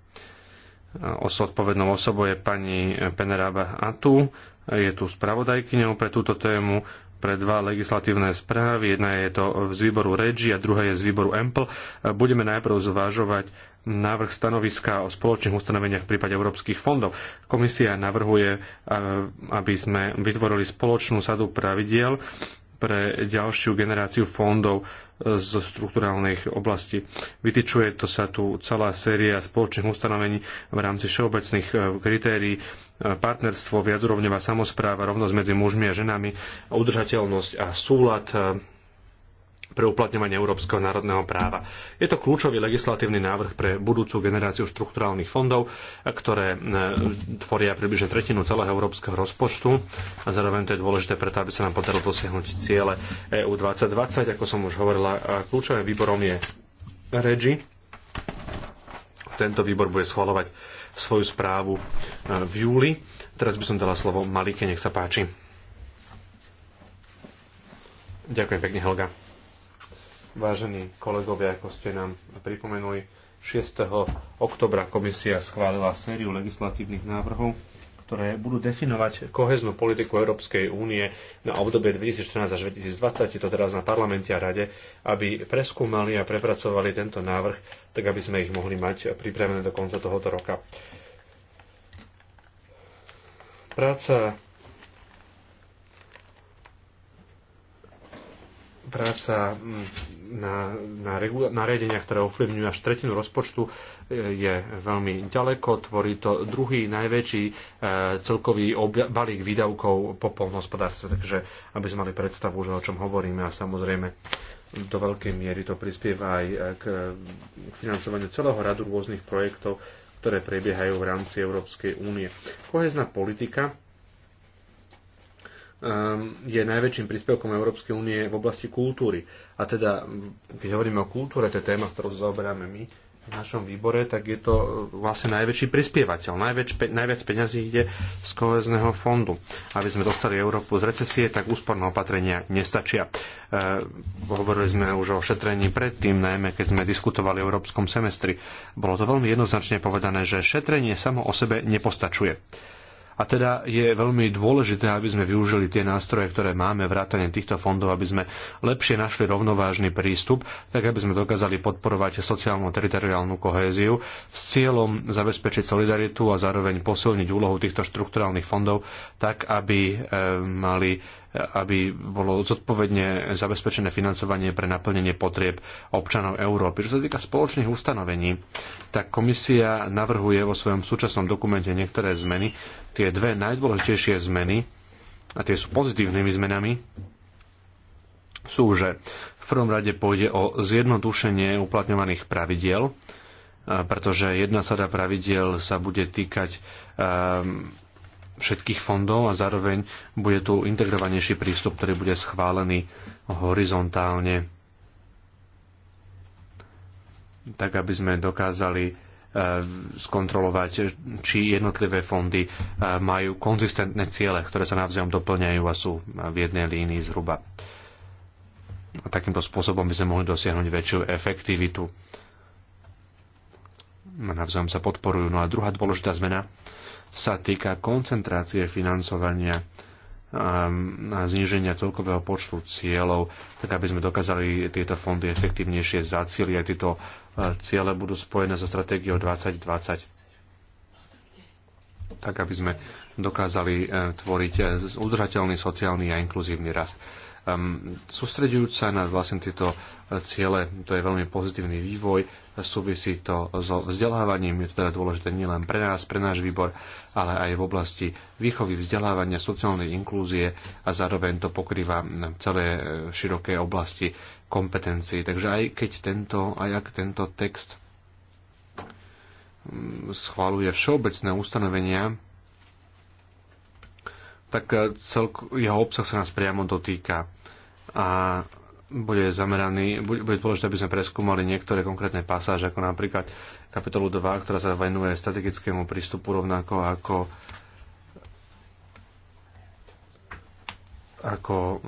Odpovednou osobou je pani Penerába Atu, je tu spravodajkyňou pre túto tému pre dva legislatívne správy. Jedna je to z výboru REGI a druhá je z výboru EMPL. Budeme najprv zvážovať návrh stanoviska o spoločných ustanoveniach v prípade európskych fondov. Komisia navrhuje, eh, aby sme vytvorili spoločnú sadu pravidiel pre ďalšiu generáciu fondov e, zo štruktúrálnych oblastí. Vytyčuje to sa tu celá séria spoločných ustanovení v rámci všeobecných e, kritérií, e, partnerstvo, viadrovňová samozpráva, rovnosť medzi mužmi a ženami, udržateľnosť a súlad pre uplatňovanie európskeho národného práva. Je to kľúčový legislatívny návrh pre budúcu generáciu štrukturálnych fondov, ktoré e, tvoria približne tretinu celého európskeho rozpočtu a zároveň to je dôležité preto, aby sa nám podarilo dosiahnuť ciele EU 2020. Ako som už hovorila, e, kľúčovým výborom je REGI. Tento výbor bude schvalovať svoju správu e, v júli. Teraz by som dala slovo Malike, nech sa páči. Ďakujem pekne, Helga. Vážení kolegovia, ako ste nám pripomenuli, 6. oktobra komisia schválila sériu legislatívnych návrhov, ktoré budú definovať koheznú politiku Európskej únie na obdobie 2014 až 2020, je to teraz na parlamente a rade, aby preskúmali a prepracovali tento návrh, tak aby sme ich mohli mať pripravené do konca tohoto roka. Práca práca mm, na, na, na riadenia, ktoré ovplyvňujú až tretinu rozpočtu, e, je veľmi ďaleko. Tvorí to druhý najväčší e, celkový balík výdavkov po polnohospodárstve. Takže aby sme mali predstavu, že o čom hovoríme a samozrejme do veľkej miery to prispieva aj e, k financovaniu celého radu rôznych projektov, ktoré prebiehajú v rámci Európskej únie. Kohezná politika Um, je najväčším príspevkom Európskej únie v oblasti kultúry. A teda, keď hovoríme o kultúre, to je téma, ktorú zaoberáme my v našom výbore, tak je to uh, vlastne najväčší prispievateľ. Najväč, pe, najviac peňazí ide z kohezného fondu. Aby sme dostali Európu z recesie, tak úsporné opatrenia nestačia. E, hovorili sme už o šetrení predtým, najmä keď sme diskutovali o európskom semestri. Bolo to veľmi jednoznačne povedané, že šetrenie samo o sebe nepostačuje a teda je veľmi dôležité, aby sme využili tie nástroje, ktoré máme vrátane týchto fondov, aby sme lepšie našli rovnovážny prístup, tak aby sme dokázali podporovať sociálnu a teritoriálnu kohéziu s cieľom zabezpečiť solidaritu a zároveň posilniť úlohu týchto štrukturálnych fondov tak, aby eh, mali aby bolo zodpovedne zabezpečené financovanie pre naplnenie potrieb občanov Európy. Čo sa týka spoločných ustanovení, tak komisia navrhuje vo svojom súčasnom dokumente niektoré zmeny, tie dve najdôležitejšie zmeny, a tie sú pozitívnymi zmenami, sú, že v prvom rade pôjde o zjednodušenie uplatňovaných pravidiel, pretože jedna sada pravidiel sa bude týkať ehm, všetkých fondov a zároveň bude tu integrovanejší prístup, ktorý bude schválený horizontálne, tak aby sme dokázali skontrolovať, či jednotlivé fondy eh, majú konzistentné ciele, ktoré sa navzájom doplňajú a sú v jednej línii zhruba. A takýmto spôsobom by sme mohli dosiahnuť väčšiu efektivitu. Navzájom sa podporujú. No a druhá dôležitá zmena sa týka koncentrácie financovania ehm, a zníženia celkového počtu cieľov, tak aby sme dokázali tieto fondy efektívnejšie zacieliť. Tieto ciele budú spojené so stratégiou 2020 tak aby sme dokázali e, tvoriť e, udržateľný sociálny a inkluzívny rast. Um, ehm, sústredujúc sa na vlastne tieto e, ciele, to je veľmi pozitívny vývoj, súvisí to so vzdelávaním, je to teda dôležité nielen pre nás, pre náš výbor, ale aj v oblasti výchovy, vzdelávania, sociálnej inklúzie a zároveň to pokrýva celé široké oblasti kompetencií. Takže aj keď tento, aj ak tento text mm, schváluje všeobecné ustanovenia, tak eh, celko, jeho obsah sa nás priamo dotýka a bude zameraný, bude, bude dôležité, aby sme preskúmali niektoré konkrétne pasáže, ako napríklad kapitolu 2, ktorá sa venuje strategickému prístupu rovnako ako ako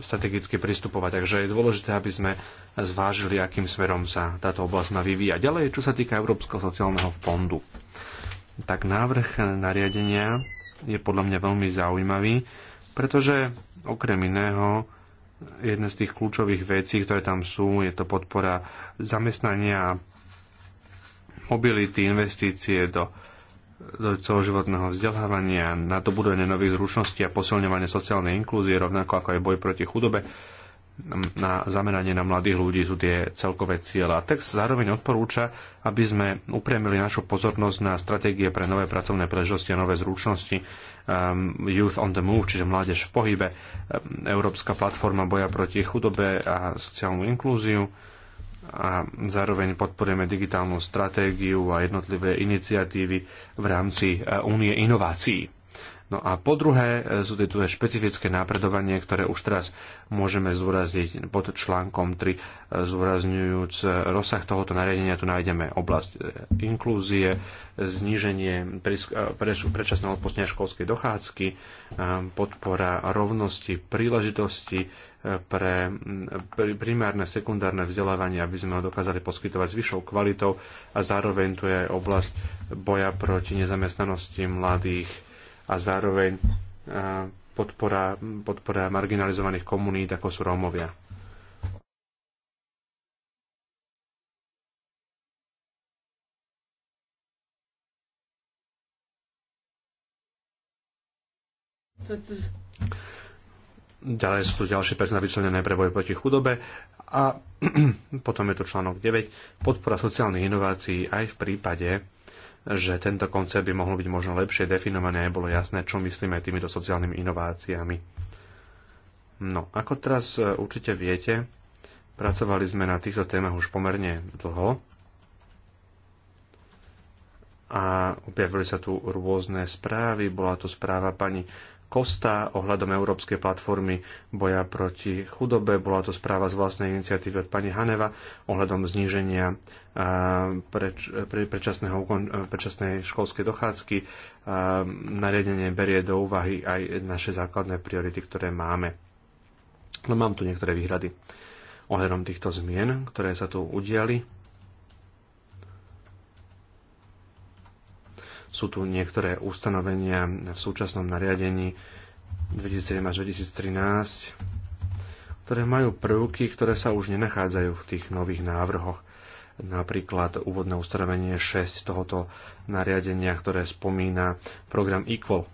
strategicky pristupovať. Takže je dôležité, aby sme zvážili, akým smerom sa táto oblasť má vyvíjať. Ďalej, čo sa týka Európskeho sociálneho fondu, tak návrh nariadenia je podľa mňa veľmi zaujímavý, pretože okrem iného jedna z tých kľúčových vecí, ktoré tam sú, je to podpora zamestnania, mobility, investície do do celoživotného vzdelávania, na budovanie nových zručností a posilňovanie sociálnej inklúzie, rovnako ako aj boj proti chudobe, mm, na zameranie na mladých ľudí sú tie celkové cieľa. A text zároveň odporúča, aby sme upriamili našu pozornosť na stratégie pre nové pracovné príležitosti a nové zručnosti um, Youth on the Move, čiže mládež v pohybe, um, Európska platforma boja proti chudobe a sociálnu inklúziu, a zároveň podporujeme digitálnu stratégiu a jednotlivé iniciatívy v rámci eh, Únie inovácií. No a po druhé e, sú tu špecifické napredovanie, ktoré už teraz môžeme zúraziť pod článkom 3, e, zúrazňujúc e, rozsah tohoto nariadenia. Tu nájdeme oblasť inklúzie, zníženie predčasného odpustenia školskej dochádzky, podpora rovnosti príležitosti pre primárne, sekundárne vzdelávanie, aby sme ho dokázali poskytovať s vyššou kvalitou a zároveň tu je aj oblasť boja proti nezamestnanosti mladých a zároveň podpora, podpora marginalizovaných komunít, ako sú Rómovia. Ďalej sú tu ďalšie pecná vyčlenené pre boj proti chudobe a (clears throat) potom je tu článok 9. Podpora sociálnych inovácií aj v prípade, že tento koncept by mohol byť možno lepšie definovaný a bolo jasné, čo myslíme týmito sociálnymi inováciami. No, ako teraz e, určite viete, pracovali sme na týchto témach už pomerne dlho a objavili sa tu rôzne správy. Bola tu správa pani Kosta ohľadom Európskej platformy boja proti chudobe. Bola to správa z vlastnej iniciatívy od pani Haneva ohľadom zníženia preč, pre, predčasnej školskej dochádzky. Nariadenie berie do úvahy aj naše základné priority, ktoré máme. No mám tu niektoré výhrady ohľadom týchto zmien, ktoré sa tu udiali Sú tu niektoré ustanovenia v súčasnom nariadení 2007 až 2013, ktoré majú prvky, ktoré sa už nenachádzajú v tých nových návrhoch. Napríklad úvodné ustanovenie 6 tohoto nariadenia, ktoré spomína program Equal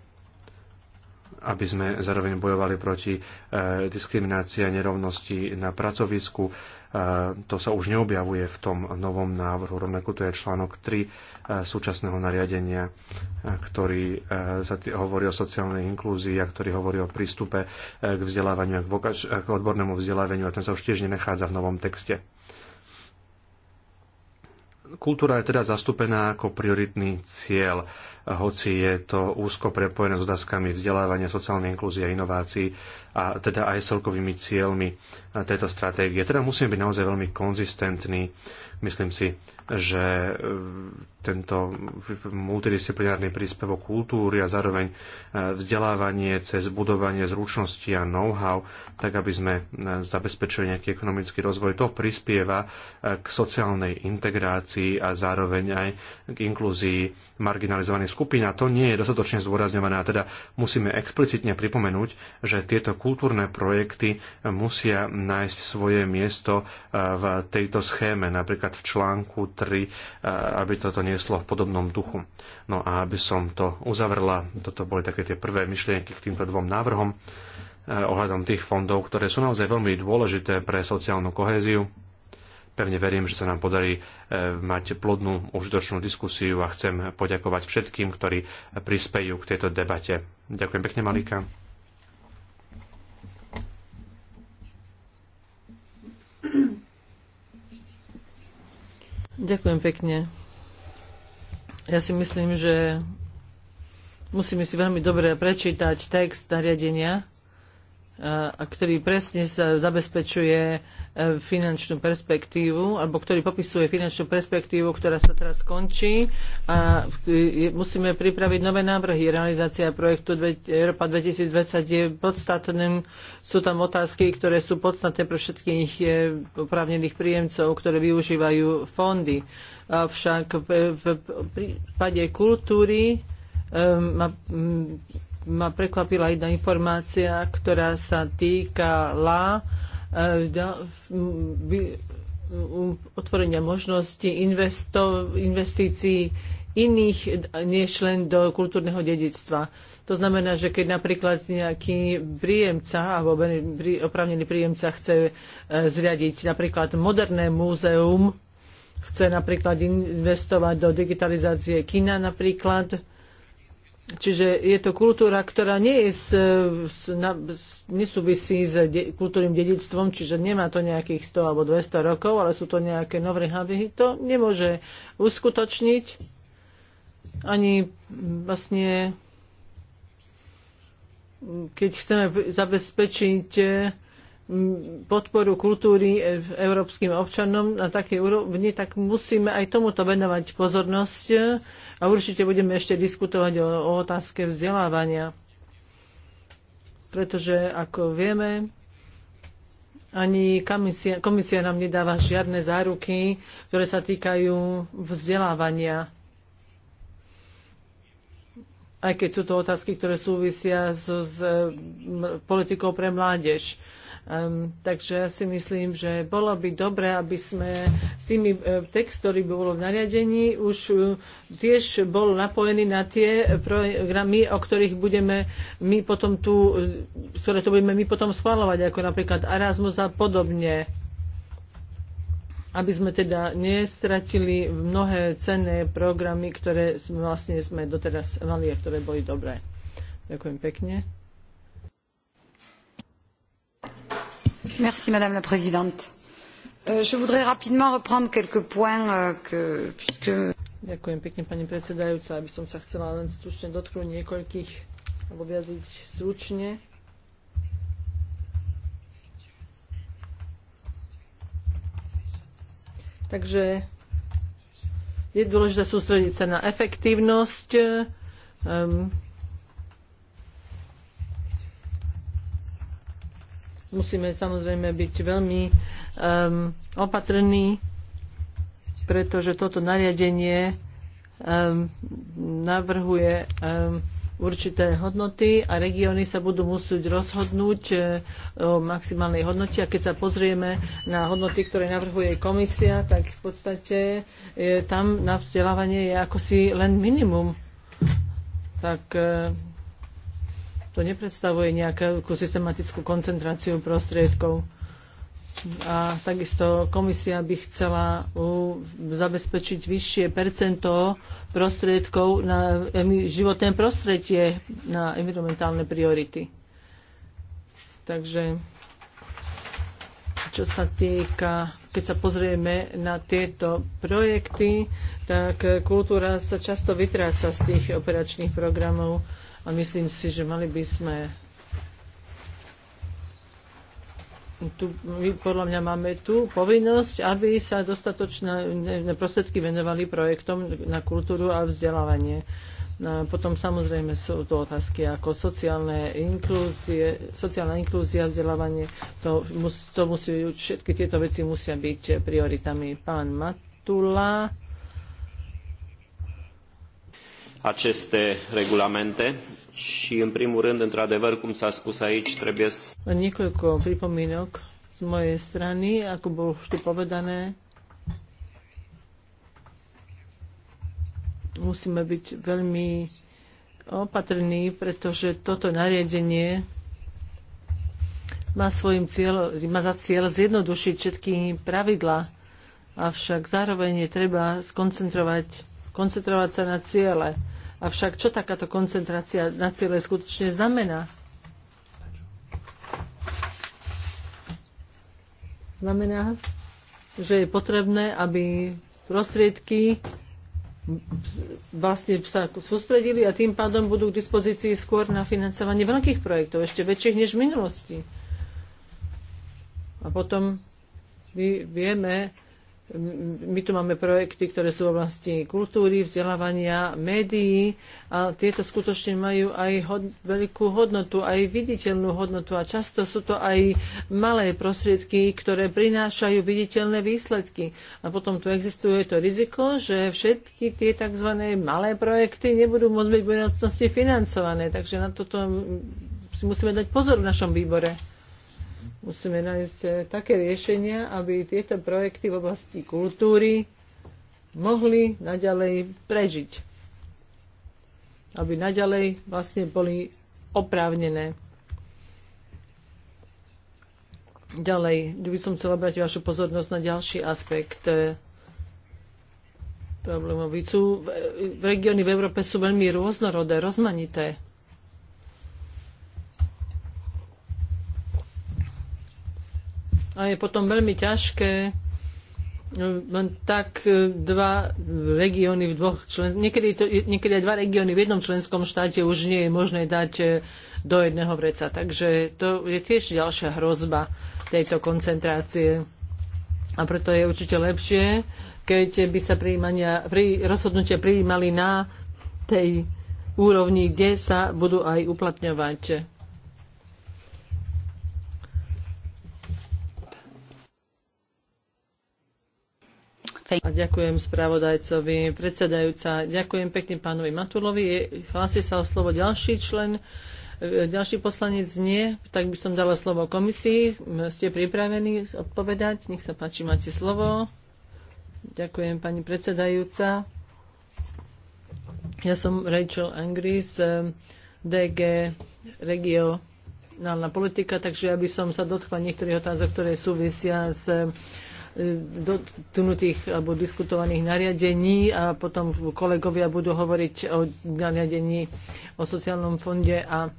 aby sme zároveň bojovali proti eh, diskriminácii a nerovnosti na pracovisku, to sa už neobjavuje v tom novom návrhu. Rovnako to je článok 3 e, súčasného nariadenia, e, ktorý e, hovorí o sociálnej inklúzii a ktorý hovorí o prístupe k vzdelávaniu, k odbornému vzdelávaniu a ten sa už tiež nenachádza v novom texte. Kultúra je teda zastúpená ako prioritný cieľ, hoci je to úzko prepojené s otázkami vzdelávania, sociálnej inklúzie a inovácií a teda aj celkovými cieľmi tejto stratégie. Teda musíme byť naozaj veľmi konzistentní Myslím si, že e, tento multidisciplinárny príspevok kultúry a zároveň e, vzdelávanie cez budovanie zručnosti a know-how, tak aby sme e, zabezpečili nejaký ekonomický rozvoj, to prispieva k sociálnej integrácii a zároveň aj k inklúzii marginalizovaných skupín. A to nie je dostatočne zdôrazňované. A teda musíme explicitne pripomenúť, že tieto kultúrne projekty musia nájsť svoje miesto v tejto schéme. Napríklad napríklad v článku 3, e, aby toto nieslo v podobnom duchu. No a aby som to uzavrela, toto boli také tie prvé myšlienky k týmto dvom návrhom e, ohľadom tých fondov, ktoré sú naozaj veľmi dôležité pre sociálnu kohéziu. Pevne verím, že sa nám podarí e, mať plodnú, užitočnú diskusiu a chcem poďakovať všetkým, ktorí prispejú k tejto debate. Ďakujem pekne, Malika. Ďakujem pekne. Ja si myslím, že musíme si veľmi dobre prečítať text nariadenia, ktorý presne sa zabezpečuje E, finančnú perspektívu, alebo ktorý popisuje finančnú perspektívu, ktorá sa teraz skončí a musíme pripraviť nové návrhy. Realizácia projektu Európa 2020 je podstatným. Sú tam otázky, ktoré sú podstatné pre všetkých e, oprávnených príjemcov, ktoré využívajú fondy. Avšak v prípade kultúry e, ma, ma prekvapila jedna informácia, ktorá sa týkala otvorenia možnosti investícií iných než len do kultúrneho dedictva. To znamená, že keď napríklad nejaký príjemca alebo opravnený príjemca chce e, zriadiť napríklad moderné múzeum, chce napríklad investovať do digitalizácie kina napríklad, Čiže je to kultúra, ktorá nie, je s, s, na, s, nesúvisí s de, kultúrnym dedičstvom, čiže nemá to nejakých 100 alebo 200 rokov, ale sú to nejaké nové hlavy, To nemôže uskutočniť ani vlastne, keď chceme zabezpečiť podporu kultúry e, európskym občanom na takej úrovni, tak musíme aj tomuto venovať pozornosť e, a určite budeme ešte diskutovať o, o otázke vzdelávania. Pretože, ako vieme, ani komisia, komisia nám nedáva žiadne záruky, ktoré sa týkajú vzdelávania aj keď sú to otázky, ktoré súvisia s, s politikou pre mládež. Um, takže ja si myslím, že bolo by dobré, aby sme s tými e, text, ktorý by bolo v nariadení, už e, tiež bol napojený na tie programy, o ktorých budeme my potom tu, e, ktoré to budeme my potom schváľovať, ako napríklad Erasmus a podobne aby sme teda nestratili mnohé cenné programy, ktoré sme, vlastne sme doteraz mali a ktoré boli dobré. Ďakujem pekne. Madame la Présidente. Euh, je voudrais rapidement reprendre quelques points euh, que, puisque... Ďakujem pekne, pani predsedajúca, aby som sa chcela len stručne dotknúť niekoľkých, alebo vyjadriť stručne. Takže je dôležité sústrediť sa na efektívnosť, um, musíme samozrejme byť veľmi um, opatrní, pretože toto nariadenie um, navrhuje um, určité hodnoty a regióny sa budú musieť rozhodnúť uh, o maximálnej hodnote. A keď sa pozrieme na hodnoty, ktoré navrhuje komisia, tak v podstate tam na vzdelávanie je ako si len minimum. Tak uh, to nepredstavuje nejakú systematickú koncentráciu prostriedkov. A takisto komisia by chcela zabezpečiť vyššie percento prostriedkov na životné prostredie, na environmentálne priority. Takže čo sa týka, keď sa pozrieme na tieto projekty, tak kultúra sa často vytráca z tých operačných programov. A myslím si, že mali by sme tu, my podľa mňa máme tu povinnosť, aby sa dostatočné prostriedky venovali projektom na kultúru a vzdelávanie. No, potom samozrejme sú tu otázky ako sociálne inklúzie, sociálna inklúzia, vzdelávanie. To, to musí, všetky tieto veci musia byť prioritami. Pán Matula aceste regulamente și, în primul rând, într-adevăr, cum s-a spus aici, trebuie să... Niekoľko pripomínok z mojej strany, ako bolo vždy povedané, musíme byť veľmi opatrní, pretože toto nariadenie má, svojim cieľ, má za cieľ zjednodušiť všetky pravidla, avšak zároveň je treba skoncentrovať koncentrovať sa na ciele. Avšak čo takáto koncentrácia na ciele skutočne znamená? Znamená, že je potrebné, aby prostriedky vlastne sa sústredili a tým pádom budú k dispozícii skôr na financovanie veľkých projektov, ešte väčších než v minulosti. A potom my vieme, my tu máme projekty, ktoré sú v oblasti kultúry, vzdelávania, médií a tieto skutočne majú aj hod, veľkú hodnotu, aj viditeľnú hodnotu a často sú to aj malé prostriedky, ktoré prinášajú viditeľné výsledky. A potom tu existuje to riziko, že všetky tie tzv. malé projekty nebudú môcť byť v budúcnosti financované. Takže na toto si musíme dať pozor v našom výbore. Musíme nájsť eh, také riešenia, aby tieto projekty v oblasti kultúry mohli naďalej prežiť. Aby naďalej vlastne boli oprávnené. Ďalej by som chcela brať vašu pozornosť na ďalší aspekt eh, problémový. Eh, regióny v Európe sú veľmi rôznorodé, rozmanité. a je potom veľmi ťažké e, len tak e, dva regióny v dvoch člen... Niekedy, to, niekedy aj dva regióny v jednom členskom štáte už nie je možné dať e, do jedného vreca. Takže to je tiež ďalšia hrozba tejto koncentrácie. A preto je určite lepšie, keď by sa prijímania, pri, rozhodnutia prijímali na tej úrovni, kde sa budú aj uplatňovať A ďakujem spravodajcovi, predsedajúca. Ďakujem pekne pánovi Matulovi. Hlási sa o slovo ďalší člen. E, ďalší poslanec nie, tak by som dala slovo komisii. Ste pripravení odpovedať? Nech sa páči, máte slovo. Ďakujem, pani predsedajúca. Ja som Rachel Angris, e, DG Regio regionálna politika, takže ja by som sa dotkla niektorých otázok, ktoré súvisia s E, dotknutých alebo diskutovaných nariadení a potom kolegovia budú hovoriť o nariadení o sociálnom fonde a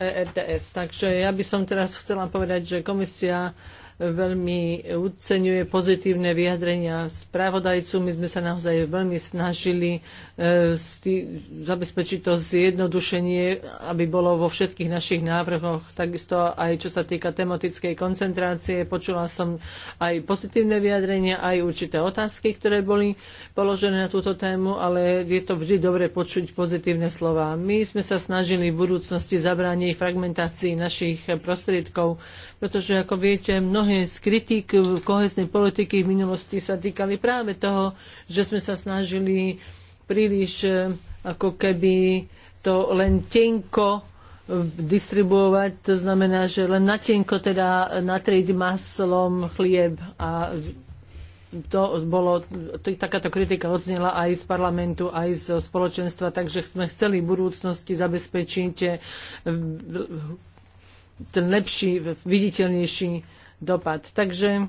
ERTS. Takže ja by som teraz chcela povedať, že komisia veľmi oceňuje pozitívne vyjadrenia správodajcu. My sme sa naozaj veľmi snažili e, zabezpečiť to zjednodušenie, aby bolo vo všetkých našich návrhoch. Takisto aj čo sa týka tematickej koncentrácie, počula som aj pozitívne vyjadrenia, aj určité otázky, ktoré boli položené na túto tému, ale je to vždy dobre počuť pozitívne slova. My sme sa snažili v budúcnosti zabrániť fragmentácii našich prostriedkov, pretože ako viete, mnohé z kritík kohesnej politiky v minulosti sa týkali práve toho, že sme sa snažili príliš eh, ako keby to len tenko eh, distribuovať, to znamená, že len natenko teda natrieť maslom chlieb a to bolo, takáto kritika odznela aj z parlamentu, aj z spoločenstva, takže sme chceli v budúcnosti zabezpečiť eh, ten lepší, viditeľnejší dopad. Takže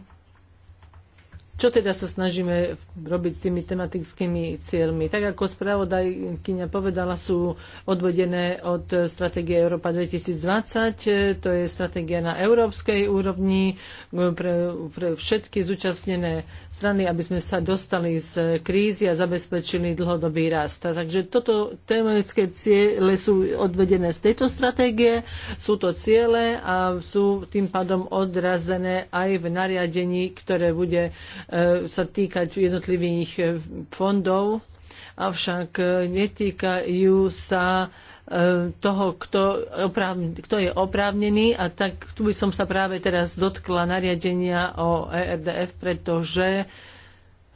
čo teda sa snažíme robiť s tými tematickými cieľmi. Tak ako spravodajkyňa povedala, sú odvodené od stratégie Európa 2020. To je stratégia na európskej úrovni pre, pre všetky zúčastnené strany, aby sme sa dostali z krízy a zabezpečili dlhodobý rast. Takže toto tematické ciele sú odvedené z tejto stratégie, sú to ciele a sú tým pádom odrazené aj v nariadení, ktoré bude e, sa týkať jednotlivých jednotlivých eh, fondov, avšak eh, netýkajú sa eh, toho, kto, oprávne, kto je oprávnený a tak tu by som sa práve teraz dotkla nariadenia o ERDF, pretože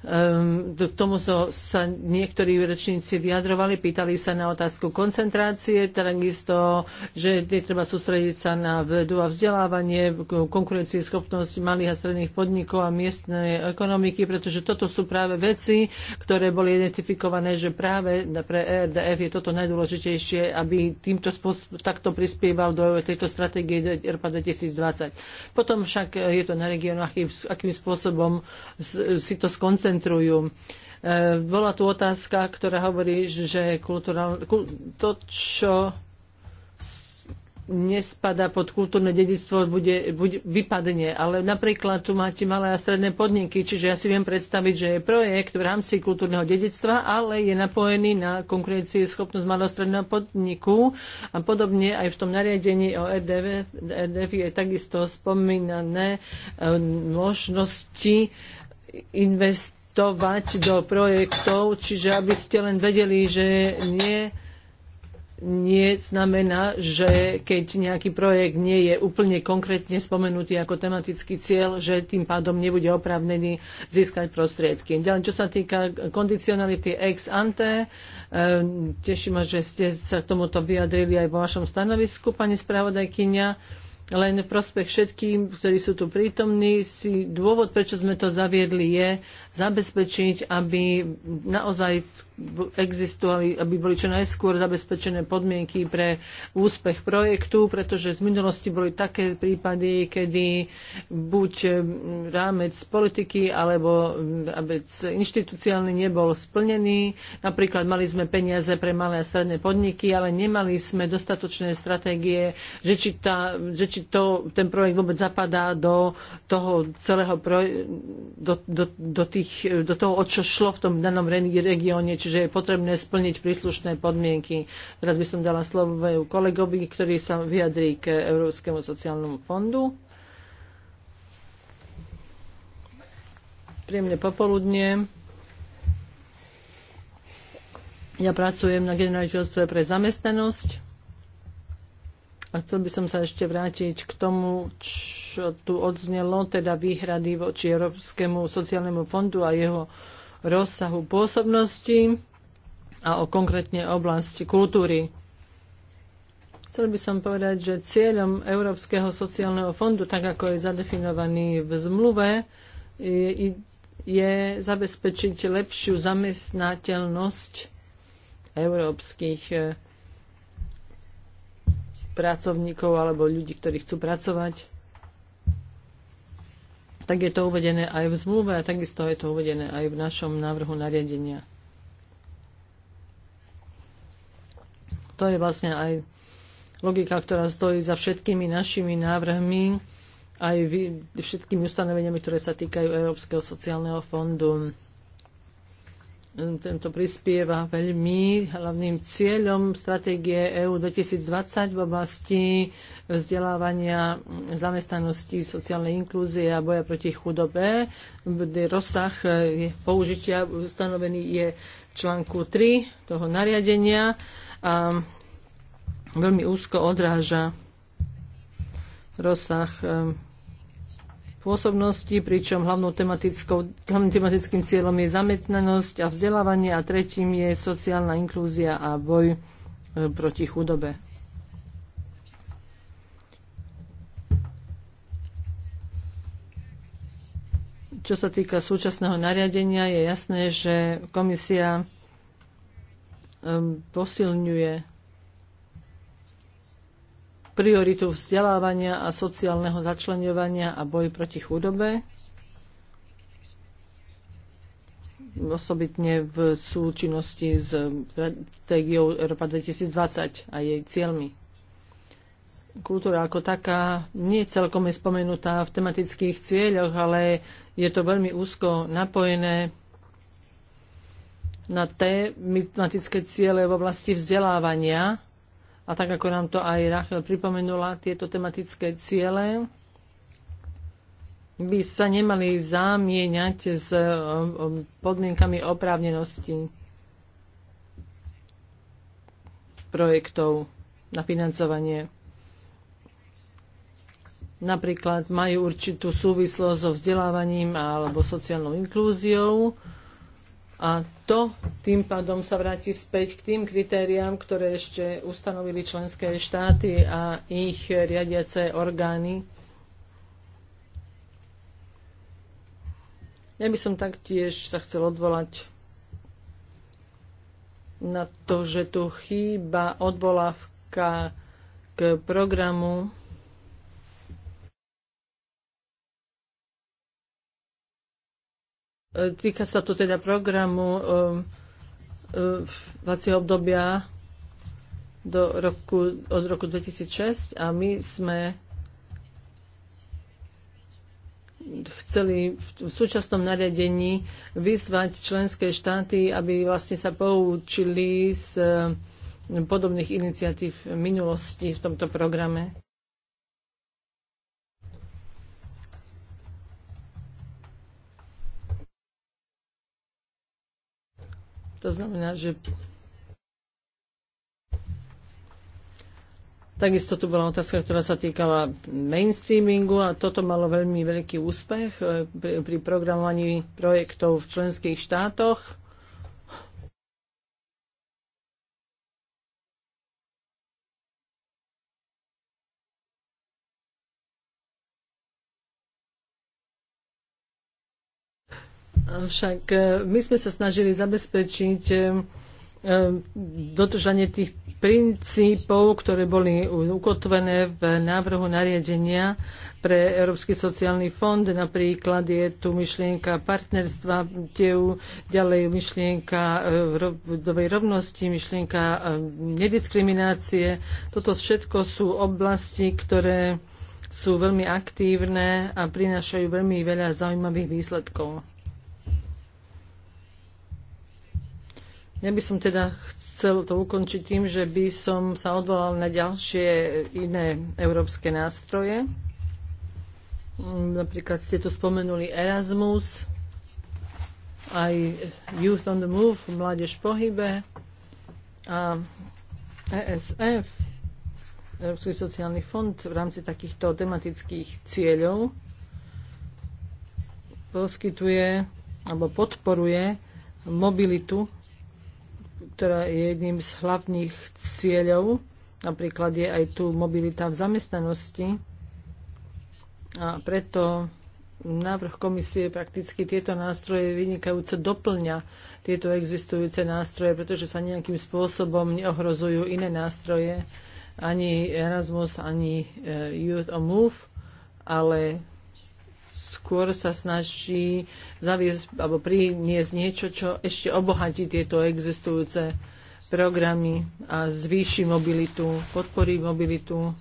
Ehm, k tomu sa niektorí rečníci vyjadrovali, pýtali sa na otázku koncentrácie, takisto, že je treba sústrediť sa na vedu a vzdelávanie, konkurencieschopnosť malých a stredných podnikov a miestnej ekonomiky, pretože toto sú práve veci, ktoré boli identifikované, že práve pre ERDF je toto najdôležitejšie, aby týmto spôsob, takto prispieval do tejto stratégie ERPA 2020. Potom však je to na regiónoch, akým, spôsobom si to skoncentrovať koncentrujú. E, bola tu otázka, ktorá hovorí, že to, čo nespada pod kultúrne dedictvo, bude, bude, vypadne. Ale napríklad tu máte malé a stredné podniky, čiže ja si viem predstaviť, že je projekt v rámci kultúrneho dedictva, ale je napojený na konkurencie schopnosť malého stredného podniku a podobne aj v tom nariadení o RDV, e RDV e je takisto spomínané možnosti investovať investovať do projektov, čiže aby ste len vedeli, že nie znamená, že keď nejaký projekt nie je úplne konkrétne spomenutý ako tematický cieľ, že tým pádom nebude oprávnený získať prostriedky. Ďalej, čo sa týka kondicionality ex ante, ehm, teším ma, že ste sa k tomuto vyjadrili aj vo vašom stanovisku, pani spravodajkynia. Len prospech všetkým, ktorí sú tu prítomní, si dôvod, prečo sme to zaviedli, je, zabezpečiť, aby naozaj existovali, aby boli čo najskôr zabezpečené podmienky pre úspech projektu, pretože z minulosti boli také prípady, kedy buď eh, rámec politiky alebo mm, rámec inštitúciálny nebol splnený. Napríklad mali sme peniaze pre malé a stredné podniky, ale nemali sme dostatočné stratégie, že či, tá, že či to, ten projekt vôbec zapadá do toho celého pro, do, do, do tých tých, e, do toho, o čo šlo v tom danom regióne, čiže je potrebné splniť príslušné podmienky. Teraz by som dala slovo kolegovi, ktorý sa vyjadrí k Európskemu sociálnemu fondu. Príjemne popoludne. Ja pracujem na generáliteľstve pre zamestnanosť a chcel by som sa ešte vrátiť k tomu, čo tu odznelo, teda výhrady voči Európskemu sociálnemu fondu a jeho rozsahu pôsobnosti a o konkrétne oblasti kultúry. Chcel by som povedať, že cieľom Európskeho sociálneho fondu, tak ako je zadefinovaný v zmluve, je, je zabezpečiť lepšiu zamestnateľnosť európskych pracovníkov alebo ľudí, ktorí chcú pracovať, tak je to uvedené aj v zmluve a takisto je to uvedené aj v našom návrhu nariadenia. To je vlastne aj logika, ktorá stojí za všetkými našimi návrhmi, aj všetkými ustanoveniami, ktoré sa týkajú Európskeho sociálneho fondu. Mm, tento prispieva veľmi. Hlavným cieľom stratégie EU 2020 v oblasti vzdelávania mm, zamestnanosti, sociálnej inklúzie a boja proti chudobe, kde rozsah e, použitia ustanovený je v článku 3 toho nariadenia a veľmi úzko odráža rozsah e, pôsobnosti, pričom hlavnou tematickou, hlavným tematickým cieľom je zamestnanosť a vzdelávanie a tretím je sociálna inklúzia a boj e, proti chudobe. Čo sa týka súčasného nariadenia, je jasné, že komisia e, posilňuje prioritu vzdelávania a sociálneho začlenovania a boj proti chudobe, osobitne v súčinnosti s stratégiou Európa 2020 a jej cieľmi. Kultúra ako taká nie celkom je spomenutá v tematických cieľoch, ale je to veľmi úzko napojené na tematické ciele v oblasti vzdelávania a tak ako nám to aj Rachel pripomenula, tieto tematické ciele by sa nemali zamieňať s e, e, podmienkami oprávnenosti projektov na financovanie. Napríklad majú určitú súvislosť so vzdelávaním alebo sociálnou inklúziou a to tým pádom sa vráti späť k tým kritériám, ktoré ešte ustanovili členské štáty a ich riadiace orgány. Ja by som taktiež sa chcel odvolať na to, že tu chýba odvolávka k programu E, týka sa to teda programu e, e, vacieho obdobia do roku, od roku 2006 a my sme chceli v súčasnom nariadení vyzvať členské štáty, aby vlastne sa poučili z podobných iniciatív v minulosti v tomto programe. To znamená, že Takisto tu bola otázka, ktorá sa týkala mainstreamingu a toto malo veľmi veľký úspech eh, pri, pri programovaní projektov v členských štátoch. Však e, my sme sa snažili zabezpečiť e, e, dodržanie tých princípov, ktoré boli ukotvené v návrhu nariadenia pre Európsky sociálny fond. Napríklad je tu myšlienka partnerstva, ďalej myšlienka rodovej rovnosti, myšlienka nediskriminácie. Toto všetko sú oblasti, ktoré sú veľmi aktívne a prinášajú veľmi veľa zaujímavých výsledkov. Ja by som teda chcel to ukončiť tým, že by som sa odvolal na ďalšie iné európske nástroje. Napríklad ste tu spomenuli Erasmus, aj Youth on the Move, Mládež v pohybe a ESF, Európsky sociálny fond v rámci takýchto tematických cieľov poskytuje alebo podporuje mobilitu ktorá je jedným z hlavných cieľov. Napríklad je aj tu mobilita v zamestnanosti. A preto návrh komisie prakticky tieto nástroje vynikajúco doplňa tieto existujúce nástroje, pretože sa nejakým spôsobom neohrozujú iné nástroje, ani Erasmus, ani eh, Youth on Move, ale skôr sa snaží zaviesť alebo priniesť niečo, čo ešte obohatí tieto existujúce programy a zvýši mobilitu, podporí mobilitu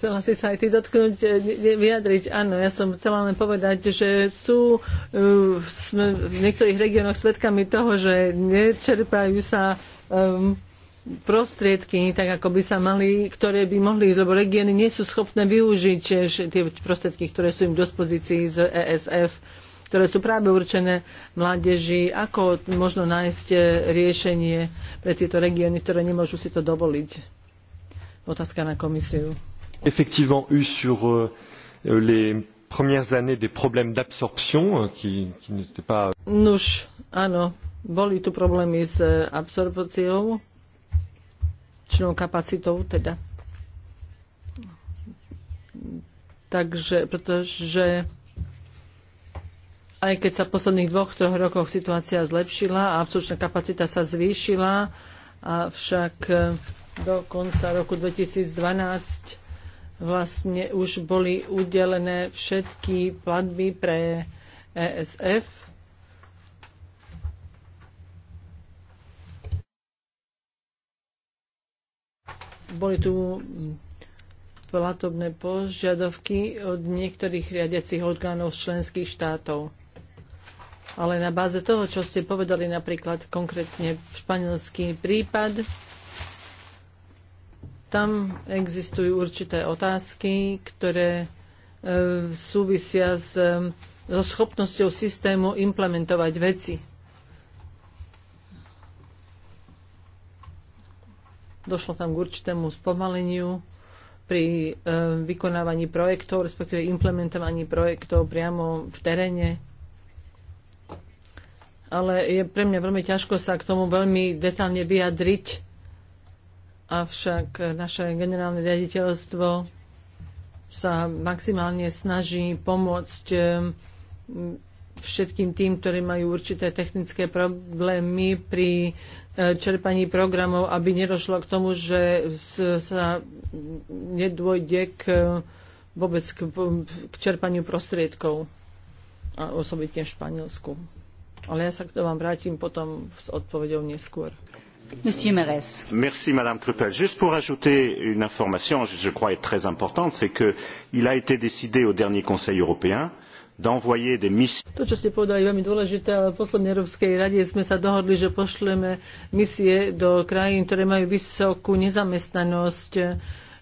Chcela si sa aj ty dotknúť, e, vyjadriť. Áno, ja som chcela len povedať, že sú e, v niektorých regiónoch svedkami toho, že nečerpajú sa um, prostriedky, tak ako by sa mali, ktoré by mohli, lebo regióny nie sú schopné využiť e, tie prostriedky, ktoré sú im v dispozícii z ESF ktoré sú práve určené mládeži, ako možno nájsť riešenie pre tieto regióny, ktoré nemôžu si to dovoliť. Otázka na komisiu effectivement eu sur euh, euh, les premières années des problèmes d'absorption euh, qui, qui n'étaient pas... Nuž, áno, boli tu problémy s e, absorpciou, čnou kapacitou teda. Takže, pretože aj keď sa v posledných dvoch, troch rokoch situácia zlepšila a absorpčná kapacita sa zvýšila, avšak e, do konca roku 2012 vlastne už boli udelené všetky platby pre ESF. Boli tu platobné požiadavky od niektorých riadiacich orgánov členských štátov. Ale na báze toho, čo ste povedali napríklad konkrétne španielský prípad, tam existujú určité otázky, ktoré e, súvisia s, e, so schopnosťou systému implementovať veci. Došlo tam k určitému spomaleniu pri e, vykonávaní projektov, respektíve implementovaní projektov priamo v teréne. Ale je pre mňa veľmi ťažko sa k tomu veľmi detálne vyjadriť, avšak naše generálne riaditeľstvo sa maximálne snaží pomôcť všetkým tým, ktorí majú určité technické problémy pri e, čerpaní programov, aby nedošlo k tomu, že sa nedôjde k, e, vôbec k, k čerpaniu prostriedkov, a osobitne v Španielsku. Ale ja sa k tomu vám vrátim potom s odpovedou neskôr. Merci, Madame Truppel. Juste pour ajouter une information, que je crois, très importante, c'est qu'il a été décidé au dernier Conseil européen d'envoyer des missions. To,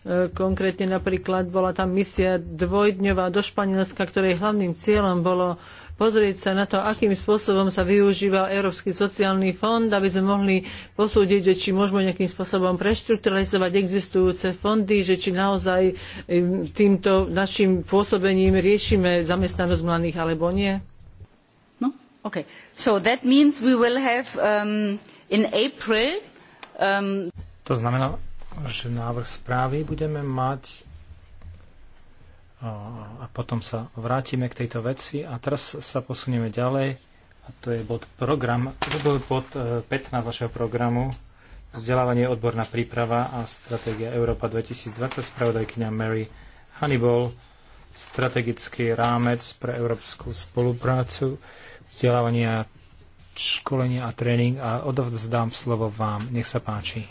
e, Konkrétne napríklad bola tam misia dvojdňová do Španielska, ktorej hlavným cieľom bolo pozrieť sa na to, akým spôsobom sa využíva Európsky sociálny fond, aby sme mohli posúdiť, že či môžeme nejakým spôsobom preštrukturalizovať existujúce fondy, že či naozaj e, týmto našim pôsobením riešime zamestnanosť mladých alebo nie. No, So that means we will have um, in April um... To znamená, že návrh správy budeme mať a potom sa vrátime k tejto veci a teraz sa posunieme ďalej a to je bod program, to bol bod 15 e, vašeho programu vzdelávanie, odborná príprava a stratégia Európa 2020 Spravodajkynia Mary Hannibal strategický rámec pre európsku spoluprácu vzdelávania, školenie a tréning a odovzdám slovo vám. Nech sa páči.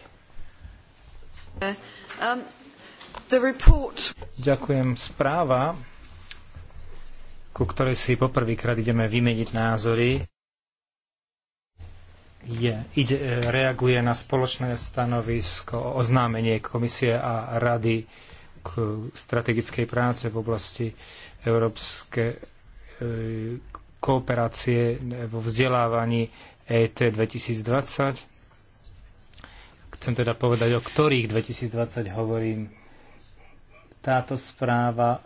Um. Ďakujem. Správa, ku ktorej si poprvýkrát ideme vymeniť názory, je, ide, e, reaguje na spoločné stanovisko, oznámenie Komisie a Rady k strategickej práce v oblasti európskej e, kooperácie vo vzdelávaní e ET 2020. Chcem teda povedať, o ktorých 2020 hovorím táto správa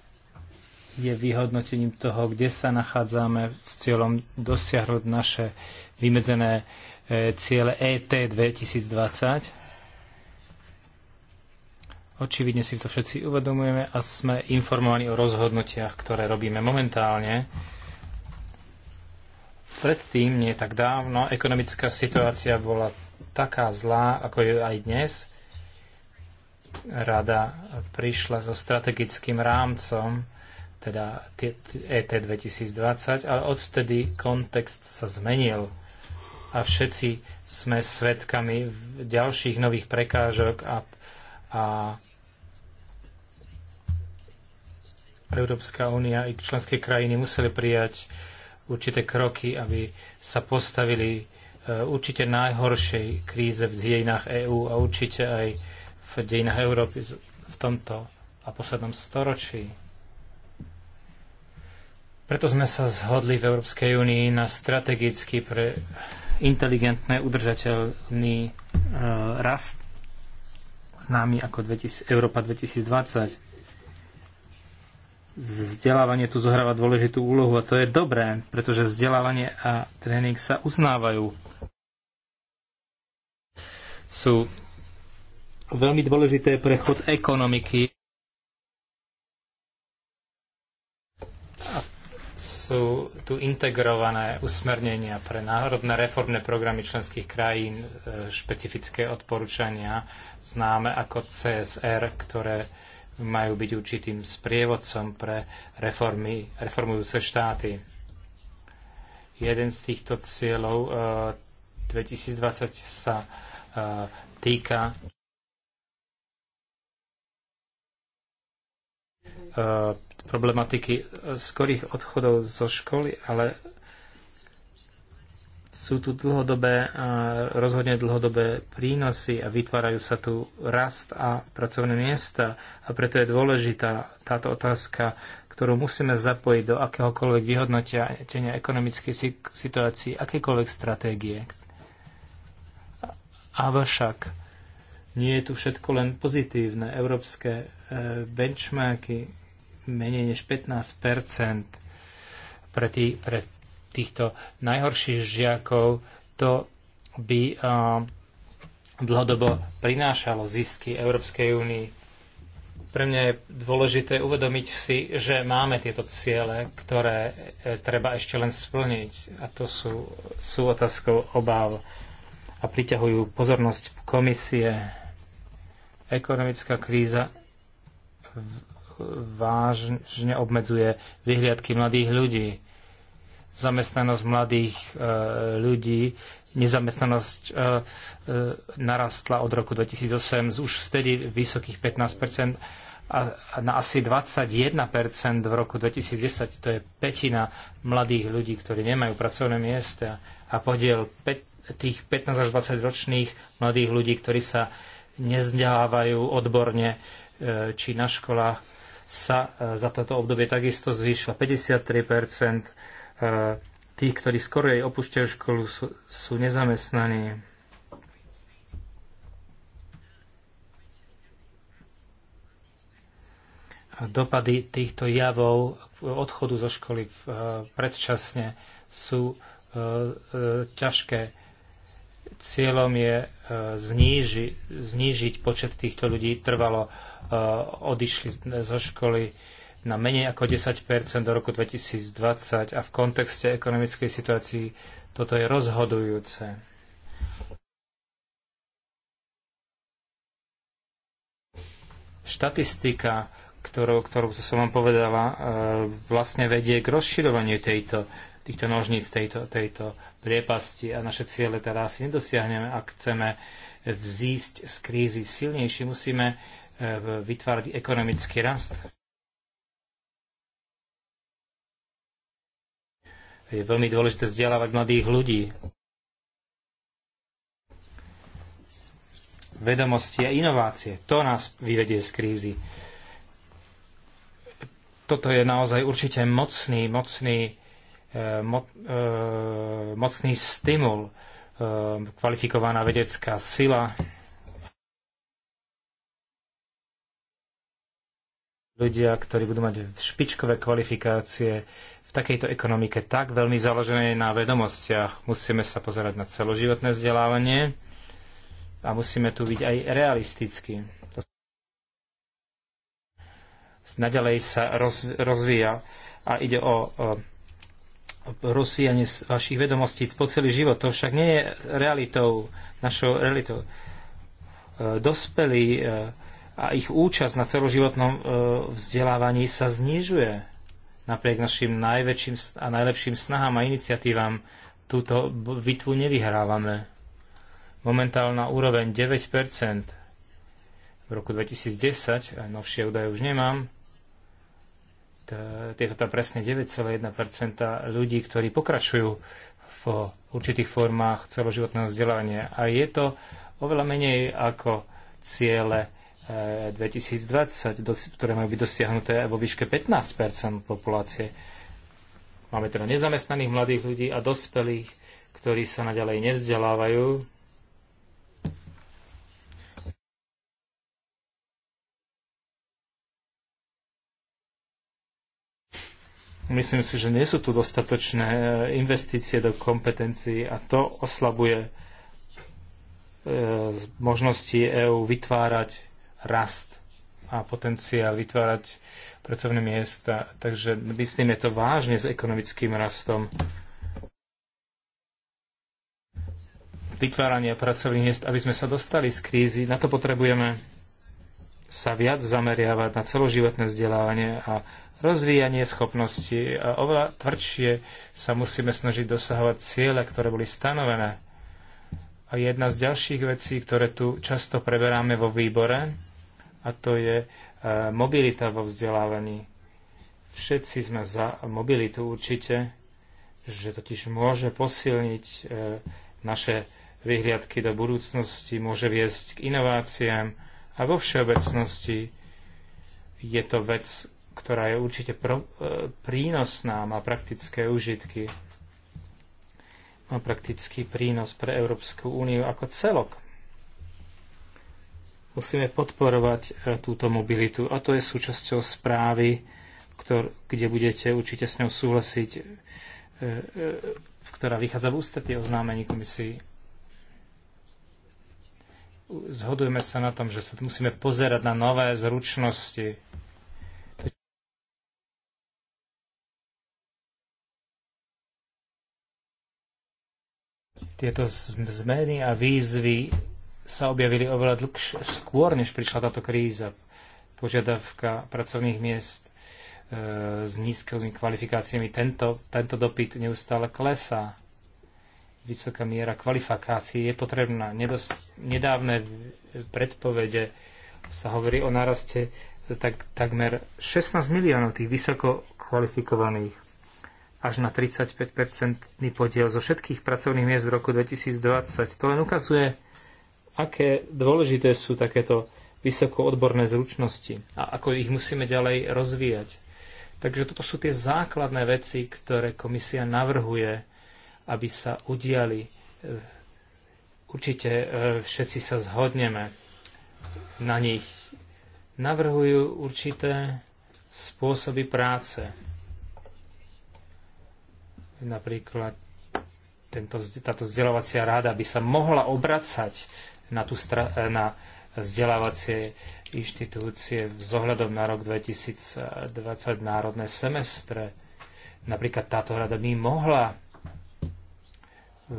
je vyhodnotením toho, kde sa nachádzame s cieľom dosiahnuť naše vymedzené e, ciele e ET 2020. Očividne si to všetci uvedomujeme a sme informovaní o rozhodnutiach, ktoré robíme momentálne. Predtým, nie tak dávno, ekonomická situácia bola taká zlá, ako je aj dnes – rada prišla so strategickým rámcom, teda e ET 2020, ale odvtedy kontext sa zmenil a všetci sme svedkami ďalších nových prekážok a, a Európska únia i členské krajiny museli prijať určité kroky, aby sa postavili e, určite najhoršej kríze v dejinách EÚ a určite aj v dejinách Európy v tomto a poslednom storočí. Preto sme sa zhodli v Európskej únii na strategicky pre inteligentné, udržateľný e, rast známy ako 2000, Európa 2020. Vzdelávanie tu zohráva dôležitú úlohu a to je dobré, pretože vzdelávanie a tréning sa uznávajú. Sú veľmi dôležité pre chod ekonomiky. sú tu integrované usmernenia pre národné reformné programy členských krajín, e, špecifické odporúčania, známe ako CSR, ktoré majú byť určitým sprievodcom pre reformy, reformujúce štáty. Jeden z týchto cieľov e, 2020 sa e, týka Eh, problematiky skorých odchodov zo školy, ale sú tu dlhodobé, eh, rozhodne dlhodobé prínosy a vytvárajú sa tu rast a pracovné miesta. A preto je dôležitá táto otázka, ktorú musíme zapojiť do akéhokoľvek vyhodnotenia ekonomickej situácii, akékoľvek stratégie. Avšak nie je tu všetko len pozitívne. Európske eh, benchmarky menej než 15 pre, tý, pre týchto najhorších žiakov, to by uh, dlhodobo prinášalo zisky Európskej únii. Pre mňa je dôležité uvedomiť si, že máme tieto ciele, ktoré e, treba ešte len splniť. A to sú, sú otázkou obáv a priťahujú pozornosť komisie. Ekonomická kríza vážne obmedzuje vyhliadky mladých ľudí. Zamestnanosť mladých e, ľudí, nezamestnanosť e, e, narastla od roku 2008 z už vtedy vysokých 15 a na asi 21 v roku 2010. To je petina mladých ľudí, ktorí nemajú pracovné miesta a podiel tých 15 až 20 ročných mladých ľudí, ktorí sa nezdelávajú odborne či na školách, sa e, za toto obdobie takisto zvýšila. 53% e, tých, ktorí skorej opúšťajú školu, sú, sú nezamestnaní. Dopady týchto javov odchodu zo školy e, predčasne sú ťažké. Cieľom je e, zníži, znížiť počet týchto ľudí. Trvalo e, odišli zo školy na menej ako 10 do roku 2020 a v kontexte ekonomickej situácii toto je rozhodujúce. Štatistika, ktorú, ktorú som vám povedala, e, vlastne vedie k rozširovaniu tejto týchto nožníc, tejto, tejto priepasti a naše ciele teraz nedosiahneme, ak chceme vzísť z krízy silnejší, musíme e, vytvárať ekonomický rast. Je veľmi dôležité vzdelávať mladých ľudí. Vedomosti a inovácie. To nás vyvedie z krízy. Toto je naozaj určite mocný, mocný Eh, mo, eh, mocný stimul, eh, kvalifikovaná vedecká sila. Ľudia, ktorí budú mať špičkové kvalifikácie v takejto ekonomike tak veľmi založenej na vedomostiach, musíme sa pozerať na celoživotné vzdelávanie a musíme tu byť aj realistický. Naďalej sa rozvíja a ide o rozvíjanie vašich vedomostí po celý život. To však nie je realitou, našou realitou. E, dospelí e, a ich účasť na celoživotnom e, vzdelávaní sa znižuje. Napriek našim najväčším a najlepším snahám a iniciatívam túto bitvu nevyhrávame. Momentálna úroveň 9% v roku 2010, novšie údaje už nemám, je to tam presne 9,1 ľudí, ktorí pokračujú v určitých formách celoživotného vzdelávania. A je to oveľa menej ako ciele 2020, eh, ktoré majú byť dosiahnuté vo výške 15 populácie. Máme teda nezamestnaných mladých ľudí a dospelých, ktorí sa naďalej nevzdelávajú, Myslím si, že nie sú tu dostatočné e, investície do kompetencií a to oslabuje e, možnosti EÚ vytvárať rast a potenciál vytvárať pracovné miesta. Takže myslím, je to vážne s ekonomickým rastom. Vytváranie pracovných miest, aby sme sa dostali z krízy, na to potrebujeme sa viac zameriavať na celoživotné vzdelávanie a rozvíjanie schopností a oveľa tvrdšie sa musíme snažiť dosahovať ciele, ktoré boli stanovené. A jedna z ďalších vecí, ktoré tu často preberáme vo výbore, a to je e, mobilita vo vzdelávaní. Všetci sme za mobilitu určite, že totiž môže posilniť e, naše vyhliadky do budúcnosti, môže viesť k inováciám, a vo všeobecnosti je to vec, ktorá je určite pro, e, prínosná, má praktické užitky, má praktický prínos pre Európsku úniu ako celok. Musíme podporovať e, túto mobilitu a to je súčasťou správy, ktor, kde budete určite s ňou súhlasiť, e, e, ktorá vychádza v ústretie oznámení komisii. Zhodujeme sa na tom, že sa musíme pozerať na nové zručnosti. Tieto zmeny a výzvy sa objavili oveľa dlhš- skôr, než prišla táto kríza. Požiadavka pracovných miest e, s nízkymi kvalifikáciami, tento, tento dopyt neustále klesá vysoká miera kvalifikácií je potrebná. Nedost, nedávne predpovede sa hovorí o naraste tak, takmer 16 miliónov tých vysoko kvalifikovaných až na 35-percentný podiel zo všetkých pracovných miest v roku 2020. To len ukazuje, aké dôležité sú takéto vysokoodborné zručnosti a ako ich musíme ďalej rozvíjať. Takže toto sú tie základné veci, ktoré komisia navrhuje aby sa udiali. E, určite e, všetci sa zhodneme na nich. Navrhujú určité spôsoby práce. Napríklad tento, táto vzdelávacia ráda by sa mohla obracať na, tú e, na vzdelávacie inštitúcie zohľadom na rok 2020 národné semestre. Napríklad táto rada by mohla Eh,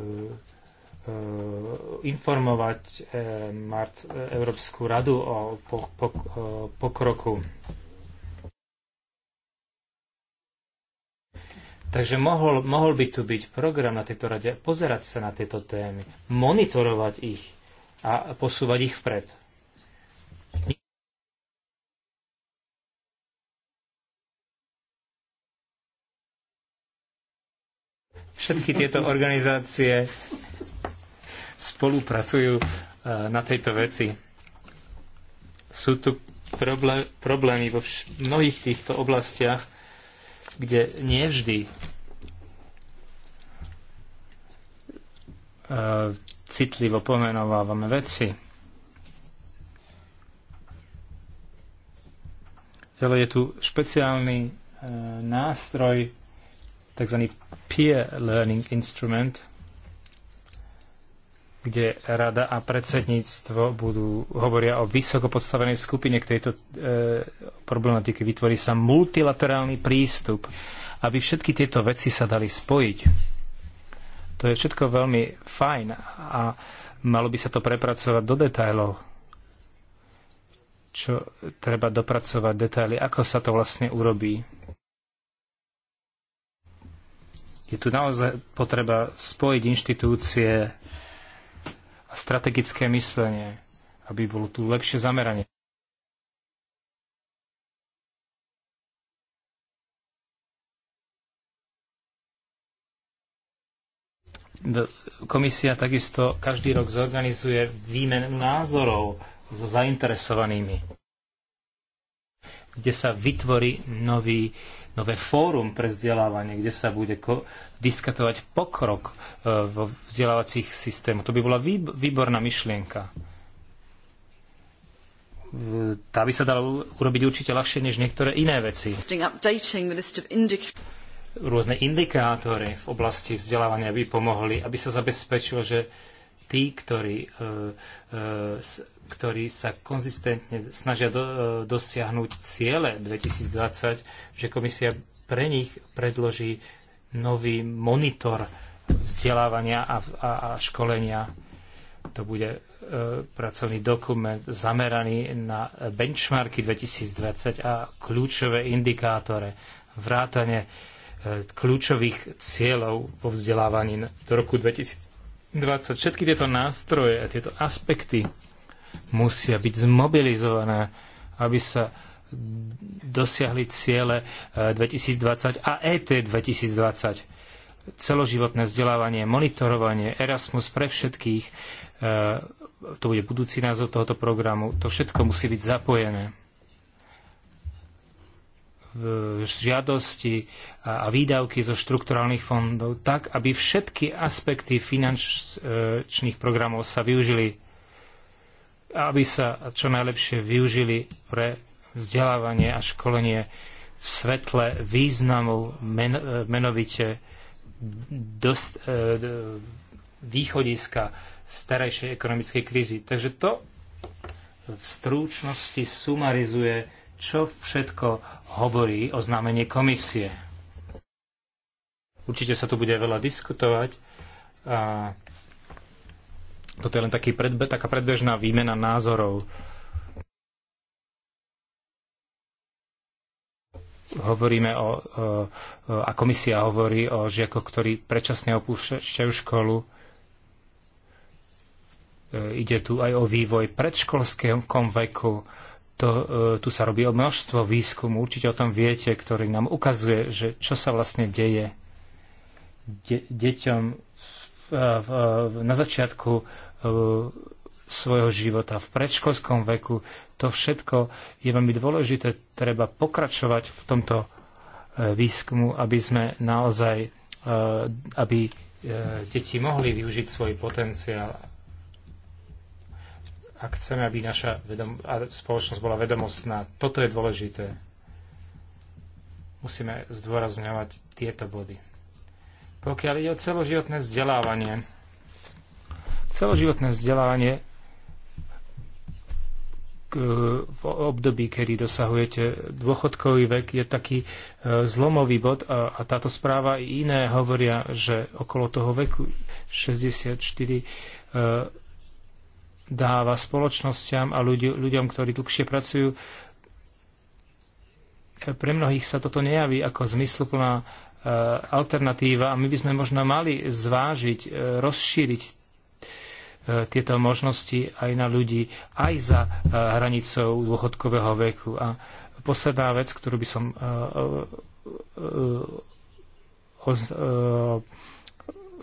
informovať eh, eh, Európsku radu o pokroku. Takže mohol, mohol by tu byť program na tejto rade, pozerať sa na tieto témy, monitorovať ich a posúvať ich vpred. Všetky tieto organizácie spolupracujú e, na tejto veci. Sú tu problé- problémy vo mnohých týchto oblastiach, kde nie vždy e, citlivo pomenovávame veci. Ďalej je tu špeciálny e, nástroj tzv. peer learning instrument, kde rada a predsedníctvo budú, hovoria o vysoko podstavenej skupine k tejto e, problematike. Vytvorí sa multilaterálny prístup, aby všetky tieto veci sa dali spojiť. To je všetko veľmi fajn a malo by sa to prepracovať do detajlov. Čo treba dopracovať detaily, ako sa to vlastne urobí. Je tu naozaj potreba spojiť inštitúcie a strategické myslenie, aby bolo tu lepšie zameranie. Komisia takisto každý rok zorganizuje výmenu názorov so zainteresovanými, kde sa vytvorí nový nové fórum pre vzdelávanie, kde sa bude diskutovať pokrok e, vo vzdelávacích systémoch. To by bola výborná myšlienka. Tá by sa dala urobiť určite ľahšie než niektoré iné veci. Rôzne indikátory v oblasti vzdelávania by pomohli, aby sa zabezpečilo, že tí, ktorí e, e, ktorí sa konzistentne snažia do, e, dosiahnuť ciele 2020, že komisia pre nich predloží nový monitor vzdelávania a, a, a školenia. To bude e, pracovný dokument zameraný na benchmarky 2020 a kľúčové indikátore, vrátane e, kľúčových cieľov po vzdelávaní do roku 2020. Všetky tieto nástroje a tieto aspekty musia byť zmobilizované, aby sa dosiahli ciele 2020 eh, a e ET 2020. Celoživotné vzdelávanie, monitorovanie, Erasmus pre všetkých, eh, to bude budúci názov tohoto programu, to všetko musí byť zapojené V žiadosti a výdavky zo štrukturálnych fondov tak, aby všetky aspekty eh, finančných programov sa využili aby sa čo najlepšie využili pre vzdelávanie a školenie v svetle významu men, e, menovite dost, e, východiska starejšej ekonomickej krízy. Takže to v stručnosti sumarizuje, čo všetko hovorí o znamenie komisie. Určite sa tu bude veľa diskutovať. A toto je len taký predbe, taká predbežná výmena názorov. Hovoríme o, a komisia hovorí o žiakoch, ktorí predčasne opúšťajú školu. E, ide tu aj o vývoj predškolského veku. To, e, tu sa robí o množstvo výskumu, určite o tom viete, ktorý nám ukazuje, že čo sa vlastne deje de- deťom v, v, na začiatku E, svojho života v predškolskom veku. To všetko je veľmi dôležité. Treba pokračovať v tomto e, výskumu, aby sme naozaj, e, aby deti mohli využiť svoj potenciál. Ak chceme, aby naša vedom- a spoločnosť bola vedomostná, toto je dôležité. Musíme zdôrazňovať tieto body. Pokiaľ ide o celoživotné vzdelávanie, Celoživotné vzdelávanie v období, kedy dosahujete dôchodkový vek, je taký e, zlomový bod a, a táto správa i iné hovoria, že okolo toho veku 64 e, dáva spoločnosťam a ľudí, ľuďom, ktorí dlhšie pracujú, e, pre mnohých sa toto nejaví ako zmysluplná alternatíva a my by sme možno mali zvážiť, rozšíriť E, tieto možnosti aj na ľudí aj za e, hranicou dôchodkového veku. A posledná vec, ktorú by som e,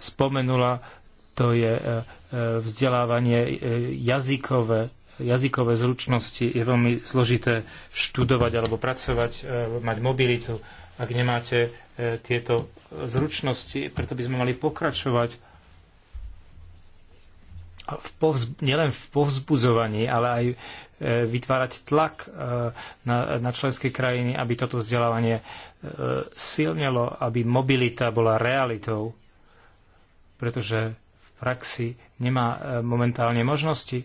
spomenula, to je vzdelávanie jazykové, jazykové zručnosti. Je veľmi zložité študovať alebo pracovať, mať mobilitu, ak nemáte tieto zručnosti. Preto by sme mali pokračovať v povz, nielen v povzbudzovaní, ale aj e, vytvárať tlak e, na, na členské krajiny, aby toto vzdelávanie e, silnelo, aby mobilita bola realitou, pretože v praxi nemá momentálne možnosti.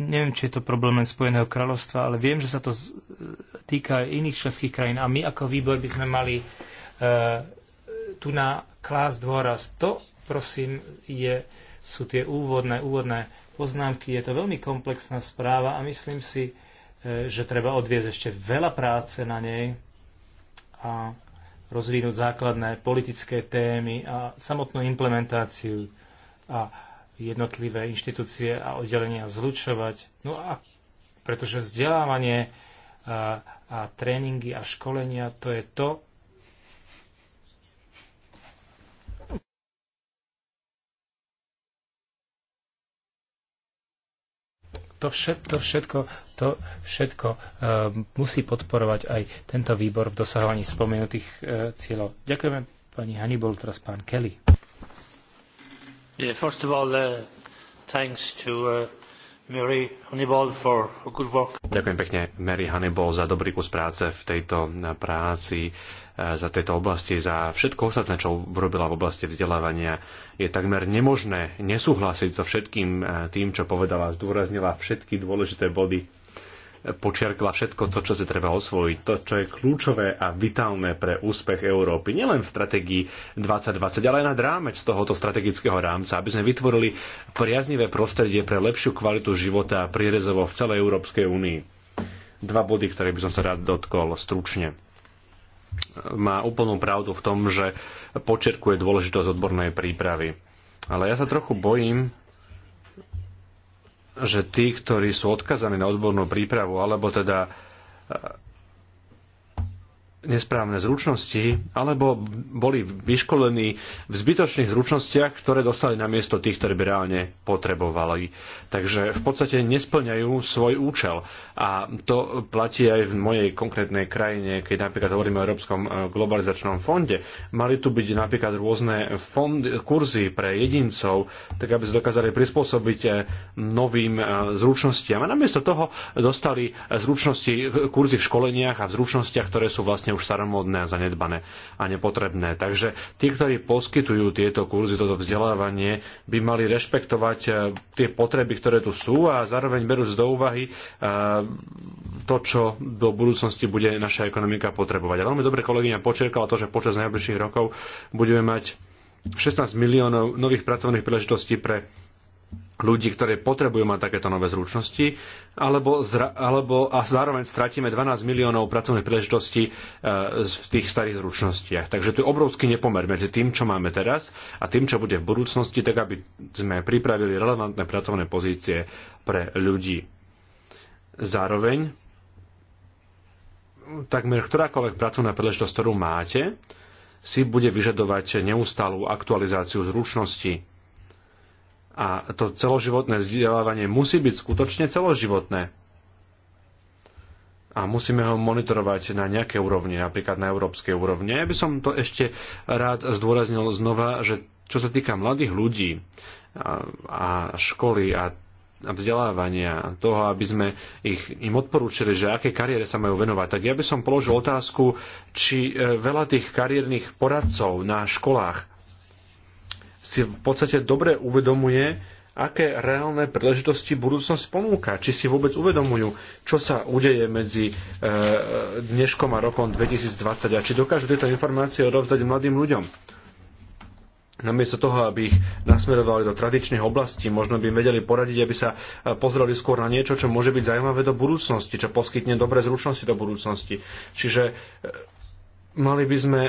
Neviem, či je to problém len Spojeného kráľovstva, ale viem, že sa to týka aj iných členských krajín a my ako výbor by sme mali tu na klás dôraz. To, prosím, je sú tie úvodné, úvodné poznámky. Je to veľmi komplexná správa a myslím si, e, že treba odviezť ešte veľa práce na nej a rozvinúť základné politické témy a samotnú implementáciu a jednotlivé inštitúcie a oddelenia zlučovať. No a pretože vzdelávanie a, a tréningy a školenia to je to, To, všet, to všetko, to všetko uh, musí podporovať aj tento výbor v dosahovaní spomenutých uh, cieľov. Ďakujeme pani Hannibal, teraz pán Kelly. Yeah, first of all, uh, thanks to uh, Mary Hannibal for good work. Ďakujem pekne Mary Hannibal za dobrý kus práce v tejto eh, práci, eh, za tejto oblasti, za všetko ostatné, čo robila v oblasti vzdelávania. Je takmer nemožné nesúhlasiť so všetkým eh, tým, čo povedala, zdôraznila všetky dôležité body počiarkla všetko to, čo si treba osvojiť, to, čo je kľúčové a vitálne pre úspech Európy, nielen v stratégii 2020, ale aj nad rámec tohoto strategického rámca, aby sme vytvorili priaznivé prostredie pre lepšiu kvalitu života a prierezovo v celej Európskej únii. Dva body, ktoré by som sa rád dotkol stručne má úplnú pravdu v tom, že počerkuje dôležitosť odbornej prípravy. Ale ja sa trochu bojím, že tí, ktorí sú odkazaní na odbornú prípravu, alebo teda nesprávne zručnosti alebo boli vyškolení v zbytočných zručnostiach, ktoré dostali na miesto tých, ktoré by reálne potrebovali. Takže v podstate nesplňajú svoj účel. A to platí aj v mojej konkrétnej krajine, keď napríklad hovoríme o Európskom e, globalizačnom fonde. Mali tu byť napríklad rôzne fond, kurzy pre jedincov, tak aby sa dokázali prispôsobiť e, novým e, zručnostiam. A namiesto toho dostali zručnosti, kurzy v školeniach a v zručnostiach, ktoré sú vlastne vlastne už staromodné a zanedbané a nepotrebné. Takže tí, ktorí poskytujú tieto kurzy, toto vzdelávanie, by mali rešpektovať eh, tie potreby, ktoré tu sú a zároveň berú do úvahy eh, to, čo do budúcnosti bude naša ekonomika potrebovať. A veľmi dobre kolegyňa počerkala to, že počas najbližších rokov budeme mať 16 miliónov nových pracovných príležitostí pre ľudí, ktoré potrebujú mať takéto nové zručnosti, alebo, zra, alebo a zároveň stratíme 12 miliónov pracovných príležitostí e, v tých starých zručnostiach. Takže tu je obrovský nepomer medzi tým, čo máme teraz a tým, čo bude v budúcnosti, tak aby sme pripravili relevantné pracovné pozície pre ľudí. Zároveň takmer ktorákoľvek pracovná príležitosť, ktorú máte, si bude vyžadovať neustálú aktualizáciu zručnosti a to celoživotné vzdelávanie musí byť skutočne celoživotné. A musíme ho monitorovať na nejaké úrovne, napríklad na európskej úrovni. Ja by som to ešte rád zdôraznil znova, že čo sa týka mladých ľudí a, a školy a a vzdelávania, toho, aby sme ich, im odporúčili, že aké kariére sa majú venovať, tak ja by som položil otázku, či e, veľa tých kariérnych poradcov na školách si v podstate dobre uvedomuje, aké reálne príležitosti budúcnosť ponúka, či si vôbec uvedomujú, čo sa udeje medzi e, dneškom a rokom 2020 a či dokážu tieto informácie odovzdať mladým ľuďom. Namiesto toho, aby ich nasmerovali do tradičných oblastí, možno by im vedeli poradiť, aby sa e, pozreli skôr na niečo, čo môže byť zaujímavé do budúcnosti, čo poskytne dobré zručnosti do budúcnosti. Čiže e, mali by sme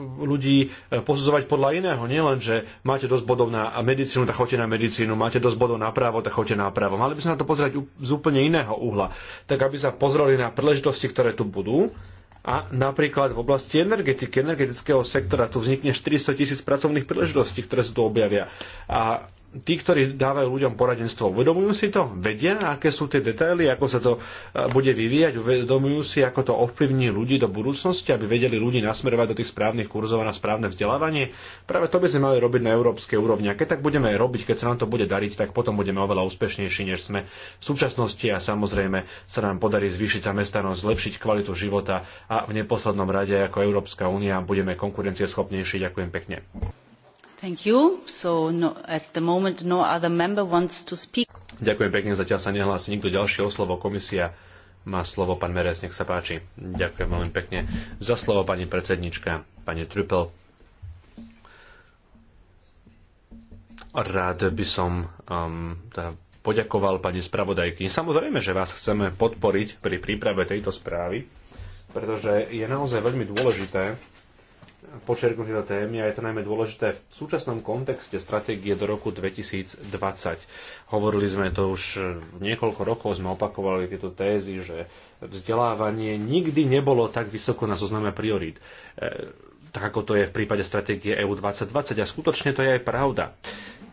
ľudí e, posudzovať podľa iného. nie len že máte dosť bodov na medicínu, tak choďte na medicínu, máte dosť bodov na právo, tak choďte na právo. Mali by sme na to pozerať z úplne iného uhla, tak aby sa pozreli na príležitosti, ktoré tu budú a napríklad v oblasti energetiky, energetického sektora tu vznikne 400 tisíc pracovných príležitostí, ktoré sa tu objavia. A tí, ktorí dávajú ľuďom poradenstvo, uvedomujú si to? Vedia, aké sú tie detaily, ako sa to e, bude vyvíjať? Uvedomujú si, ako to ovplyvní ľudí do budúcnosti, aby vedeli ľudí nasmerovať do tých správnych kurzov a na správne vzdelávanie? Práve to by sme mali robiť na európskej úrovni. A keď tak budeme robiť, keď sa nám to bude dariť, tak potom budeme oveľa úspešnejší, než sme v súčasnosti a samozrejme sa nám podarí zvýšiť zamestnanosť, zlepšiť kvalitu života a v neposlednom rade ako Európska únia budeme konkurencieschopnejší. Ďakujem pekne. Thank you. So no, at the moment no other member wants to speak. Ďakujem pekne, zatiaľ sa nehlási nikto ďalší o slovo. Komisia má slovo pán Merec, nech sa páči. Ďakujem veľmi pekne za slovo pani predsednička, pani Trupel. Rád by som um, teda poďakoval pani spravodajky. Samozrejme, že vás chceme podporiť pri príprave tejto správy, pretože je naozaj veľmi dôležité, počerknúť tieto témy a je to najmä dôležité v súčasnom kontexte stratégie do roku 2020. Hovorili sme to už niekoľko rokov, sme opakovali tieto tézy, že vzdelávanie nikdy nebolo tak vysoko na zozname priorít, e, tak ako to je v prípade stratégie EU 2020 a skutočne to je aj pravda.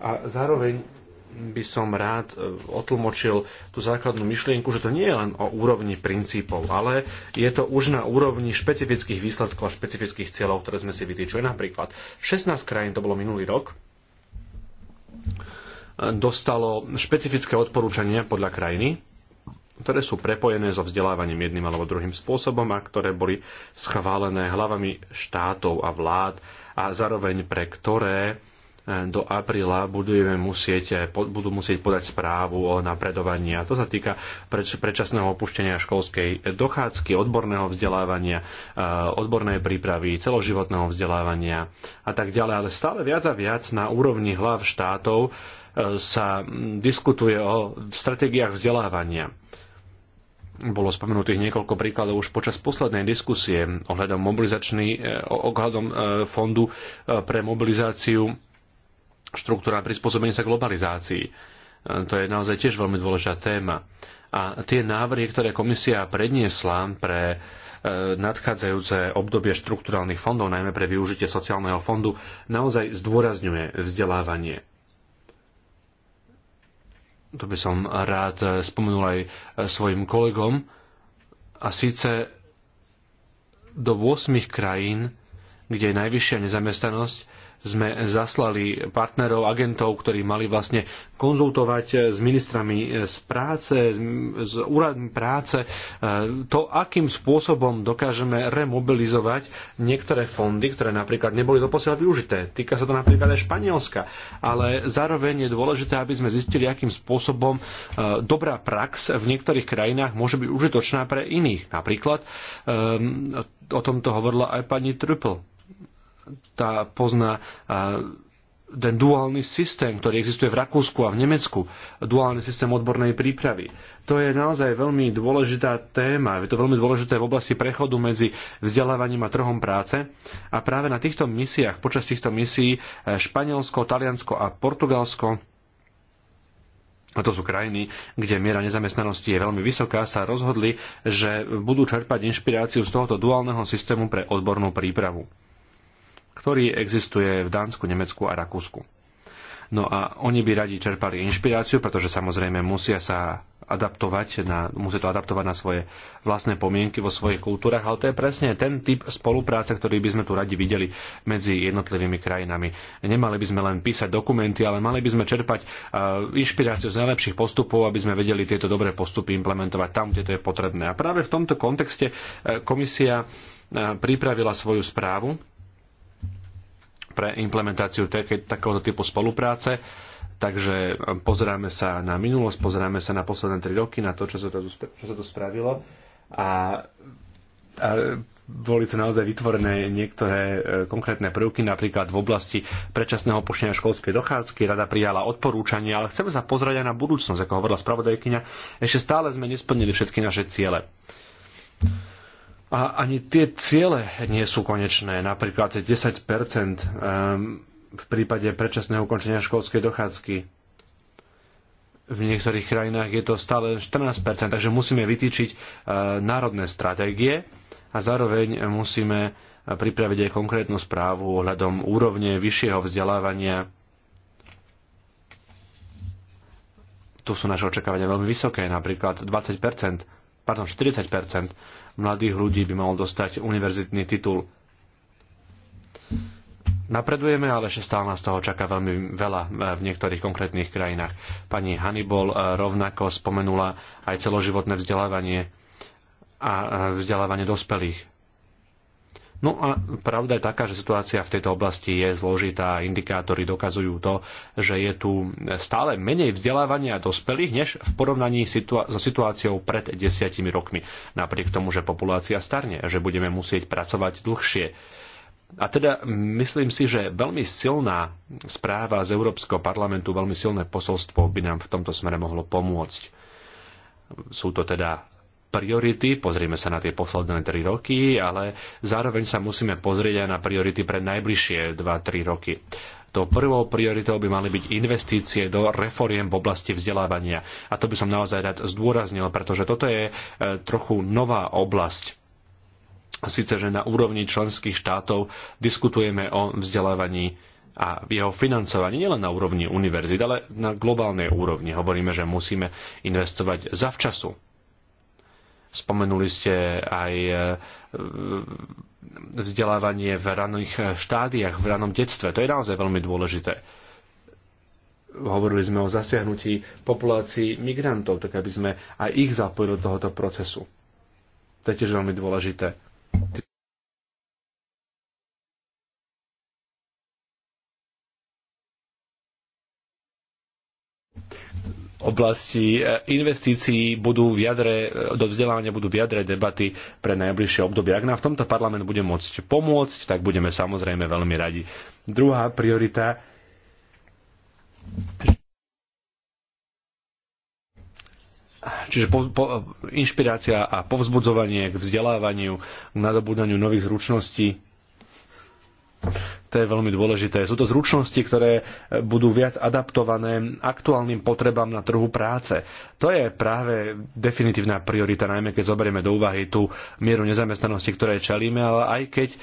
A zároveň by som rád e, otlmočil tú základnú myšlienku, že to nie je len o úrovni princípov, ale je to už na úrovni špecifických výsledkov a špecifických cieľov, ktoré sme si vytýčili. Napríklad 16 krajín, to bolo minulý rok, e, dostalo špecifické odporúčania podľa krajiny, ktoré sú prepojené so vzdelávaním jedným alebo druhým spôsobom a ktoré boli schválené hlavami štátov a vlád a zároveň pre ktoré do apríla budujeme musieť, eh, budú musieť podať správu o napredovaní. A to sa týka predčasného opuštenia školskej dochádzky, odborného vzdelávania, eh, odbornej prípravy, celoživotného vzdelávania a tak ďalej. Ale stále viac a viac na úrovni hlav štátov eh, sa mm, diskutuje o stratégiách vzdelávania. Bolo spomenutých niekoľko príkladov už počas poslednej diskusie ohľadom, mobilizačný, ohľadom fondu pre mobilizáciu štruktúra prispôsobenia sa globalizácii. E, to je naozaj tiež veľmi dôležitá téma. A tie návrhy, ktoré komisia predniesla pre e, nadchádzajúce obdobie štrukturálnych fondov, najmä pre využitie sociálneho fondu, naozaj zdôrazňuje vzdelávanie. To by som rád e, spomenul aj svojim kolegom. A síce do 8 krajín, kde je najvyššia nezamestnanosť, sme zaslali partnerov, agentov, ktorí mali vlastne konzultovať eh, s ministrami eh, z práce, s úradmi práce, eh, to, akým spôsobom dokážeme remobilizovať niektoré fondy, ktoré napríklad neboli doposiaľ využité. Týka sa to napríklad aj Španielska, ale zároveň je dôležité, aby sme zistili, akým spôsobom dobrá prax v niektorých krajinách môže byť užitočná pre iných. Napríklad o tomto hovorila aj pani Trüppel tá pozná ten duálny systém, ktorý existuje v Rakúsku a v Nemecku, duálny systém odbornej prípravy. To je naozaj veľmi dôležitá téma, je to veľmi dôležité v oblasti prechodu medzi vzdelávaním a trhom práce. A práve na týchto misiách, počas týchto misií e, Španielsko, Taliansko a Portugalsko a to sú krajiny, kde miera nezamestnanosti je veľmi vysoká, sa rozhodli, že budú čerpať inšpiráciu z tohoto duálneho systému pre odbornú prípravu ktorý existuje v Dánsku, Nemecku a Rakúsku. No a oni by radi čerpali inšpiráciu, pretože samozrejme musia sa adaptovať na, musia to adaptovať na svoje vlastné pomienky vo svojich kultúrach, ale to je presne ten typ spolupráce, ktorý by sme tu radi videli medzi jednotlivými krajinami. Nemali by sme len písať dokumenty, ale mali by sme čerpať uh, inšpiráciu z najlepších postupov, aby sme vedeli tieto dobré postupy implementovať tam, kde to je potrebné. A práve v tomto kontexte uh, komisia eh, pripravila svoju správu, pre implementáciu takéhoto typu spolupráce. Takže um, pozeráme sa na minulosť, pozeráme sa na posledné tri roky, na to, čo sa to čo sa to spravilo a, a boli to naozaj vytvorené niektoré e, konkrétne prvky, napríklad v oblasti predčasného opuštenia školskej dochádzky. Rada prijala odporúčania, ale chceme sa pozrieť aj na budúcnosť, ako hovorila spravodajkyňa. Ešte stále sme nesplnili všetky naše ciele. A ani tie ciele nie sú konečné. Napríklad 10 ehm, v prípade predčasného ukončenia školskej dochádzky. V niektorých krajinách je to stále 14 takže musíme vytýčiť ehm, národné stratégie a zároveň musíme pripraviť aj konkrétnu správu ohľadom úrovne vyššieho vzdelávania. Tu sú naše očakávania veľmi vysoké, napríklad 20 pardon, 40 mladých ľudí by mal dostať univerzitný titul. Napredujeme, ale ešte stále nás toho čaká veľmi veľa e, v niektorých konkrétnych krajinách. Pani Hannibal e, rovnako spomenula aj celoživotné vzdelávanie a e, vzdelávanie dospelých. No a pravda je taká, že situácia v tejto oblasti je zložitá. Indikátory dokazujú to, že je tu stále menej vzdelávania dospelých, než v porovnaní situa- so situáciou pred desiatimi rokmi. Napriek tomu, že populácia starne, že budeme musieť pracovať dlhšie. A teda myslím si, že veľmi silná správa z Európskeho parlamentu, veľmi silné posolstvo by nám v tomto smere mohlo pomôcť. Sú to teda priority, pozrieme sa na tie posledné 3 roky, ale zároveň sa musíme pozrieť aj na priority pre najbližšie 2-3 roky. Tou prvou prioritou by mali byť investície do reforiem v oblasti vzdelávania. A to by som naozaj rád zdôraznil, pretože toto je e, trochu nová oblasť. Sice, že na úrovni členských štátov diskutujeme o vzdelávaní a jeho financovaní, nielen na úrovni univerzít, ale na globálnej úrovni. Hovoríme, že musíme investovať zavčasu Spomenuli ste aj e, e, vzdelávanie v raných štádiách, v ranom detstve. To je naozaj veľmi dôležité. Hovorili sme o zasiahnutí populácií migrantov, tak aby sme aj ich zapojili do tohoto procesu. To je tiež veľmi dôležité. oblasti e, investícií budú v jadre, e, do vzdelávania budú v jadre debaty pre najbližšie obdobie. Ak nám v tomto parlament bude môcť pomôcť, tak budeme samozrejme veľmi radi. Druhá priorita Čiže po, po, inšpirácia a povzbudzovanie k vzdelávaniu, k nadobúdaniu nových zručností to je veľmi dôležité. Sú to zručnosti, ktoré e, budú viac adaptované aktuálnym potrebám na trhu práce. To je práve definitívna priorita, najmä keď zoberieme do úvahy tú mieru nezamestnanosti, ktoré čelíme, ale aj keď e,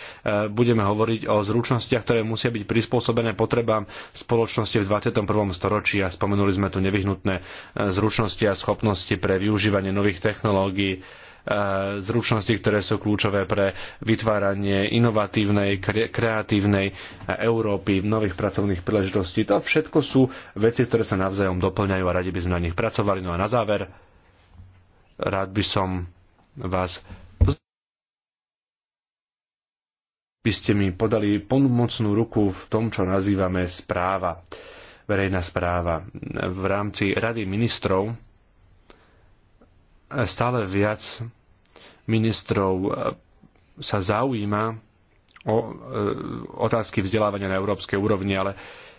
budeme hovoriť o zručnostiach, ktoré musia byť prispôsobené potrebám spoločnosti v 21. storočí a spomenuli sme tu nevyhnutné e, zručnosti a schopnosti pre využívanie nových technológií Eh, zručnosti, ktoré sú kľúčové pre vytváranie inovatívnej, kreatívnej Európy, nových pracovných príležitostí. To všetko sú veci, ktoré sa navzájom doplňajú a radi by sme na nich pracovali. No a na záver, rád by som vás by ste mi podali pomocnú ruku v tom, čo nazývame správa, verejná správa. V rámci Rady ministrov stále viac ministrov e, sa zaujíma o e, otázky vzdelávania na európskej úrovni, ale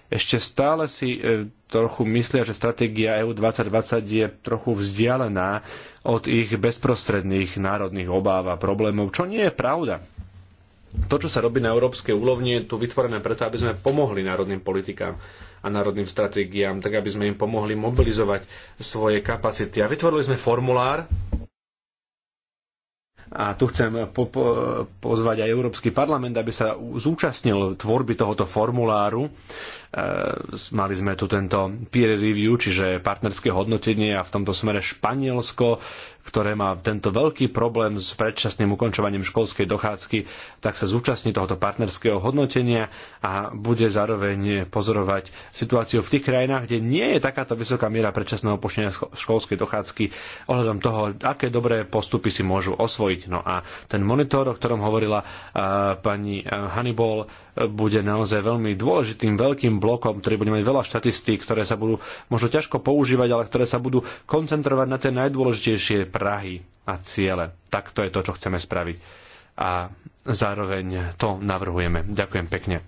ešte stále si e, trochu myslia, že stratégia EU 2020 je trochu vzdialená od ich bezprostredných národných obáv a problémov, čo nie je pravda. To, čo sa robí na európskej úrovni, je tu vytvorené preto, aby sme pomohli národným politikám a národným stratégiám, tak aby sme im pomohli mobilizovať svoje kapacity. A vytvorili sme formulár, a tu chcem po, po, pozvať aj Európsky parlament, aby sa zúčastnil tvorby tohoto formuláru. E, mali sme tu tento peer review, čiže partnerské hodnotenie a v tomto smere Španielsko ktoré má tento veľký problém s predčasným ukončovaním školskej dochádzky, tak sa zúčastní tohoto partnerského hodnotenia a bude zároveň pozorovať situáciu v tých krajinách, kde nie je takáto vysoká miera predčasného počenia školskej dochádzky ohľadom toho, aké dobré postupy si môžu osvojiť. No a ten monitor, o ktorom hovorila pani Hannibal, bude naozaj veľmi dôležitým veľkým blokom, ktorý bude mať veľa štatistík, ktoré sa budú možno ťažko používať, ale ktoré sa budú koncentrovať na tie najdôležitejšie Prahy a ciele. Tak to je to, čo chceme spraviť. A zároveň to navrhujeme. Ďakujem pekne.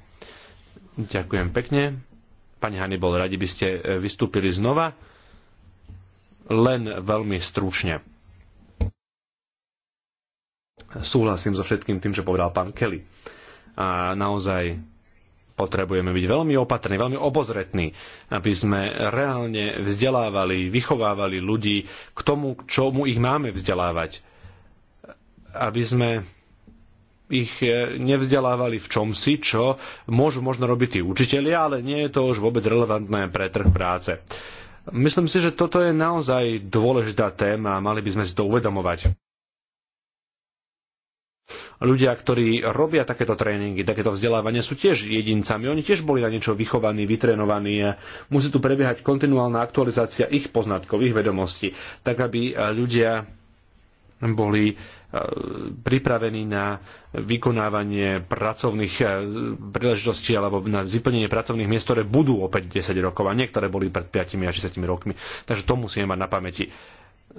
Ďakujem pekne. Pani Hannibal, radi by ste e, vystúpili znova, len veľmi stručne. Súhlasím so všetkým tým, čo povedal pán Kelly. A naozaj potrebujeme byť veľmi opatrní, veľmi obozretní, aby sme reálne vzdelávali, vychovávali ľudí k tomu, čomu ich máme vzdelávať. Aby sme ich eh, nevzdelávali v čomsi, čo môžu možno robiť tí učitelia, ale nie je to už vôbec relevantné pre trh práce. Myslím si, že toto je naozaj dôležitá téma a mali by sme si to uvedomovať. Ľudia, ktorí robia takéto tréningy, takéto vzdelávanie, sú tiež jedincami. Oni tiež boli na niečo vychovaní, vytrenovaní. Musí tu prebiehať kontinuálna aktualizácia ich poznatkov, ich vedomostí, tak aby e, ľudia boli e, pripravení na vykonávanie pracovných e, príležitostí alebo na vyplnenie pracovných miest, ktoré budú opäť 10 rokov a niektoré boli pred 5 a 10 rokmi. Takže to musíme mať na pamäti.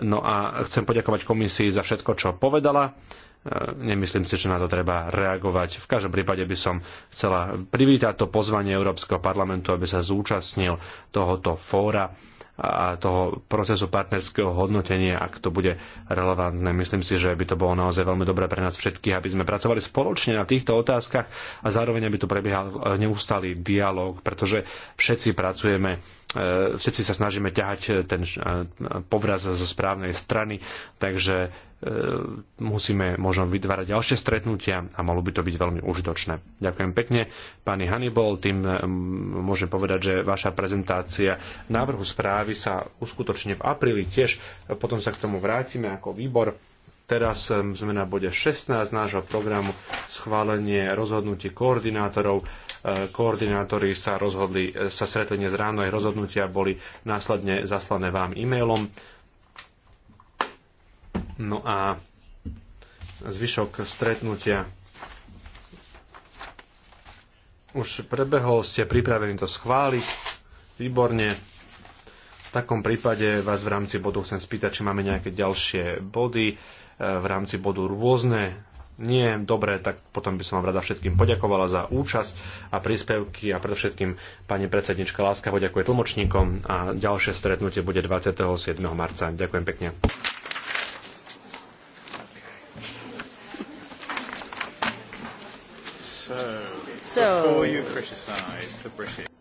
No a chcem poďakovať komisii za všetko, čo povedala E, nemyslím si, že na to treba reagovať. V každom prípade by som chcela privítať to pozvanie Európskeho parlamentu, aby sa zúčastnil tohoto fóra a toho procesu partnerského hodnotenia, ak to bude relevantné. Myslím si, že by to bolo naozaj veľmi dobré pre nás všetkých, aby sme pracovali spoločne na týchto otázkach a zároveň aby tu prebiehal neustály dialog, pretože všetci pracujeme E, všetci sa snažíme ťahať e, ten e, povraz zo správnej strany, takže musíme možno vytvárať ďalšie stretnutia a malo by to byť veľmi užitočné. Ďakujem pekne, pani Hannibal, tým môžem povedať, že vaša prezentácia návrhu správy sa uskutočne v apríli tiež, potom sa k tomu vrátime ako výbor Teraz sme na bode 16 nášho programu schválenie rozhodnutí koordinátorov. E, koordinátori sa rozhodli, e, sa stretli dnes ráno, ich rozhodnutia boli následne zaslané vám e-mailom. No a zvyšok stretnutia už prebehol, ste pripravení to schváliť. Výborne. V takom prípade vás v rámci bodu chcem spýtať, či máme nejaké ďalšie body v rámci bodu rôzne nie, dobre, tak potom by som vám rada všetkým poďakovala za účasť a príspevky a predovšetkým pani predsednička Láska poďakuje tlmočníkom a ďalšie stretnutie bude 27. marca. Ďakujem pekne. So, so, before you criticize the British.